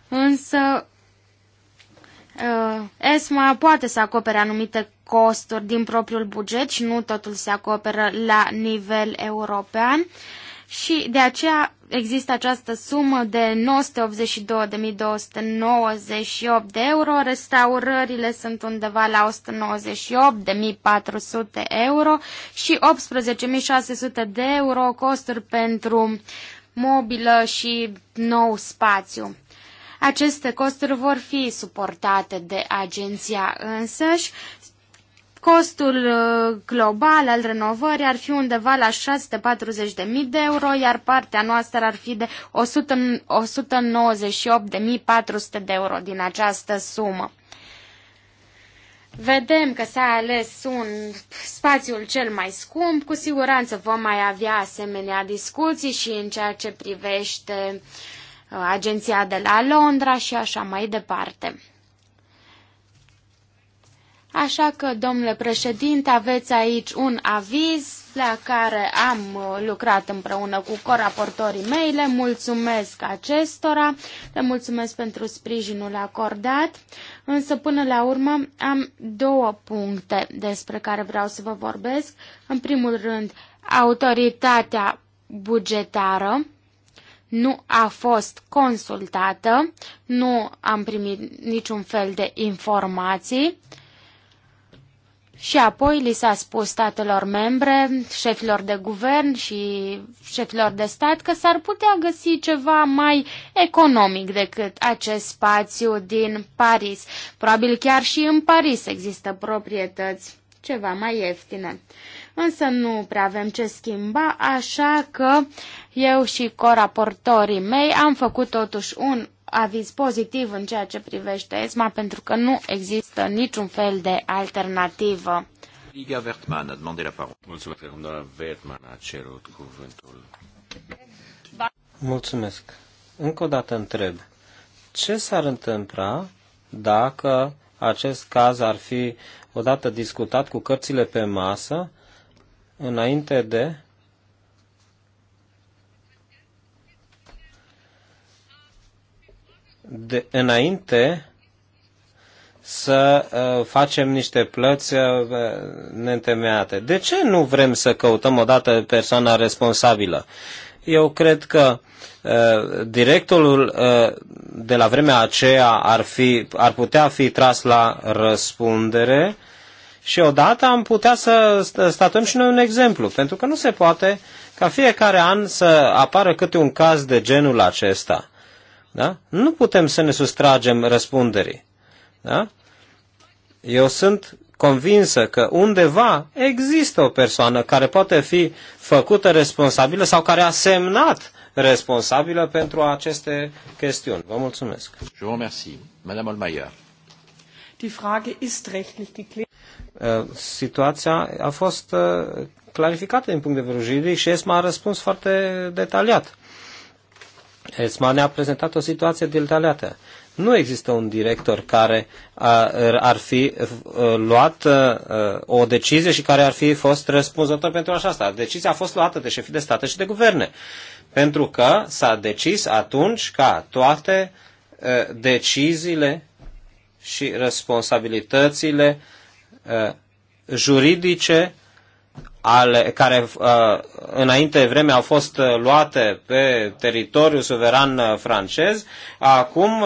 însă uh, ESMA poate să acopere anumite costuri din propriul buget și nu totul se acoperă la nivel european. Uh, și de aceea există această sumă de 982.298 de euro, restaurările sunt undeva la 198.400 euro și 18.600 de euro costuri pentru mobilă și nou spațiu. Aceste costuri vor fi suportate de agenția însăși Costul uh, global al renovării ar fi undeva la 640.000 de euro, iar partea noastră ar fi de 198.400 de euro din această sumă. Vedem că s-a ales un spațiul cel mai scump, cu siguranță vom mai avea asemenea discuții și în ceea ce privește uh, agenția de la Londra și așa mai departe. Așa că, domnule președinte, aveți aici un aviz la care am uh, lucrat împreună cu coraportorii mei. Le mulțumesc acestora, le mulțumesc pentru sprijinul acordat, însă până la urmă am două puncte despre care vreau să vă vorbesc. În primul rând, autoritatea bugetară nu a fost consultată, nu am primit niciun fel de informații. Și apoi li s-a spus statelor membre, șefilor de guvern și șefilor de stat că s-ar putea găsi ceva mai economic decât acest spațiu din Paris. Probabil chiar și în Paris există proprietăți ceva mai ieftine. Însă nu prea avem ce schimba, așa că eu și coraportorii mei am făcut totuși un aviz pozitiv în ceea ce privește ESMA pentru că nu există niciun fel de alternativă. Liga Vertman a demandat la Mulțumesc, doamna Vertman a cerut cuvântul. Mulțumesc. Încă o dată întreb. Ce s-ar întâmpla dacă acest caz ar fi odată discutat cu cărțile pe masă înainte de de, înainte să uh, facem niște plăți uh, neîntemeiate. De ce nu vrem să căutăm odată persoana responsabilă? Eu cred că uh, directorul uh, de la vremea aceea ar, fi, ar putea fi tras la răspundere și odată am putea să statuăm și noi un exemplu, pentru că nu se poate ca fiecare an să apară câte un caz de genul acesta da? Nu putem să ne sustragem răspunderii. Da? Eu sunt convinsă că undeva există o persoană care poate fi făcută responsabilă sau care a semnat responsabilă pentru aceste chestiuni. Vă mulțumesc. Je vous remercie. Madame ă, Situația a fost ă, clarificată din punct de vedere juridic și ESMA a răspuns foarte detaliat. ESMA ne-a prezentat o situație diltaleată. Nu există un director care ar fi uh, luat uh, o decizie și care ar fi fost răspunzător pentru așa asta. Decizia a fost luată de șefii de stat și de guverne. Pentru că s-a decis atunci ca toate uh, deciziile și responsabilitățile juridice uh, ale, care uh, înainte vreme au fost uh, luate pe teritoriul suveran uh, francez, acum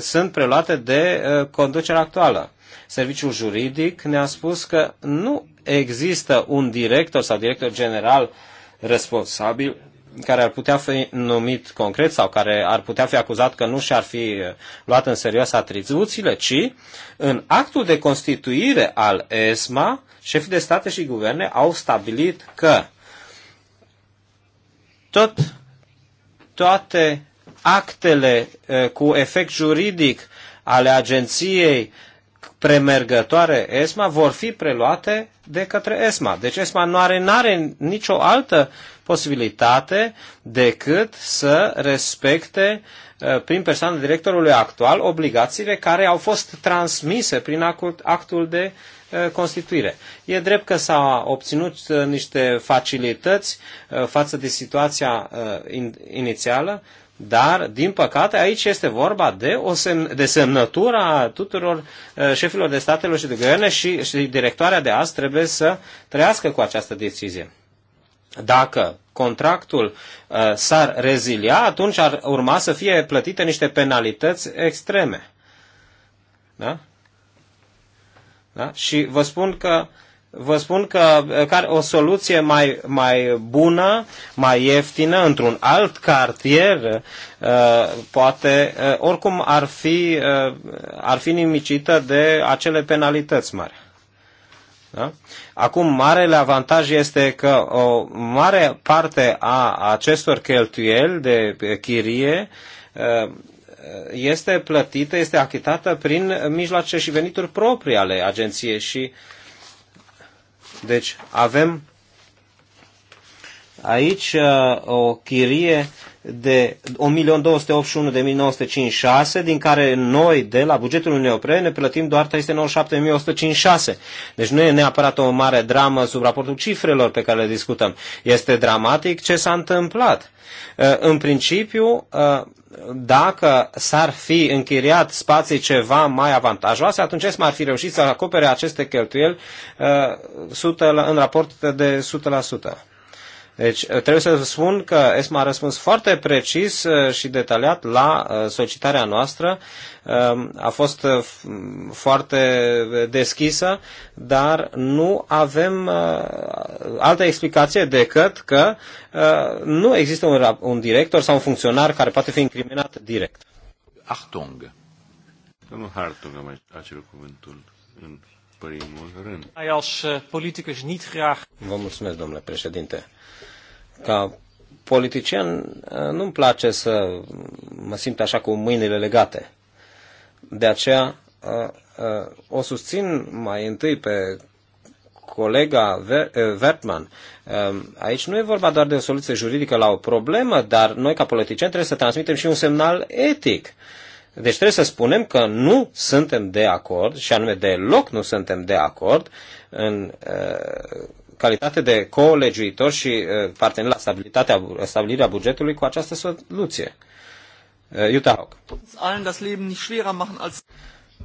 sunt preluate de conducerea actuală. Serviciul juridic ne-a spus că nu există un director sau director general responsabil care ar putea fi numit concret sau care ar putea fi acuzat că nu și-ar fi luat în serios atribuțiile, ci în actul de constituire al ESMA, șefii de state și guverne au stabilit că tot, toate actele eh, cu efect juridic ale agenției premergătoare ESMA vor fi preluate de către ESMA. Deci ESMA nu are, are nicio altă posibilitate decât să respecte uh, prin persoana directorului actual obligațiile care au fost transmise prin actul de uh, constituire. E drept că s-au obținut uh, niște facilități față de situația inițială, dar, din păcate, aici este vorba de, o semn- de semnătura tuturor eh, șefilor de statelor și de guverne și, și directoarea de azi trebuie să trăiască cu această decizie. Dacă contractul uh, s-ar rezilia, atunci ar urma să fie plătite niște penalități extreme. Da? Da? Și vă spun că vă spun că eh, o soluție mai, mai bună, mai ieftină, într-un alt cartier, eh, poate, eh, oricum ar fi, ar fi nimicită de acele penalități mari. Da? Acum, marele avantaj este că o mare parte a acestor cheltuieli de chirie este plătită, este achitată prin mijloace și venituri proprii ale agenției și uh, deci avem aici uh, o chirie de 1.281.956, din care noi de la bugetul Uniunii Europene plătim doar 397.156. Deci nu e neapărat o mare dramă sub raportul cifrelor pe care le discutăm. Este dramatic ce s-a întâmplat. Uh, în principiu, uh, dacă s-ar fi închiriat spații ceva mai avantajoase, atunci s ar fi reușit să acopere aceste cheltuieli 100, uh, în raport de 100%. Deci uh, trebuie să spun că ESMA a răspuns foarte precis uh, și detaliat la uh, solicitarea noastră. Um, a fost foarte deschisă, dar nu avem altă explicație decât că nu există un, director sau un funcționar care poate fi incriminat direct. Achtung! Domnul Hartung a acel cuvântul în primul rând. Vă mulțumesc, domnule președinte ca politician eh, nu-mi place să mă simt așa cu mâinile legate. De aceea eh, eh, o susțin mai întâi pe colega Vertman. Aici nu e vorba doar de o soluție juridică la o problemă, dar noi ca politicieni trebuie să transmitem și un semnal etic. Deci trebuie să spunem că nu suntem de acord, și anume deloc nu suntem de acord în uh, calitate de colegiuitor și uh, partener la stabilitatea, stabilirea bugetului cu această soluție. Uh, Utah. Haug.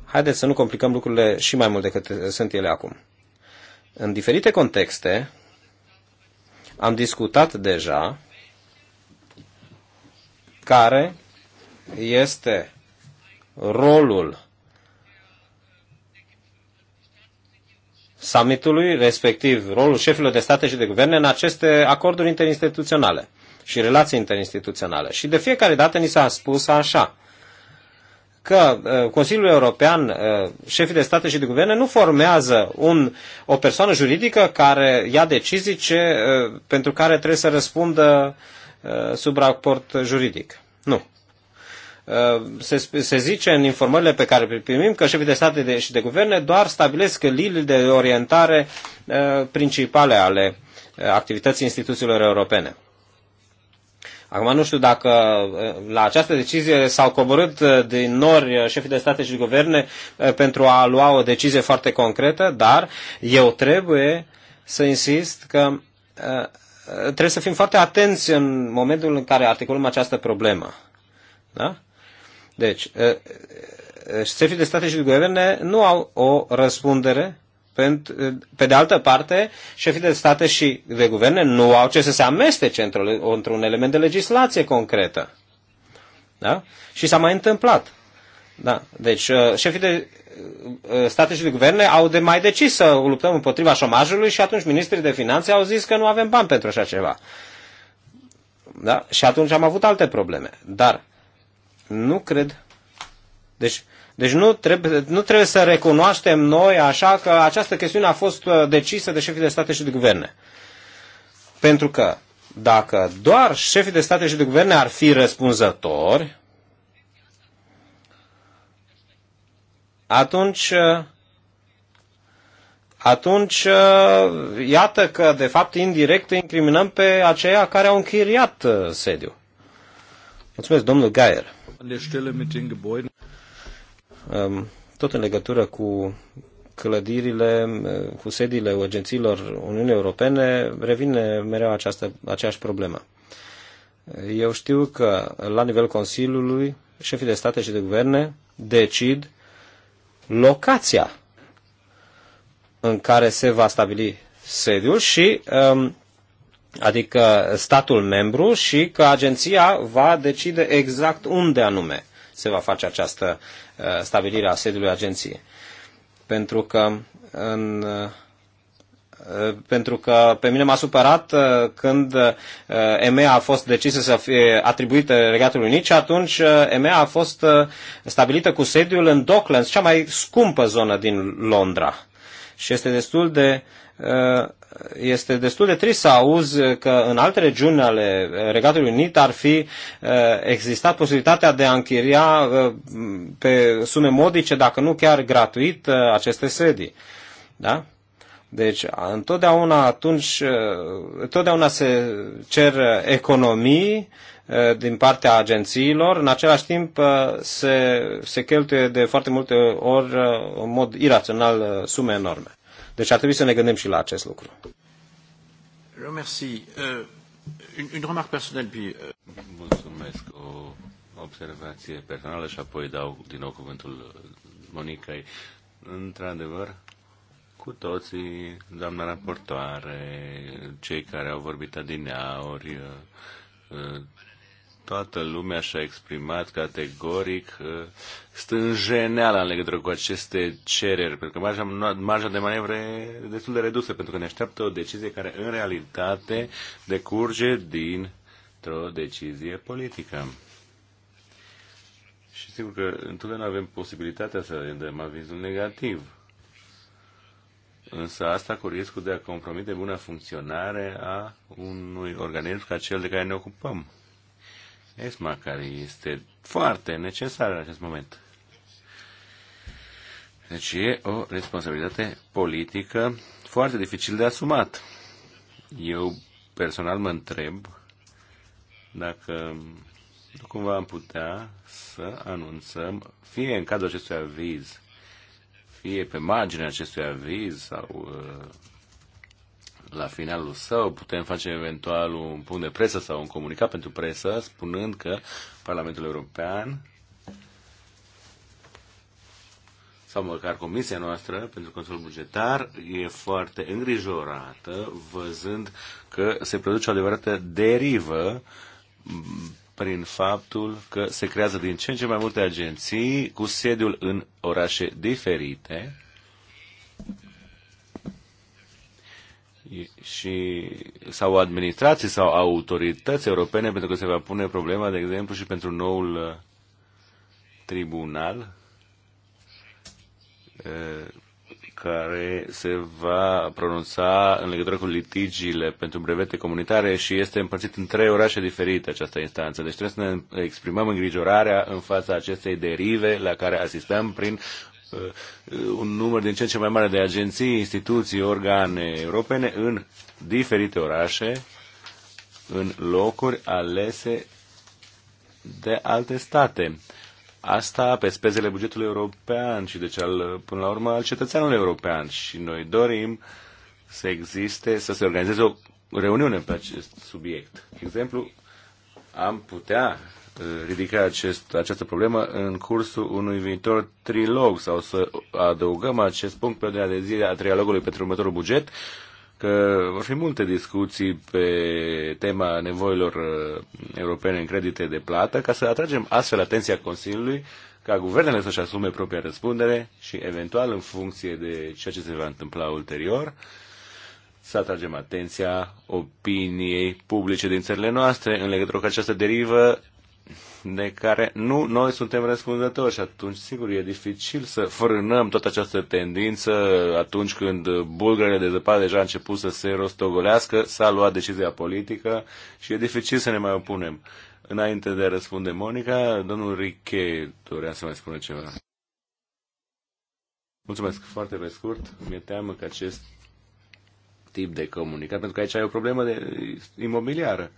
Haideți să nu complicăm lucrurile și mai mult decât uh, sunt ele acum. În diferite contexte am discutat deja care este rolul summitului, respectiv rolul șefilor de state și de guverne în aceste acorduri interinstituționale și relații interinstituționale. Și de fiecare dată ni s-a spus așa că uh, Consiliul European, uh, șefii de state și de guverne nu formează un, o persoană juridică care ia decizii ce, uh, pentru care trebuie să răspundă sub raport juridic. Nu. Uh, se, se zice în informările pe care le primim că șefii de state de, și de guverne doar stabilesc liniile de orientare uh, principale ale uh, activității instituțiilor europene. Acum nu știu dacă la această decizie s-au coborât din nori șefii de state și de guverne pentru a lua o decizie foarte concretă, dar eu trebuie să insist că trebuie să fim foarte atenți în momentul în care articulăm această problemă. Da? Deci, șefii de state și de guverne nu au o răspundere pe de altă parte, șefii de state și de guverne nu au ce să se amestece într-un element de legislație concretă. Da? Și s-a mai întâmplat. Da. Deci, șefii de state și de guverne au de mai decis să luptăm împotriva șomajului și atunci ministrii de finanțe au zis că nu avem bani pentru așa ceva. Da? Și atunci am avut alte probleme. Dar nu cred. Deci, deci nu, trebuie, nu trebuie să recunoaștem noi așa că această chestiune a fost uh, decisă de șefii de state și de guverne. Pentru că dacă doar șefii de state și de guverne ar fi răspunzători, atunci, uh, atunci uh, iată că, de fapt, indirect incriminăm pe aceia care au închiriat sediu. Mulțumesc, domnul Gaier. Tot în legătură cu clădirile, cu sediile agențiilor Uniunii Europene, revine mereu această, aceeași problemă. Eu știu că la nivel Consiliului, șefii de state și de guverne decid locația în care se va stabili sediul și um, adică statul membru, și că agenția va decide exact unde anume se va face această uh, stabilire a sediului agenției. Pentru că în uh, pentru că pe mine m-a supărat uh, când EMEA a fost decisă să fie atribuită Regatului Unit și atunci EMEA a fost stabilită cu sediul în Docklands, cea mai scumpă zonă din Londra. Și este destul de Uh, este destul de trist să auzi că în alte regiuni ale Regatului Unit ar fi uh, existat posibilitatea de a închiria uh, pe sume modice, dacă nu chiar gratuit, aceste sedii. Da? Deci, întotdeauna atunci, întotdeauna se cer economii din partea agențiilor, în același timp se, se cheltuie de foarte multe ori în mod irațional sume enorme. Deci ar trebui să ne gândim și la acest lucru. Euh, euh. Mulțumesc. O observație personală și apoi dau din nou cuvântul Monicăi. Într-adevăr, cu toții, doamna raportoare, cei care au vorbit adineauri, uh, toată lumea și-a exprimat categoric uh, stânjeneala în legătură cu aceste cereri, pentru că marja, marja de manevră e destul de redusă, pentru că ne așteaptă o decizie care în realitate decurge dintr-o decizie politică. Și sigur că întotdeauna avem posibilitatea să dăm avizul negativ. Însă asta cu riscul de a compromite buna funcționare a unui organism ca cel de care ne ocupăm. ESMA, care este foarte necesară în acest moment. Deci e o responsabilitate politică foarte dificil de asumat. Eu personal mă întreb dacă cumva am putea să anunțăm, fie în cadrul acestui aviz, fie pe marginea acestui aviz sau uh, la finalul său, putem face eventual un punct de presă sau un comunicat pentru presă, spunând că Parlamentul European sau măcar comisia noastră pentru control bugetar e foarte îngrijorată văzând că se produce o adevărată derivă prin faptul că se creează din ce în ce mai multe agenții cu sediul în orașe diferite și, sau administrații sau autorități europene, pentru că se va pune problema, de exemplu, și pentru noul uh, tribunal uh, care se va pronunța în legătură cu litigiile pentru brevete comunitare și este împărțit în trei orașe diferite această instanță. Deci trebuie să ne exprimăm îngrijorarea în fața acestei derive la care asistăm prin Uh, un număr din ce în ce mai mare de agenții, instituții, organe europene în diferite orașe, în locuri alese de alte state. Asta pe spezele bugetului european și deci al, până la urmă al cetățeanului european și noi dorim să existe, să se organizeze o reuniune pe acest subiect. exemplu, am putea ridica acest, această problemă în cursul unui viitor trilog sau să adăugăm acest punct pe ordinea de zi a trialogului pentru următorul buget, că vor fi multe discuții pe tema nevoilor uh, europene în credite de plată ca să atragem astfel atenția Consiliului ca guvernele să-și asume propria răspundere și eventual în funcție de ceea ce se va întâmpla ulterior să atragem atenția opiniei publice din țările noastre în legătură cu această derivă de care nu noi suntem răspunzători și atunci, sigur, e dificil să frânăm toată această tendință atunci când bulgările de zăpadă deja a început să se rostogolească, s-a luat decizia politică și e dificil să ne mai opunem. Înainte de a răspunde Monica, domnul Riche dorea să mai spună ceva. Mulțumesc foarte pe scurt. Mi-e teamă că acest tip de comunicat, pentru că aici ai o problemă de imobiliară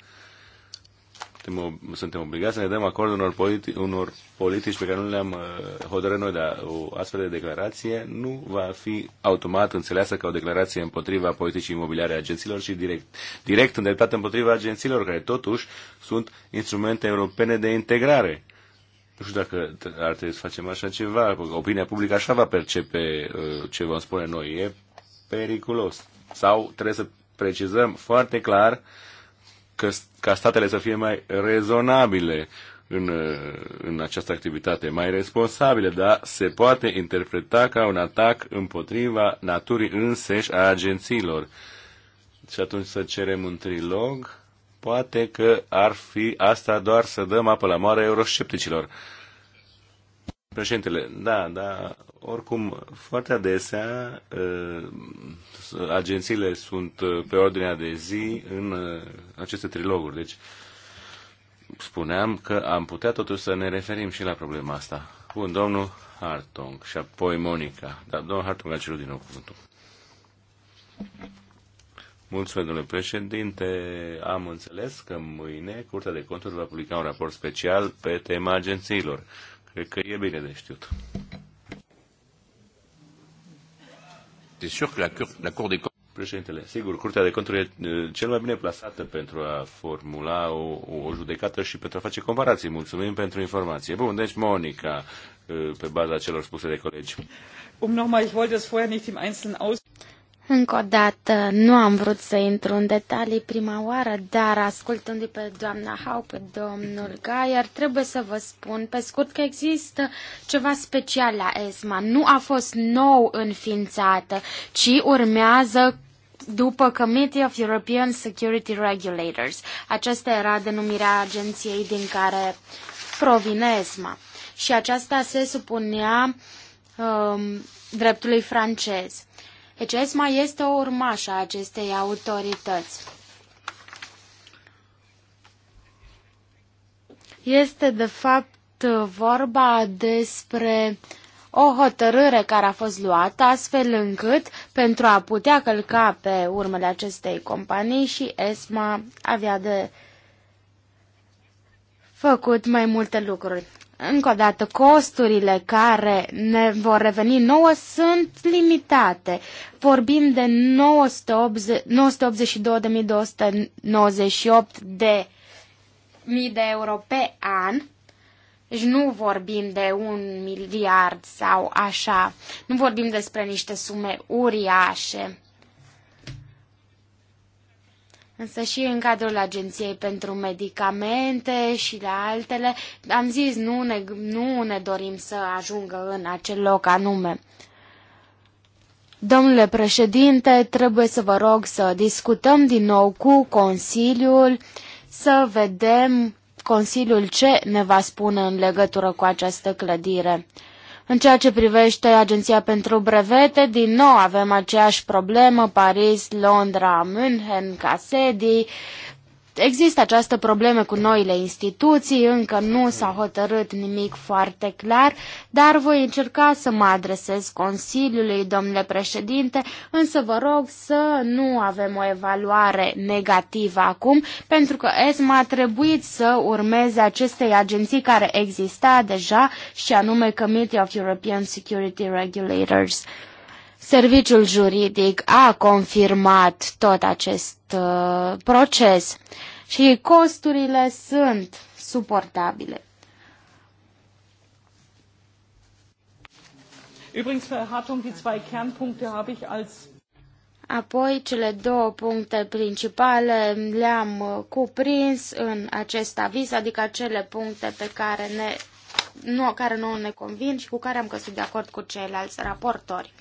suntem, suntem obligați să ne dăm acord unor, politi- unor politici pe care nu le-am uh, hotărât noi, dar o astfel de declarație nu va fi automat înțeleasă ca o declarație împotriva politicii imobiliare a agențiilor și direct, direct îndreptată împotriva agențiilor, care totuși sunt instrumente europene de integrare. Nu știu dacă ar trebui să facem așa ceva, opinia publică așa va percepe uh, ce vom spune noi. E periculos. Sau trebuie să precizăm foarte clar uh, că, ca statele să fie mai rezonabile în, în această activitate, mai responsabile, dar se poate interpreta ca un atac împotriva naturii înseși a agențiilor. Și atunci să cerem un trilog, poate că ar fi asta doar să dăm apă la moare euroscepticilor. Președintele, da, da, oricum, foarte adesea uh, agențiile sunt uh, pe ordinea de zi în uh, aceste triloguri. Deci, spuneam că am putea totuși să ne referim și la problema asta. Bun, domnul Hartung și apoi Monica. Dar domnul Hartung a cerut din nou cuvântul. Mulțumesc, domnule președinte. Am înțeles că mâine Curtea de Conturi va publica un raport special pe tema agențiilor. Cred că e bine de știut. Este sigur că la, la Președintele, sigur, Curtea de Conturi e cel mai bine plasată pentru a formula o, o judecată și pentru a face comparații. Mulțumim pentru informație. Bun, deci Monica, pe baza celor spuse de colegi. Um nochmal, ich wollte es vorher nicht im Einzelnen aus... Încă o dată, nu am vrut să intru în detalii prima oară, dar ascultându-i pe doamna Hau, pe domnul Gaier, trebuie să vă spun pe scurt că există ceva special la ESMA. Nu a fost nou înființată, ci urmează după Committee of European Security Regulators. Aceasta era denumirea agenției din care provine ESMA. Și aceasta se supunea um, dreptului francez. Deci ESMA este o urmașă a acestei autorități. Este de fapt vorba despre o hotărâre care a fost luată astfel încât pentru a putea călca pe urmele acestei companii și ESMA avea de făcut mai multe lucruri încă o dată, costurile care ne vor reveni nouă sunt limitate. Vorbim de 982.298 de mii de euro pe an. Deci nu vorbim de un miliard sau așa. Nu vorbim despre niște sume uriașe. Însă și în cadrul Agenției pentru Medicamente și la altele, am zis, nu ne, nu ne dorim să ajungă în acel loc anume. Domnule președinte, trebuie să vă rog să discutăm din nou cu Consiliul, să vedem Consiliul ce ne va spune în legătură cu această clădire. În ceea ce privește Agenția pentru Brevete, din nou avem aceeași problemă, Paris, Londra, München, ca sedii. Uh, Există această problemă cu noile instituții, încă nu s-a hotărât nimic foarte clar, dar voi încerca să mă adresez Consiliului, domnule președinte, însă vă rog să nu avem o evaluare negativă acum, pentru că ESMA a trebuit să urmeze acestei agenții care exista deja și anume Committee of European Security Regulators. Serviciul juridic a confirmat tot acest uh, proces și costurile sunt suportabile. Apoi, cele două puncte principale le-am uh, cuprins în acest aviz, adică acele puncte pe care, ne, nu, care nu ne convin și cu care am căsut de acord cu ceilalți raportori.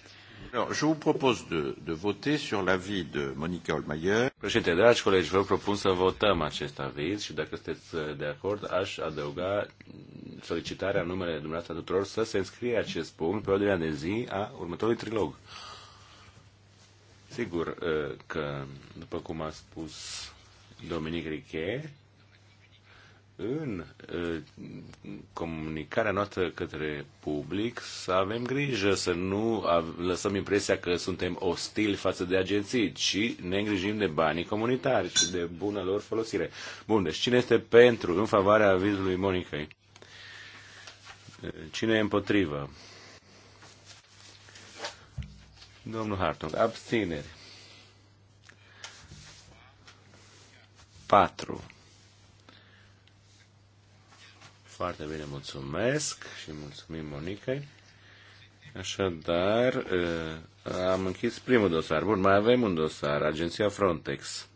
Alors, je vous propose de, de voter sur l'avis de Monica Holmeyer. Președinte, dragi colegi, vă propun să votăm acest aviz și dacă sunteți uh, de acord, aș adăuga mm, solicitarea numele dumneavoastră tuturor să se înscrie acest punct pe ordinea de zi a următorului trilog. Sigur uh, că, după cum a spus Dominic Riche, în comunicarea noastră către public să avem grijă, să nu lăsăm impresia că suntem ostili față de agenții, ci ne îngrijim de banii comunitari și de bună lor folosire. Bun, deci cine este pentru, în favoarea avizului Monicăi? Cine e împotrivă? Domnul Hartung, abțineri. 4. Foarte bine, mulțumesc și mulțumim Monicăi. Așadar, am închis primul dosar. Bun, mai avem un dosar, Agenția Frontex.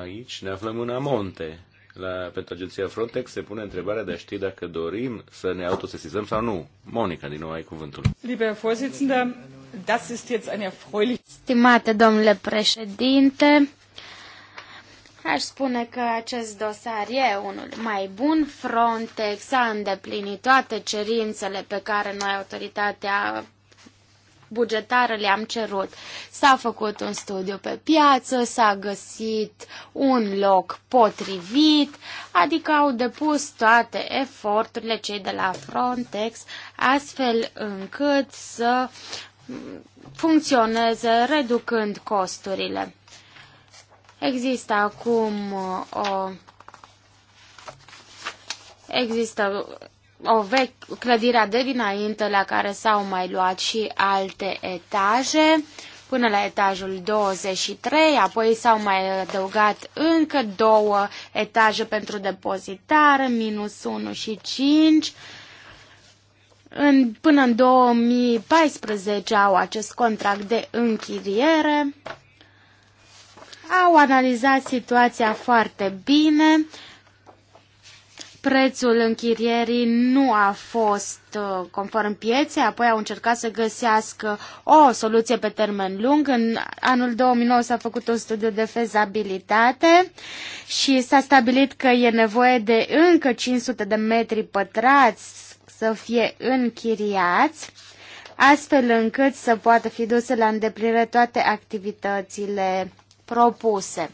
Aici ne aflăm în Amonte. La, pentru Agenția Frontex se pune întrebarea de a ști dacă dorim să ne autosesizăm sau nu. Monica, din nou ai cuvântul. Stimate domnule președinte, Aș spune că acest dosar e unul mai bun. Frontex a îndeplinit toate cerințele pe care noi, autoritatea bugetară, le-am cerut. S-a făcut un studiu pe piață, s-a găsit un loc potrivit, adică au depus toate eforturile cei de la Frontex, astfel încât să funcționeze reducând costurile. Există acum uh, o există o vechi clădirea de dinainte la care s-au mai luat și alte etaje până la etajul 23, apoi s-au mai adăugat încă două etaje pentru depozitare, minus 1 și 5. În, până în 2014 au acest contract de închiriere au analizat situația foarte bine. Prețul închirierii nu a fost uh, conform pieței, apoi au încercat să găsească o soluție pe termen lung. În anul 2009 s-a făcut un studiu de fezabilitate și s-a stabilit că e nevoie de încă 500 de metri pătrați să fie închiriați astfel încât să poată fi duse la îndeplinire toate activitățile propuse.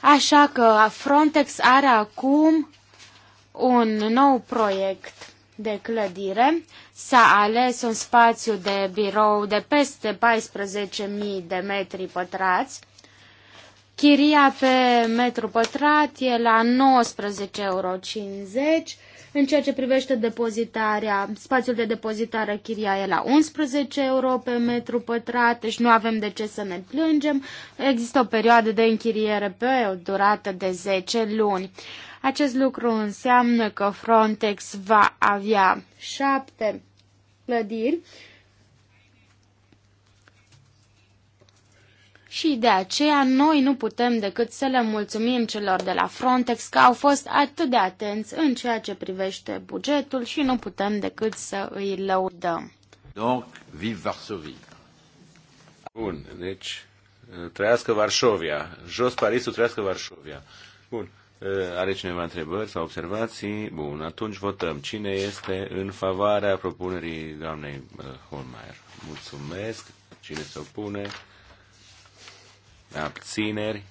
Așa că Frontex are acum un nou proiect de clădire. S-a ales un spațiu de birou de peste 14.000 de metri pătrați. Chiria pe metru pătrat e la 19,50 euro în ceea ce privește depozitarea, spațiul de depozitare chiria e la 11 euro pe metru pătrat, deci nu avem de ce să ne plângem. Există o perioadă de închiriere pe o durată de 10 luni. Acest lucru înseamnă că Frontex va avea șapte clădiri și de aceea noi nu putem decât să le mulțumim celor de la Frontex că au fost atât de atenți în ceea ce privește bugetul și nu putem decât să îi lăudăm. Donc, vive Varsovia! Bun, deci uh, trăiască Varșovia, jos Parisul, trăiască Varșovia. Bun, uh, are cineva întrebări sau observații? Bun, atunci votăm. Cine este în favoarea propunerii doamnei uh, Holmeier? Mulțumesc. Cine se opune? abțineri,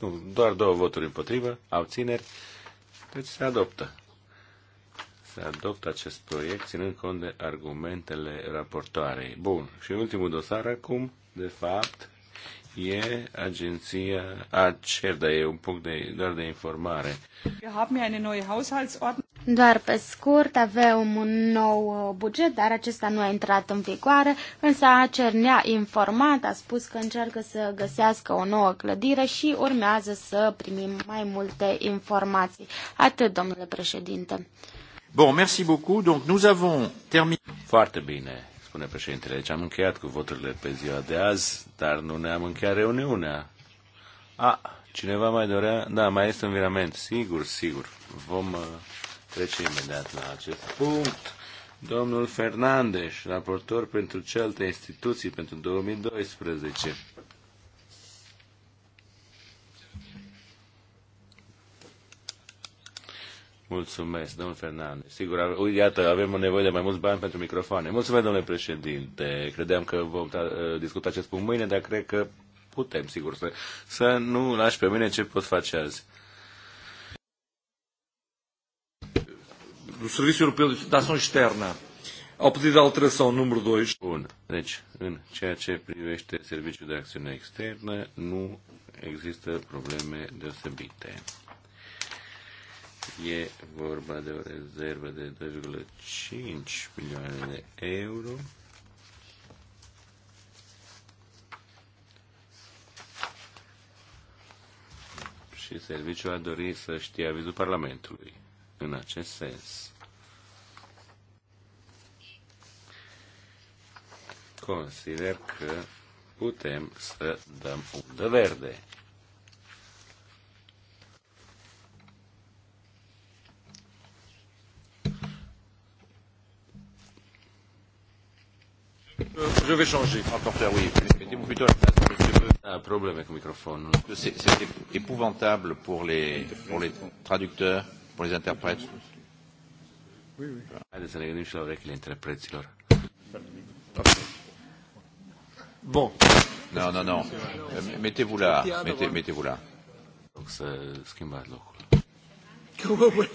nu, doar două voturi împotrivă, abțineri, deci se adoptă. Se adoptă acest proiect ținând cont de argumentele raportoarei. Bun, și ultimul dosar acum, de fapt, e agenția ACER, dar e un punct de, doar de informare. Wir haben eine neue Haushaltsordnung. Doar pe scurt, avem un nou uh, buget, dar acesta nu a intrat în vigoare, însă Acer ne-a informat, a spus că încearcă să găsească o nouă clădire și urmează să primim mai multe informații. Atât, domnule președinte. Bun, merci beaucoup. Donc nous avons terminat. Foarte bine, spune președintele. Deci am încheiat cu voturile pe ziua de azi, dar nu ne-am încheiat reuniunea. A, cineva mai dorea? Da, mai este un virament. Sigur, sigur. Vom uh, trece imediat la acest punct. Domnul Fernandes, raportor pentru celte instituții pentru 2012. Mulțumesc, domnul Fernandez. Sigur, iată, avem nevoie de mai mulți bani pentru microfoane. Mulțumesc, domnule președinte. Credeam că vom ă, discuta acest punct mâine, dar cred că putem, sigur, să, să nu lași pe mine ce pot face azi. do Serviço Europeu de Ação Externa ao pedido de alteração número 2. Deci, în ceea ce privește Serviciul de Acțiune Externă, nu există probleme deosebite. E vorba de o rezervă de 2,5 milioane de euro. Și serviciul a dorit să știe avizul Parlamentului în acest sens. Consider că putem să dăm un de verde. Je vais changer. Rapporteur, oui. mettez moi plutôt la place Monsieur Un ah, problème avec le microphone. C'est épouvantable pour les, pour les traducteurs pour les interprètes. Haideți să ne gândim și la urechile interpreților. Bun. Nu, nu, nu. Mettez-vous là. Mettez, mettez-vous là. Donc să schimbați locul. Cum vă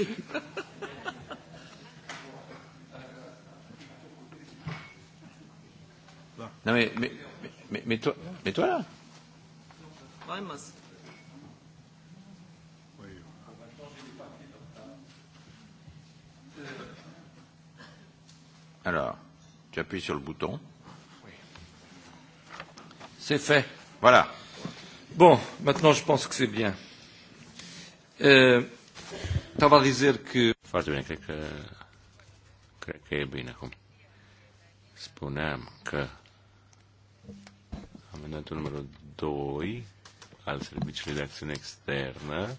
Non mais, mais, mais, mais toi, mais toi là. I must. Alors, tu appuies sur le bouton. Oui. C'est fait. Voilà. Bon, maintenant je pense que c'est bien. Tu vas dire que... Foarte bine, cred că, cred că e bine acum. Spuneam că amendatul numărul 2 al Serviciului de Acțiune Externă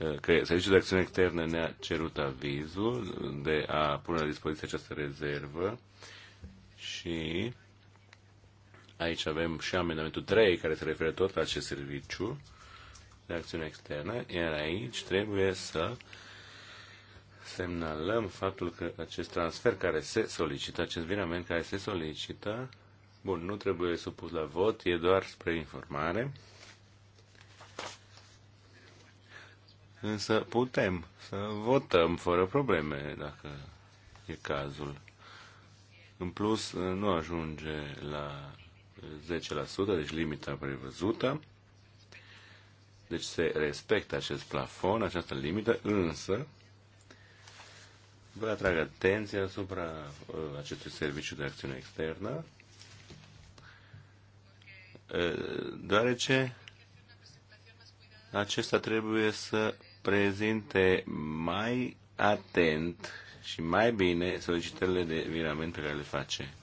Uh, că Serviciul de Acțiune Externă ne-a cerut avizul de a pune la dispoziție această rezervă și aici avem și amendamentul 3 care se referă tot la acest serviciu de acțiune externă, iar aici trebuie să semnalăm faptul că acest transfer care se solicită, acest virament care se solicită, bun, nu trebuie supus la vot, e doar spre informare. Însă putem să votăm fără probleme, dacă e cazul. În plus, nu ajunge la 10%, deci limita prevăzută. Deci se respectă acest plafon, această limită, însă vă atrag atenția asupra uh, acestui serviciu de acțiune externă, uh, deoarece acesta trebuie să prezinte mai atent și mai bine solicitările de virament pe care le face.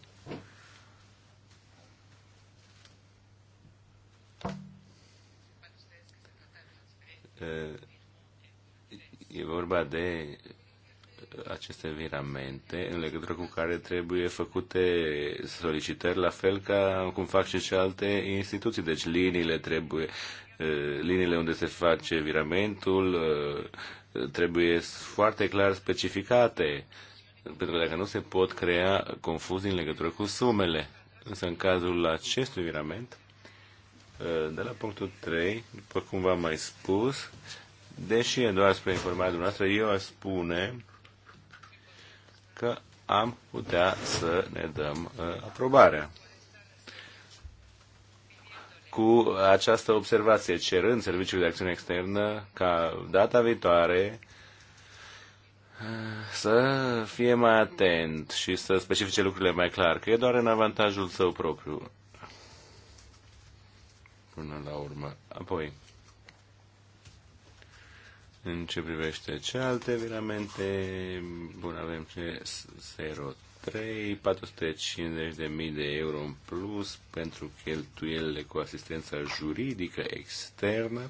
E vorba de aceste viramente în legătură cu care trebuie făcute solicitări, la fel ca cum fac și alte instituții. Deci liniile trebuie Eh, liniile unde se face viramentul eh, trebuie foarte clar specificate, pentru că dacă nu se pot crea confuzii în legătură cu sumele. Însă în cazul acestui virament, eh, de la punctul 3, după cum v-am mai spus, deși e doar spre informarea dumneavoastră, eu aș spune că am putea să ne dăm aprobarea cu această observație, cerând Serviciul de Acțiune Externă ca data viitoare eh, să fie mai atent și să specifice lucrurile mai clar, că e doar în avantajul său propriu. Până la urmă. Apoi, în ce privește alte viramente, bun, avem ce serot 3, 450 de mii de euro în plus pentru cheltuielile cu asistența juridică externă.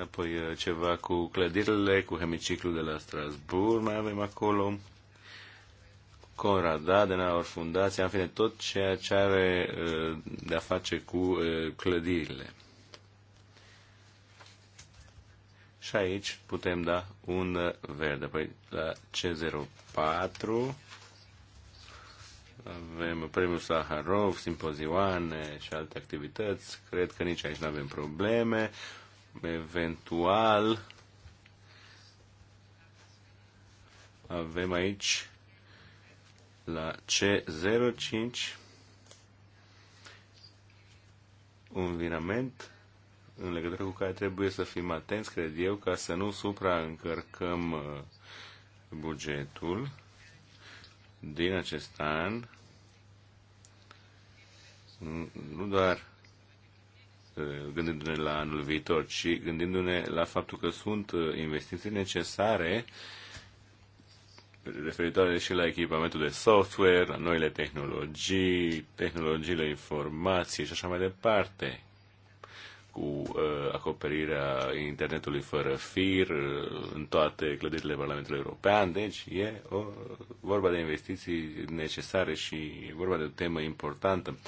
Apoi uh, ceva cu clădirile, cu hemiciclul de la Strasbourg, mai avem acolo. Conrad Adenauer, fundația, în fine, tot ceea ce are uh, de a face cu uh, clădirile. Și aici putem da un uh, verde. Păi la C04 avem premiul Saharov, simpozioane și alte activități. Cred că nici aici nu avem probleme. Eventual avem aici la C05 un virament în legătură cu care trebuie să fim atenți, cred eu, ca să nu supraîncărcăm uh, bugetul din acest an, nu doar uh, gândindu-ne la anul viitor, ci gândindu-ne la faptul că sunt uh, investiții necesare referitoare și la echipamentul de software, la noile tehnologii, tehnologiile informației și așa mai departe cu uh, acoperirea internetului fără fir uh, în toate clădirile Parlamentului European. Deci e o, vorba de investiții necesare și vorba de o temă importantă.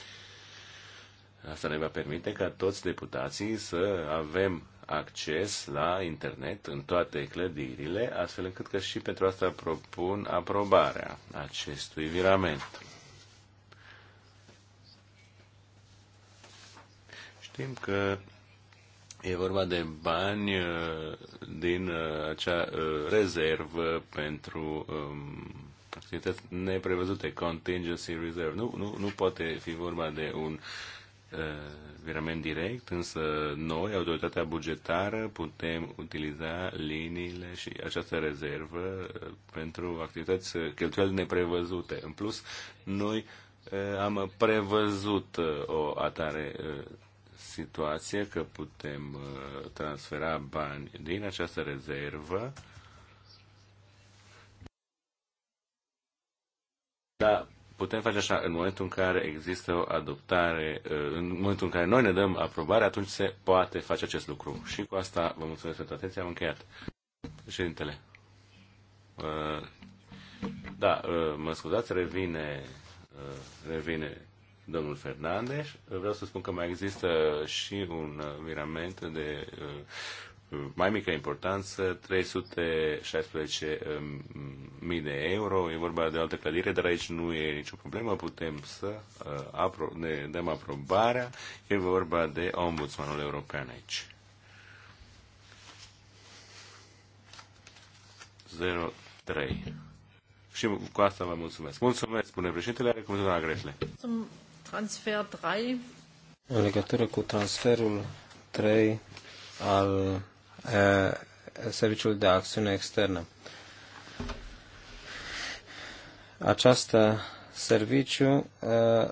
Asta ne va permite ca toți deputații să avem acces la internet în toate clădirile, astfel încât că și pentru asta propun aprobarea acestui virament. Știm că E vorba de bani uh, din uh, acea uh, rezervă pentru um, activități neprevăzute, contingency reserve. Nu, nu, nu poate fi vorba de un uh, virament direct, însă noi, autoritatea bugetară, putem utiliza liniile și această rezervă pentru activități cheltuieli neprevăzute. În plus, noi uh, am prevăzut o atare uh, situație că putem uh, transfera bani din această rezervă Dar putem face așa, în momentul în care există o adoptare, uh, în momentul în care noi ne dăm aprobare, atunci se poate face acest lucru. Și cu asta vă mulțumesc pentru atenție, am încheiat. Președintele. Uh, da, mă scuzați, revine, revine domnul Fernandez. Vreau să spun că mai există și un virament de uh, mai mică importanță, 316.000 uh, de euro. E vorba de o altă clădire, dar aici nu e nicio problemă. Putem să uh, ne dăm aprobarea. E vorba de ombudsmanul european aici. 03. Și cu asta vă mulțumesc. Mulțumesc, spune președintele, are cuvântul la grefle. Mulțumesc. Transfer 3. În legătură cu transferul 3 al e, Serviciului de Acțiune Externă. Această serviciu e, e,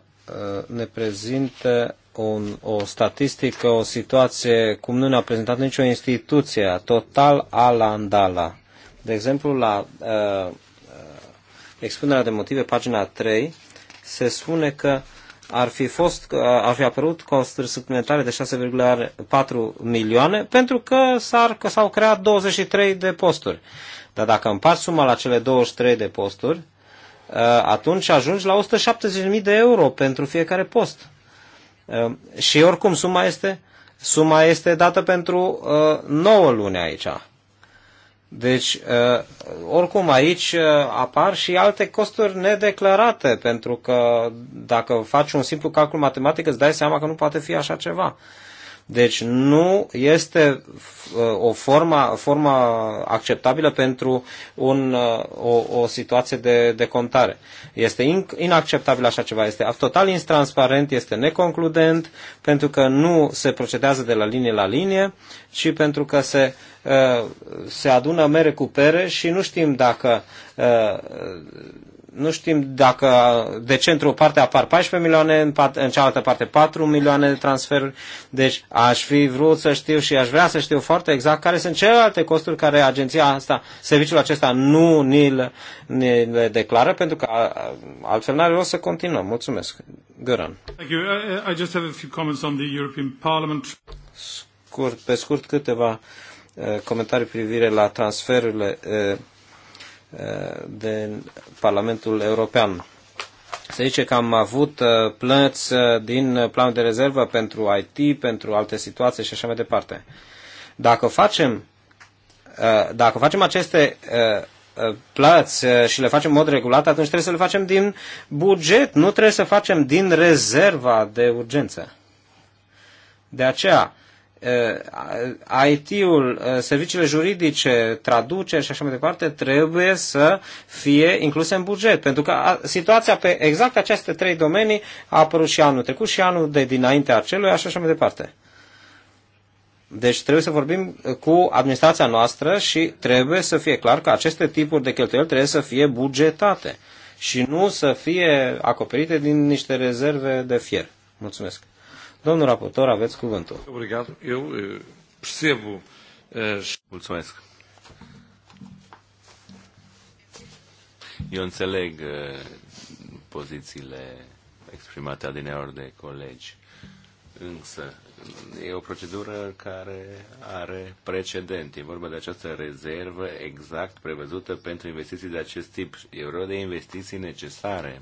ne prezintă un, o statistică, o situație cum nu ne-a prezentat nicio instituție, total ala andala. De exemplu, la uh, expunerea de motive, pagina 3, se spune că uh, ar fi, fost, uh, ar fi apărut costuri suplimentare de 6,4 milioane pentru că s-ar, că s-au creat 23 de posturi. Dar dacă împarți suma la cele 23 de posturi, uh, atunci ajungi la 170.000 de euro pentru fiecare post. Uh, și oricum suma este, suma este dată pentru 9 luni aici. Deci, uh, oricum aici uh, apar și alte costuri nedeclarate, pentru că dacă faci un simplu calcul matematic îți dai seama că nu poate fi așa ceva. Deci nu este uh, o forma forma acceptabilă pentru un, uh, o, o situație de, de contare. Este inacceptabil așa ceva, este total intransparent, este neconcludent, pentru că nu se procedează de la linie la linie, ci pentru că se, uh, se adună mere cu pere și nu știm dacă nu știm dacă de ce într-o parte apar 14 milioane, în, pat, în cealaltă parte 4 milioane de transferuri. Deci aș fi vrut să știu și aș vrea să știu foarte exact care sunt celelalte costuri care agenția asta, serviciul acesta nu ni le, ni le declară, pentru că altfel n-are rost să continuăm. Mulțumesc. Găran. Thank you. Uh, uh, I just have a few comments on the European Parliament. Scurt, pe scurt câteva uh, comentarii privire la transferurile de Parlamentul European. Se zice că am avut uh, plăți uh, din planul de rezervă pentru IT, pentru alte situații și așa mai departe. Dacă facem, uh, dacă facem aceste plăți și le facem în mod regulat, atunci trebuie să le facem din buget, nu trebuie să facem din rezerva de urgență. De aceea, Uh, IT-ul, uh, serviciile juridice, traduce și așa mai departe, trebuie să fie incluse în buget. Pentru că situația pe exact aceste trei domenii a apărut și anul trecut și anul de dinainte acelui, așa și mai departe. Deci trebuie să vorbim uh, cu administrația noastră și trebuie să fie clar că aceste tipuri de cheltuieli trebuie să fie bugetate și nu să fie acoperite din niște rezerve de fier. Mulțumesc. Domnul raportor, aveți cuvântul. Eu eh, percebo. Eh, Mulțumesc. Eu înțeleg eh, pozițiile exprimate adineori de colegi, însă e o procedură care are precedent. E vorba de această rezervă exact prevăzută pentru investiții de acest tip. E vorba de investiții necesare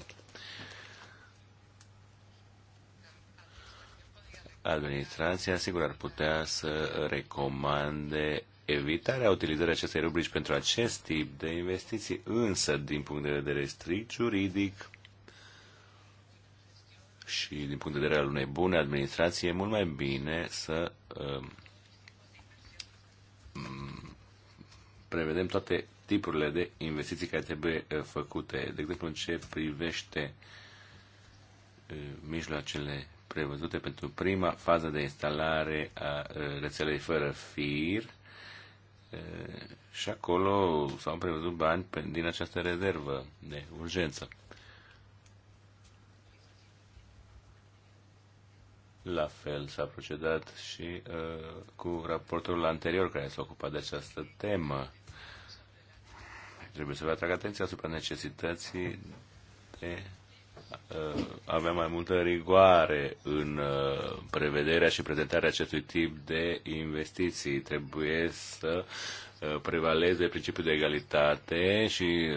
administrația, sigur, ar putea să recomande evitarea utilizării acestei rubrici pentru acest tip de investiții, însă, din punct de vedere strict juridic și din punct de vedere al unei bune administrații, e mult mai bine să um, prevedem toate tipurile de investiții care trebuie uh, făcute. De exemplu, în ce privește uh, mijloacele prevăzute pentru prima fază de instalare a rețelei fără fir și acolo s-au prevăzut bani din această rezervă de urgență. La fel s-a procedat și uh, cu raportul anterior care s-a ocupat de această temă. Trebuie să vă atrag atenția asupra necesității de Uh, avea mai multă rigoare în uh, prevederea și prezentarea acestui tip de investiții. Trebuie să uh, prevaleze principiul de egalitate și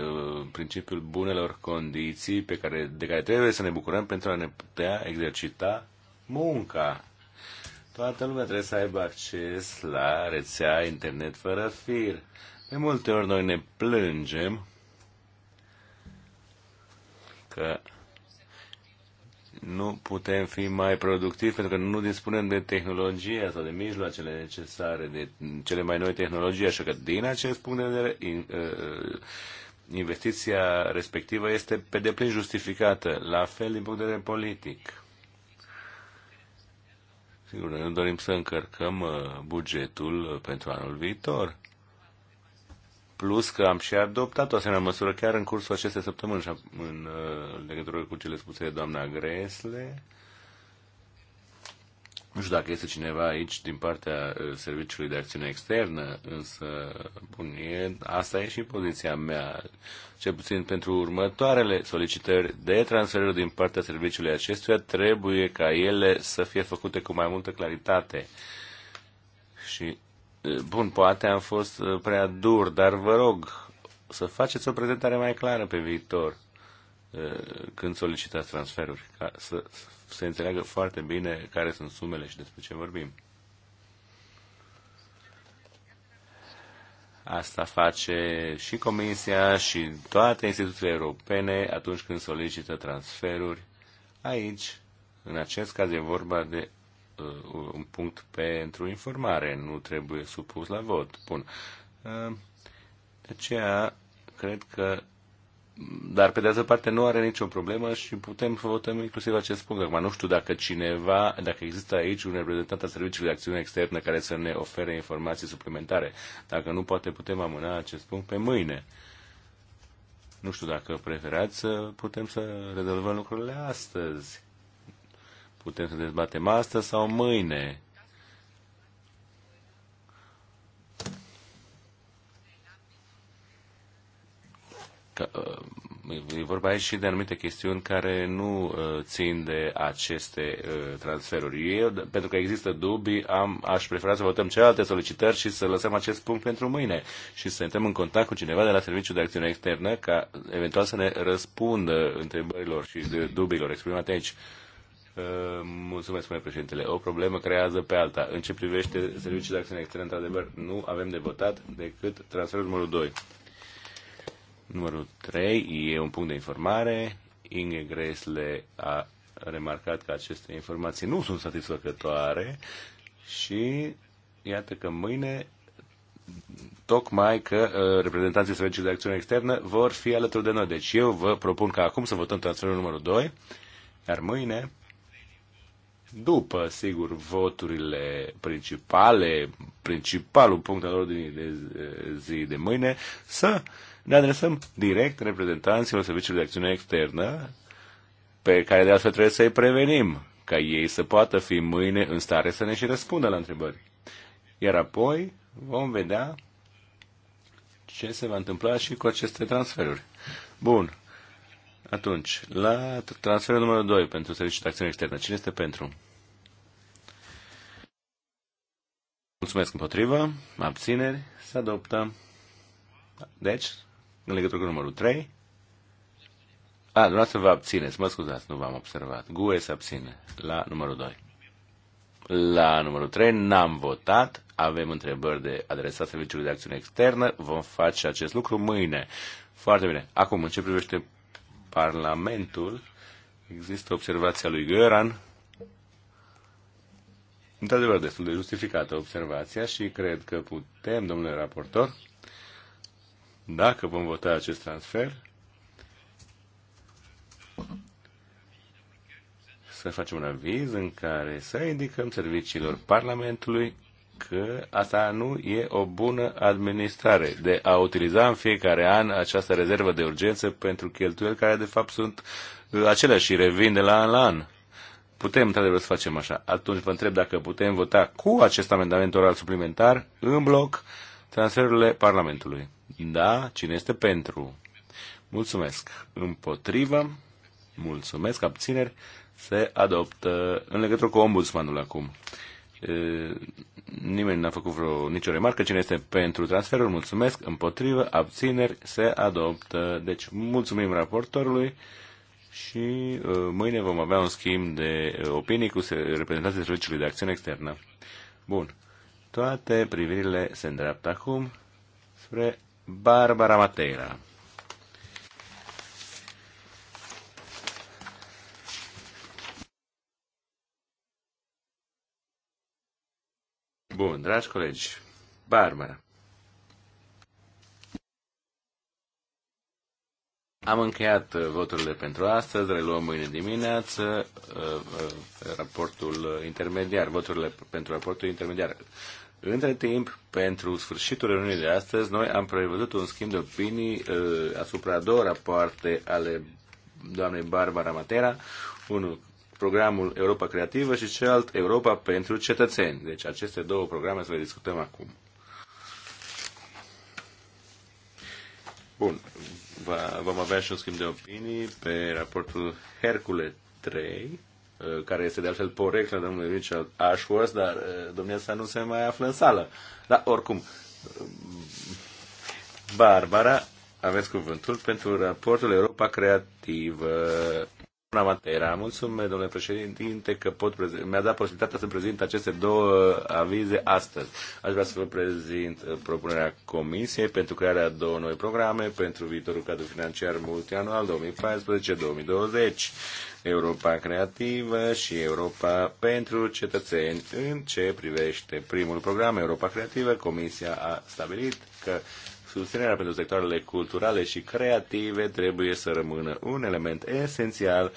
principiul bunelor condiții pe care, de care trebuie să ne bucurăm pentru a ne putea exercita munca. Toată lumea trebuie să aibă acces la rețea internet fără fir. De multe ori noi ne plângem că nu putem fi mai productivi pentru că nu dispunem de tehnologia sau de mijloacele necesare, de cele mai noi tehnologii, așa că din acest punct de vedere uh, uh, investiția respectivă este pe deplin justificată, la fel din punct de vedere politic. Sigur, noi nu dorim să încărcăm uh, bugetul pentru anul viitor, Plus că am și adoptat o asemenea măsură chiar în cursul acestei săptămâni, uh, în legătură cu cele spuse de doamna Gresle. Nu știu dacă este cineva aici din partea uh, Serviciului de Acțiune Externă, însă, bun, e, asta e și poziția mea, cel puțin pentru următoarele solicitări de transferuri din partea serviciului acestuia, trebuie ca ele să fie făcute cu mai multă claritate și Bun, poate am fost uh, prea dur, dar vă rog să faceți o prezentare mai clară pe viitor uh, când solicitați transferuri, ca să se înțeleagă foarte bine care sunt sumele și despre ce vorbim. Asta face și Comisia și toate instituțiile europene atunci când solicită transferuri. Aici, în acest caz, e vorba de Uh, un punct pentru informare, nu trebuie supus la vot. Bun. Uh, de aceea, cred că dar pe de altă parte nu are nicio problemă și putem să votăm inclusiv acest punct. Acum nu știu dacă cineva, dacă există aici un reprezentant al Serviciului de Acțiune Externă care să ne ofere informații suplimentare. Dacă nu, poate putem amâna acest punct pe mâine. Nu știu dacă preferați să putem să rezolvăm lucrurile astăzi putem să dezbatem astăzi sau mâine. Că, uh, e vorba aici și de anumite chestiuni care nu uh, țin de aceste uh, transferuri. Eu, pentru că există dubii, am, aș prefera să votăm celelalte solicitări și să lăsăm acest punct pentru mâine și să intrăm în contact cu cineva de la Serviciul de Acțiune Externă ca eventual să ne răspundă întrebărilor și de dubiilor exprimate aici. Ehm, mulțumesc, spune președintele. O problemă creează pe alta. În ce privește serviciul de acțiune externă, într-adevăr, nu avem de votat decât transferul numărul 2. Numărul 3 e un punct de informare. Inge Gresle a remarcat că aceste informații nu sunt satisfăcătoare și iată că mâine tocmai că uh, reprezentanții Serviciului de Acțiune Externă vor fi alături de noi. Deci eu vă propun ca acum să votăm transferul numărul 2, iar mâine după, sigur, voturile principale, principalul punct al ordinii de zi de mâine, să ne adresăm direct reprezentanților Serviciului de Acțiune Externă, pe care de altfel trebuie să-i prevenim, ca ei să poată fi mâine în stare să ne și răspundă la întrebări. Iar apoi vom vedea ce se va întâmpla și cu aceste transferuri. Bun. Atunci, la transferul numărul 2 pentru serviciul de acțiune externă, cine este pentru? Mulțumesc împotrivă, abțineri, se adoptă. Deci, în legătură cu numărul 3, a, dumneavoastră vă abțineți, mă scuzați, nu v-am observat. GUE se abține la numărul 2. La numărul 3 n-am votat, avem întrebări de adresat Serviciului de Acțiune Externă, vom face acest lucru mâine. Foarte bine. Acum, în ce privește Parlamentul. Există observația lui Göran. Într-adevăr, destul de justificată observația și cred că putem, domnule raportor, dacă vom vota acest transfer, să facem un aviz în care să indicăm serviciilor Parlamentului că asta nu e o bună administrare de a utiliza în fiecare an această rezervă de urgență pentru cheltuieli care de fapt sunt uh, aceleași și revin de la an la an. Putem, într-adevăr, să facem așa. Atunci vă întreb dacă putem vota cu acest amendament oral suplimentar în bloc transferurile Parlamentului. Da? Cine este pentru? Mulțumesc. Împotrivă? Mulțumesc. Abțineri? Se adoptă în legătură cu ombudsmanul acum nimeni n-a făcut vreo nicio remarcă. Cine este pentru transferul? Mulțumesc. Împotrivă, abțineri, se adoptă. Deci, mulțumim raportorului și mâine vom avea un schimb de opinii cu reprezentanții Serviciului de Acțiune Externă. Bun. Toate privirile se îndreaptă acum spre Barbara Mateira. Bun, dragi colegi, Barbara. Am încheiat uh, voturile pentru astăzi, reluăm mâine dimineață uh, uh, raportul intermediar, voturile pentru raportul intermediar. Între timp, pentru sfârșitul reuniunii de astăzi, noi am prevăzut un schimb de opinii asupra două rapoarte ale doamnei Barbara Matera, unul programul Europa Creativă și celălalt Europa pentru cetățeni. Deci aceste două programe să le discutăm acum. Bun, va, vom avea și un schimb de opinii pe raportul Hercule 3, uh, care este de altfel porecla domnului Richard Ashworth, dar uh, domnia sa nu se mai află în sală. Dar oricum, Barbara, aveți cuvântul pentru raportul Europa Creativă. Doamna Matera, mulțumesc, domnule președinte, că pot prezent, mi-a dat posibilitatea să prezint aceste două uh, avize astăzi. Aș vrea să vă prezint uh, propunerea Comisiei pentru crearea două noi programe pentru viitorul cadru financiar multianual 2014-2020, Europa Creativă și Europa pentru cetățeni. În ce privește primul program, Europa Creativă, Comisia a stabilit că Susținerea pentru sectoarele culturale și creative trebuie să rămână un element esențial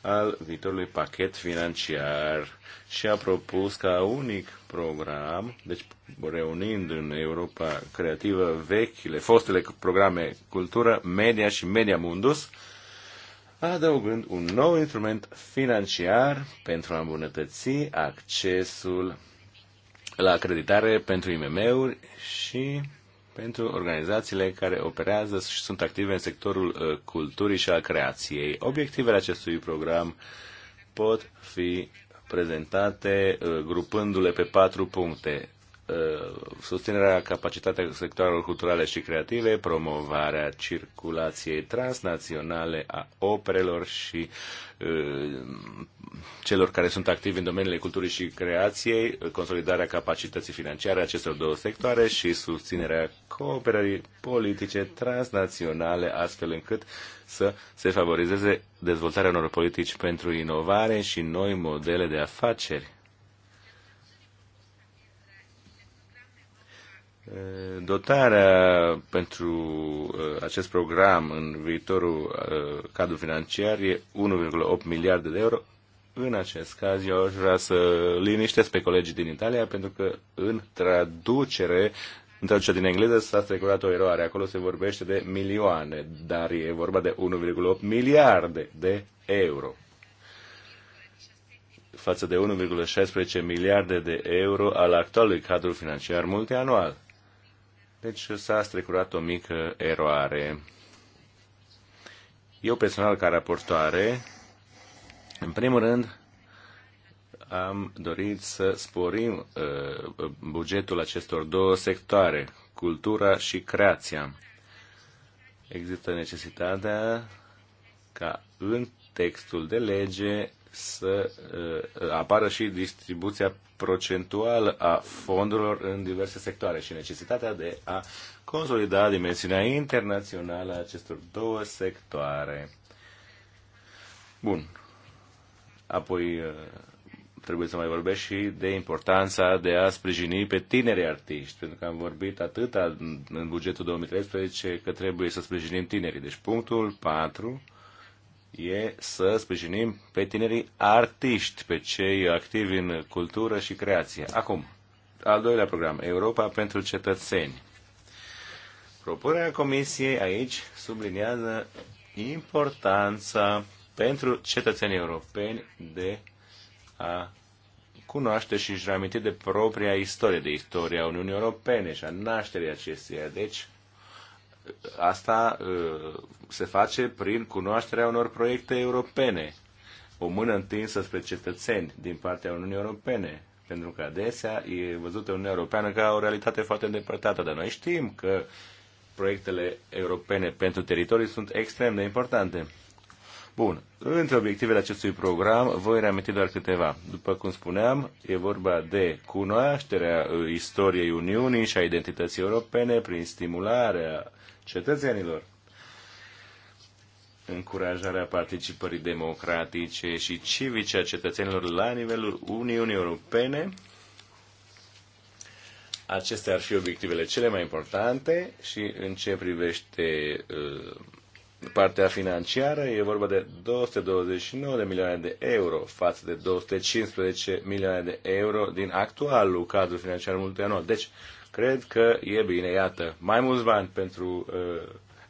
al viitorului pachet financiar și a propus ca unic program, deci reunind în Europa creativă vechile, fostele programe cultură, media și media mundus, adăugând un nou instrument financiar pentru a îmbunătăți accesul la acreditare pentru IMM-uri și pentru organizațiile care operează și sunt active în sectorul uh, culturii și al creației. Obiectivele acestui program pot fi prezentate uh, grupându-le pe patru puncte. Uh, susținerea capacitatea sectoarelor culturale și creative, promovarea circulației transnaționale a operelor și uh, celor care sunt activi în domeniile culturii și creației, consolidarea capacității financiare a acestor două sectoare și susținerea cooperării politice transnaționale, astfel încât să se favorizeze dezvoltarea unor politici pentru inovare și noi modele de afaceri Dotarea pentru uh, acest program în viitorul uh, cadru financiar e 1,8 miliarde de euro. În acest caz eu aș vrea să liniștesc pe colegii din Italia pentru că în traducere în traducerea din engleză s-a strecurat o eroare. Acolo se vorbește de milioane, dar e vorba de 1,8 miliarde de euro față de 1,16 miliarde de euro al actualului cadru financiar multianual. Deci s-a strecurat o mică eroare. Eu personal, ca raportoare, în primul rând, am dorit să sporim uh, bugetul acestor două sectoare, cultura și creația. Există necesitatea ca în textul de lege să uh, apară și distribuția procentuală a fondurilor în diverse sectoare și necesitatea de a consolida dimensiunea internațională a acestor două sectoare. Bun. Apoi uh, trebuie să mai vorbesc și de importanța de a sprijini pe tinerii artiști, pentru că am vorbit atât în bugetul 2013 că trebuie să sprijinim tinerii. Deci punctul 4 e să sprijinim pe tinerii artiști, pe cei activi în cultură și creație. Acum, al doilea program, Europa pentru cetățeni. Propunerea Comisiei aici subliniază importanța pentru cetățenii europeni de a cunoaște și își reaminte de propria istorie, de istoria Uniunii Europene și a nașterii acesteia. Deci, asta ă, se face prin cunoașterea unor proiecte europene, o mână întinsă spre cetățeni din partea Uniunii Europene, pentru că adesea e văzută Uniunea Europeană ca o realitate foarte îndepărtată, dar noi știm că proiectele europene pentru teritorii sunt extrem de importante. Bun, între obiectivele acestui program voi reaminti doar câteva. După cum spuneam, e vorba de cunoașterea ă, istoriei Uniunii și a identității europene prin stimularea cetățenilor. Încurajarea participării democratice și civice a cetățenilor la nivelul Uniunii Europene. Acestea ar fi obiectivele cele mai importante și în ce privește uh, partea financiară, e vorba de 229 de milioane de euro față de 215 milioane de euro din actualul cadru financiar multianual. Deci, Cred că e bine, iată, mai mulți bani pentru uh,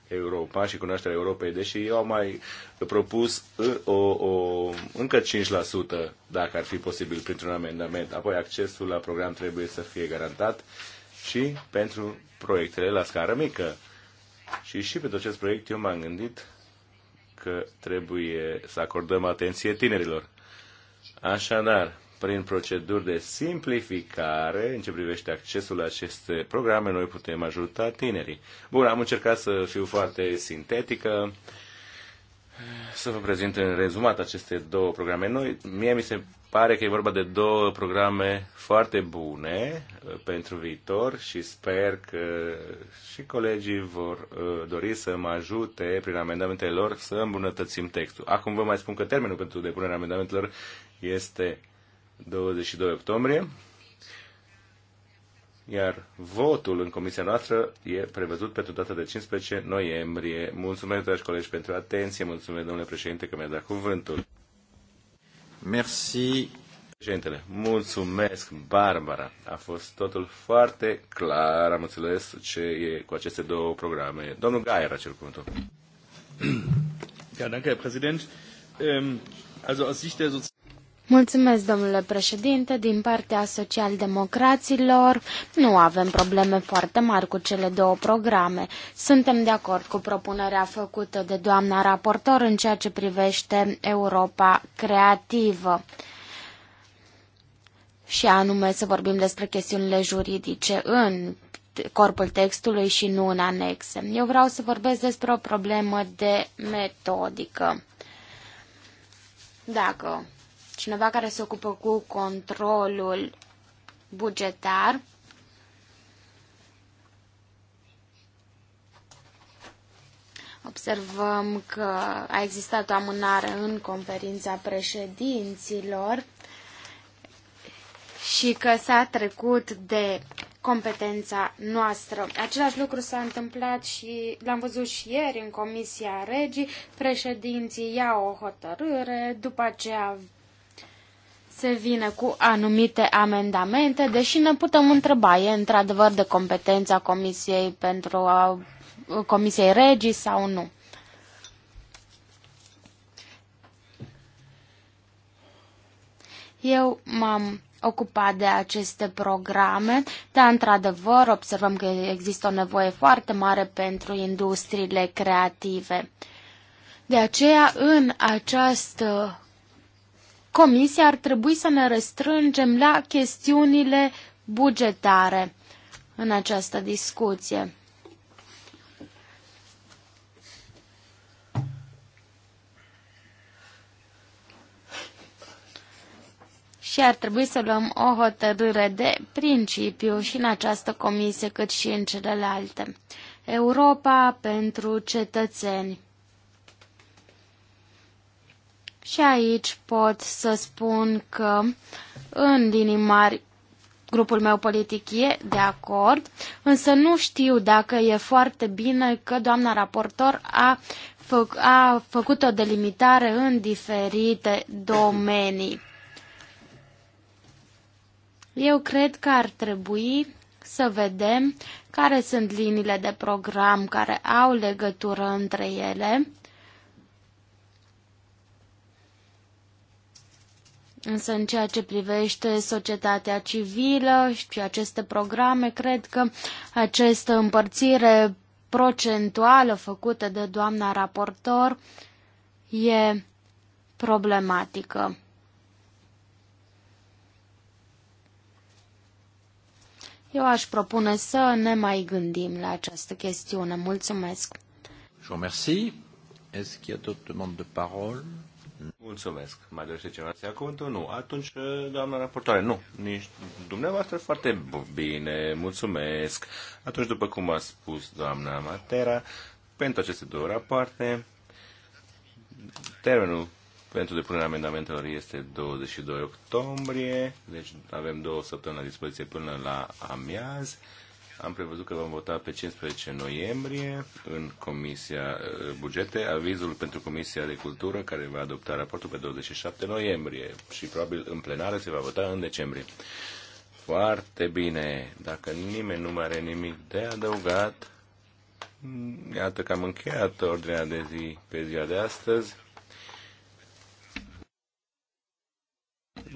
Europa și cunoașterea Europei, deși eu am mai propus uh, o, o, încă 5% dacă ar fi posibil printr-un amendament. Apoi accesul la program trebuie să fie garantat și pentru proiectele la scară mică. Și și pentru acest proiect eu m-am gândit că trebuie să acordăm atenție tinerilor. Așadar, prin proceduri de simplificare în ce privește accesul la aceste programe, noi putem ajuta tinerii. Bun, am încercat să fiu foarte sintetică, să vă prezint în rezumat aceste două programe noi. Mie mi se pare că e vorba de două programe foarte bune uh, pentru viitor și sper că și colegii vor uh, dori să mă ajute prin amendamentele lor să îmbunătățim textul. Acum vă mai spun că termenul pentru depunerea amendamentelor este 22 octombrie, iar votul în comisia noastră e prevăzut pentru data de 15 noiembrie. Mulțumesc, dragi colegi, pentru atenție. Mulțumesc, domnule președinte, că mi-a dat cuvântul. Merci. Președintele, mulțumesc, Barbara. A fost totul foarte clar. Am înțeles ce e cu aceste două programe. Domnul Gaier acel cuvântul. Da, danke, Herr Präsident. Ähm, also aus Sicht der Sozial Mulțumesc, domnule președinte, din partea socialdemocraților nu avem probleme foarte mari cu cele două programe. Suntem de acord cu propunerea făcută de doamna raportor în ceea ce privește Europa creativă și anume să vorbim despre chestiunile juridice în corpul textului și nu în anexe. Eu vreau să vorbesc despre o problemă de metodică. Dacă cineva care se ocupă cu controlul bugetar. Observăm că a existat o amânare în conferința președinților și că s-a trecut de competența noastră. Același lucru s-a întâmplat și l-am văzut și ieri în Comisia Regii. Președinții iau o hotărâre, după aceea se vine cu anumite amendamente, deși ne putem întreba, e într-adevăr de competența Comisiei pentru a, Comisiei Regii sau nu? Eu m-am ocupat de aceste programe, dar într-adevăr observăm că există o nevoie foarte mare pentru industriile creative. De aceea, în această Comisia ar trebui să ne restrângem la chestiunile bugetare în această discuție. și ar trebui să luăm o hotărâre de principiu și în această comisie cât și în celelalte. Europa pentru cetățeni. Și aici pot să spun că, în linii mari, grupul meu politic e de acord, însă nu știu dacă e foarte bine că doamna raportor a, fă, a făcut o delimitare în diferite domenii. Eu cred că ar trebui să vedem care sunt liniile de program care au legătură între ele Însă în ceea ce privește societatea civilă și aceste programe, cred că această împărțire procentuală făcută de doamna raportor e problematică. Eu aș propune să ne mai gândim la această chestiune. Mulțumesc. Je vous remercie. Est-ce qu'il y a d'autres demandes de parole? Mulțumesc. Mai dorește cineva să ia cuvântul? Nu. Atunci, uh, doamna raportoare, nu. Nici dumneavoastră foarte bine. Mulțumesc. Atunci, după cum a spus doamna Matera, pentru aceste două rapoarte, termenul pentru depunerea amendamentelor este 22 octombrie, deci avem două săptămâni la dispoziție până la amiaz. Am prevăzut că vom vota pe 15 noiembrie în Comisia uh, Bugete, avizul pentru Comisia de Cultură, care va adopta raportul pe 27 noiembrie și probabil în plenară se va vota în decembrie. Foarte bine. Dacă nimeni nu mai are nimic de adăugat, iată că am încheiat ordinea de zi pe ziua de astăzi.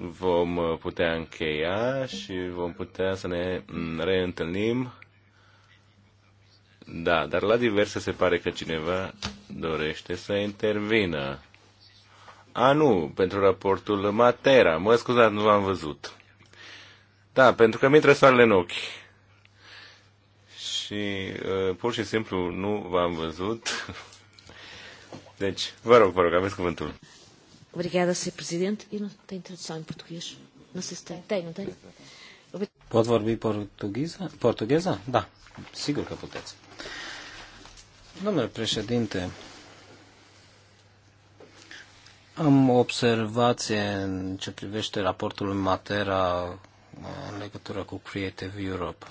vom uh, putea încheia și vom putea să ne mm, reîntâlnim. Da, dar la diverse se pare că cineva dorește să intervină. A, nu, pentru raportul Matera. Mă scuzați, nu v-am văzut. Da, pentru că mi intră soarele în ochi. Și uh, pur și simplu nu v-am văzut. [LAUGHS] Deci, vă rog, vă rog, aveți cuvântul. Obrigada, Sr. Presidente. E não tem tradução em português? Não sei se tem. Tem, não tem? Pot vorbi portugheză? Portugheză? Da, sigur că puteți. Domnule președinte, am observație în ce privește raportul Matera în legătură cu Creative Europe.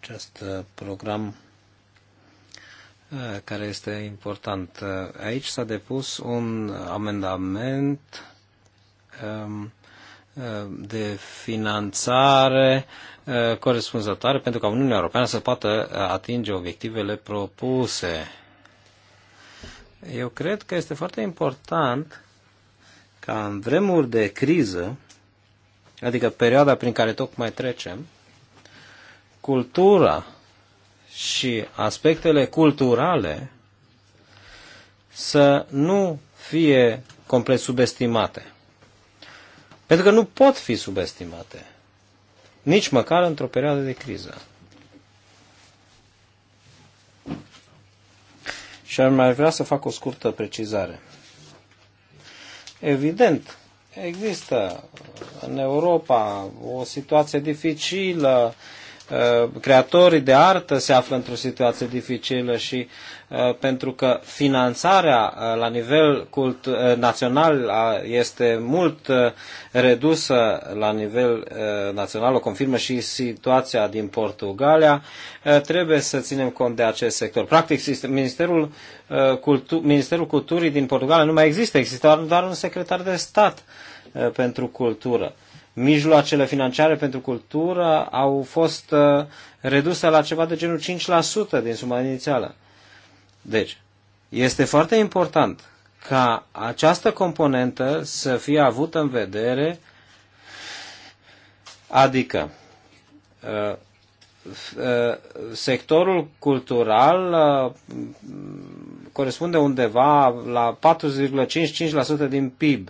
Acest program Eh, care este important. Eh, aici s-a depus un amendament ehm, eh, de finanțare corespunzătoare pentru ca Uniunea Europeană să poată atinge obiectivele propuse. Eu cred că este foarte important ca în vremuri de criză, adică perioada prin care tocmai trecem, cultura și aspectele culturale să nu fie complet subestimate. Pentru că nu pot fi subestimate, nici măcar într-o perioadă de criză. Și ar mai vrea să fac o scurtă precizare. Evident, există în Europa o situație dificilă, uh, Uh, creatorii de artă se află într-o situație dificilă și uh, pentru că finanțarea uh, la nivel cult, național este mult redusă la nivel național, o confirmă și situația din Portugalia, trebuie să ținem cont de acest sector. Practic, Ministerul, Cultu- Ministerul Culturii din Portugalia nu mai există, există doar un secretar de stat pentru cultură mijloacele financiare pentru cultură au fost uh, reduse la ceva de genul 5% din suma inițială. Deci, este foarte important ca această componentă să fie avută în vedere, adică uh, uh, sectorul cultural corespunde undeva la 4,55% din PIB.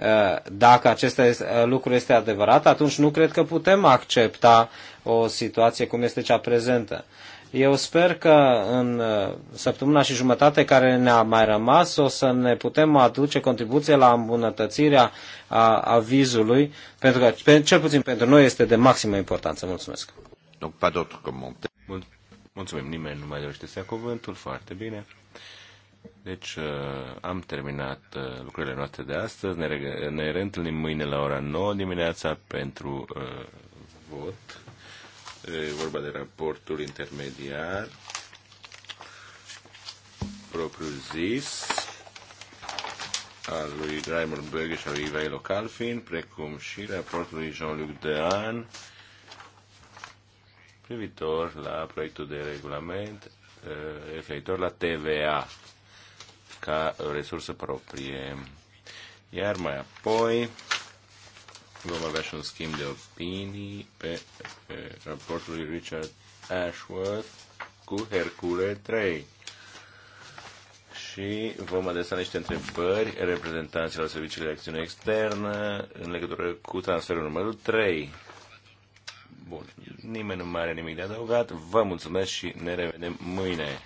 Eh, dacă acest eh, lucru este adevărat, atunci nu cred că putem accepta o situație cum este cea prezentă. Eu sper că în eh, săptămâna și jumătate care ne-a mai rămas o să ne putem aduce contribuție la îmbunătățirea a avizului, pentru că cel puțin pentru noi este de maximă importanță. Mulțumesc. Mulțumim, nimeni nu mai dorește să ia cuvântul, foarte bine. Deci uh, am terminat uh, lucrările noastre de astăzi. Ne, re- ne reîntâlnim mâine la ora 9 dimineața pentru uh, vot. E vorba de raportul intermediar propriu zis al lui Raimund Böge și al lui Ivailo Calfin, precum și raportul lui Jean-Luc Dean privitor la proiectul de regulament uh, referitor la TVA ca resursă proprie. Iar mai apoi vom avea și un schimb de opinii pe, pe raportul lui Richard Ashworth cu Hercule 3 și vom adresa niște întrebări reprezentanților Serviciului de Acțiune Externă în legătură cu transferul numărul 3. Bun, nimeni nu mai are nimic de adăugat. Vă mulțumesc și ne revedem mâine.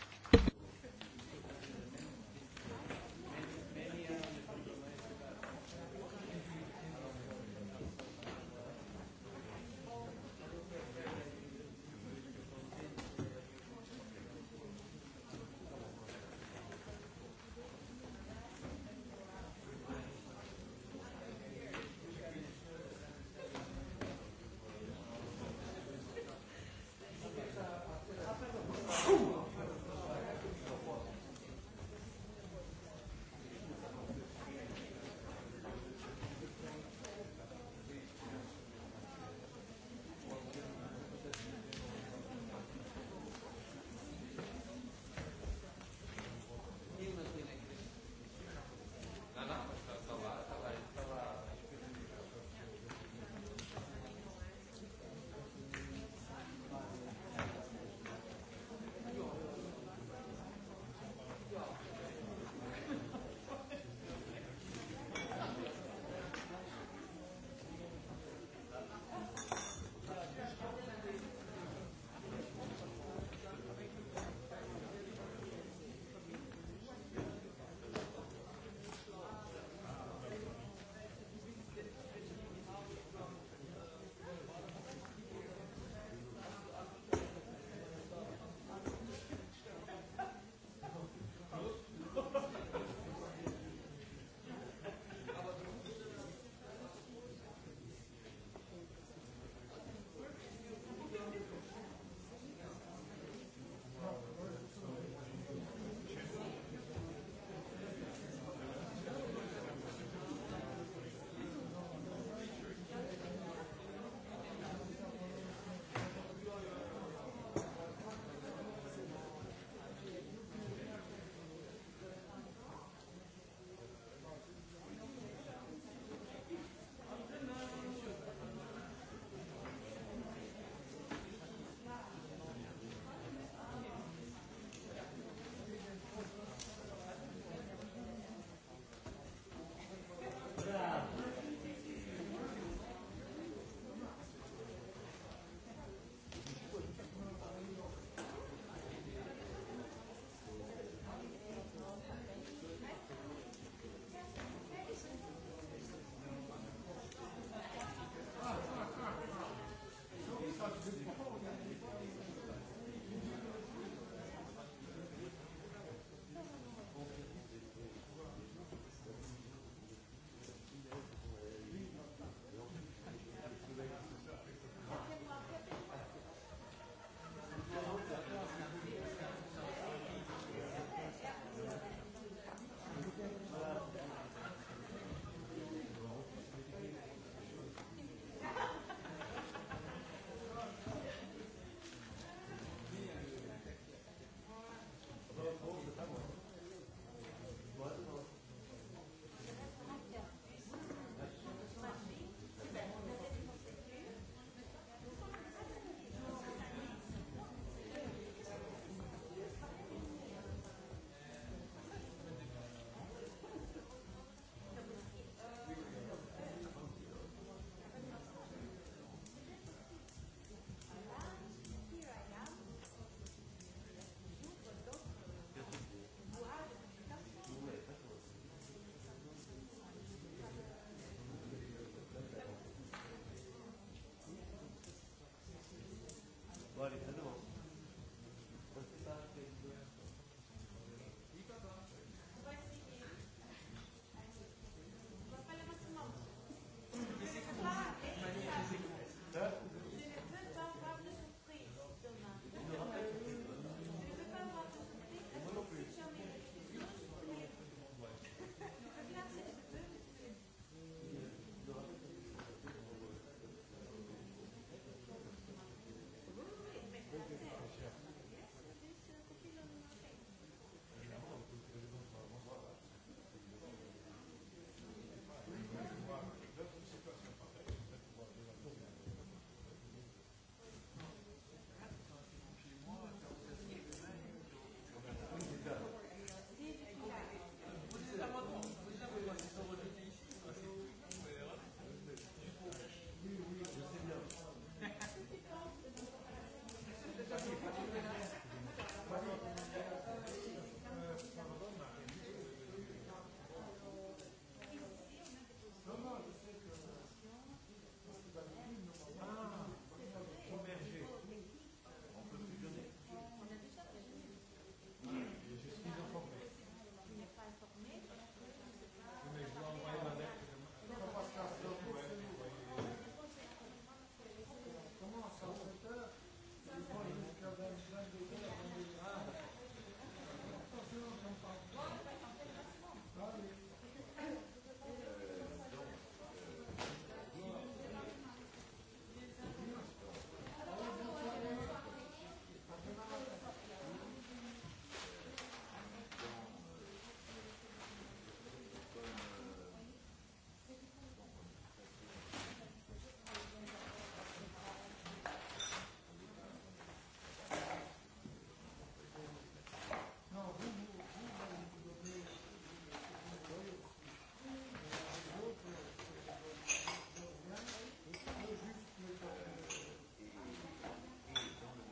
întrebare.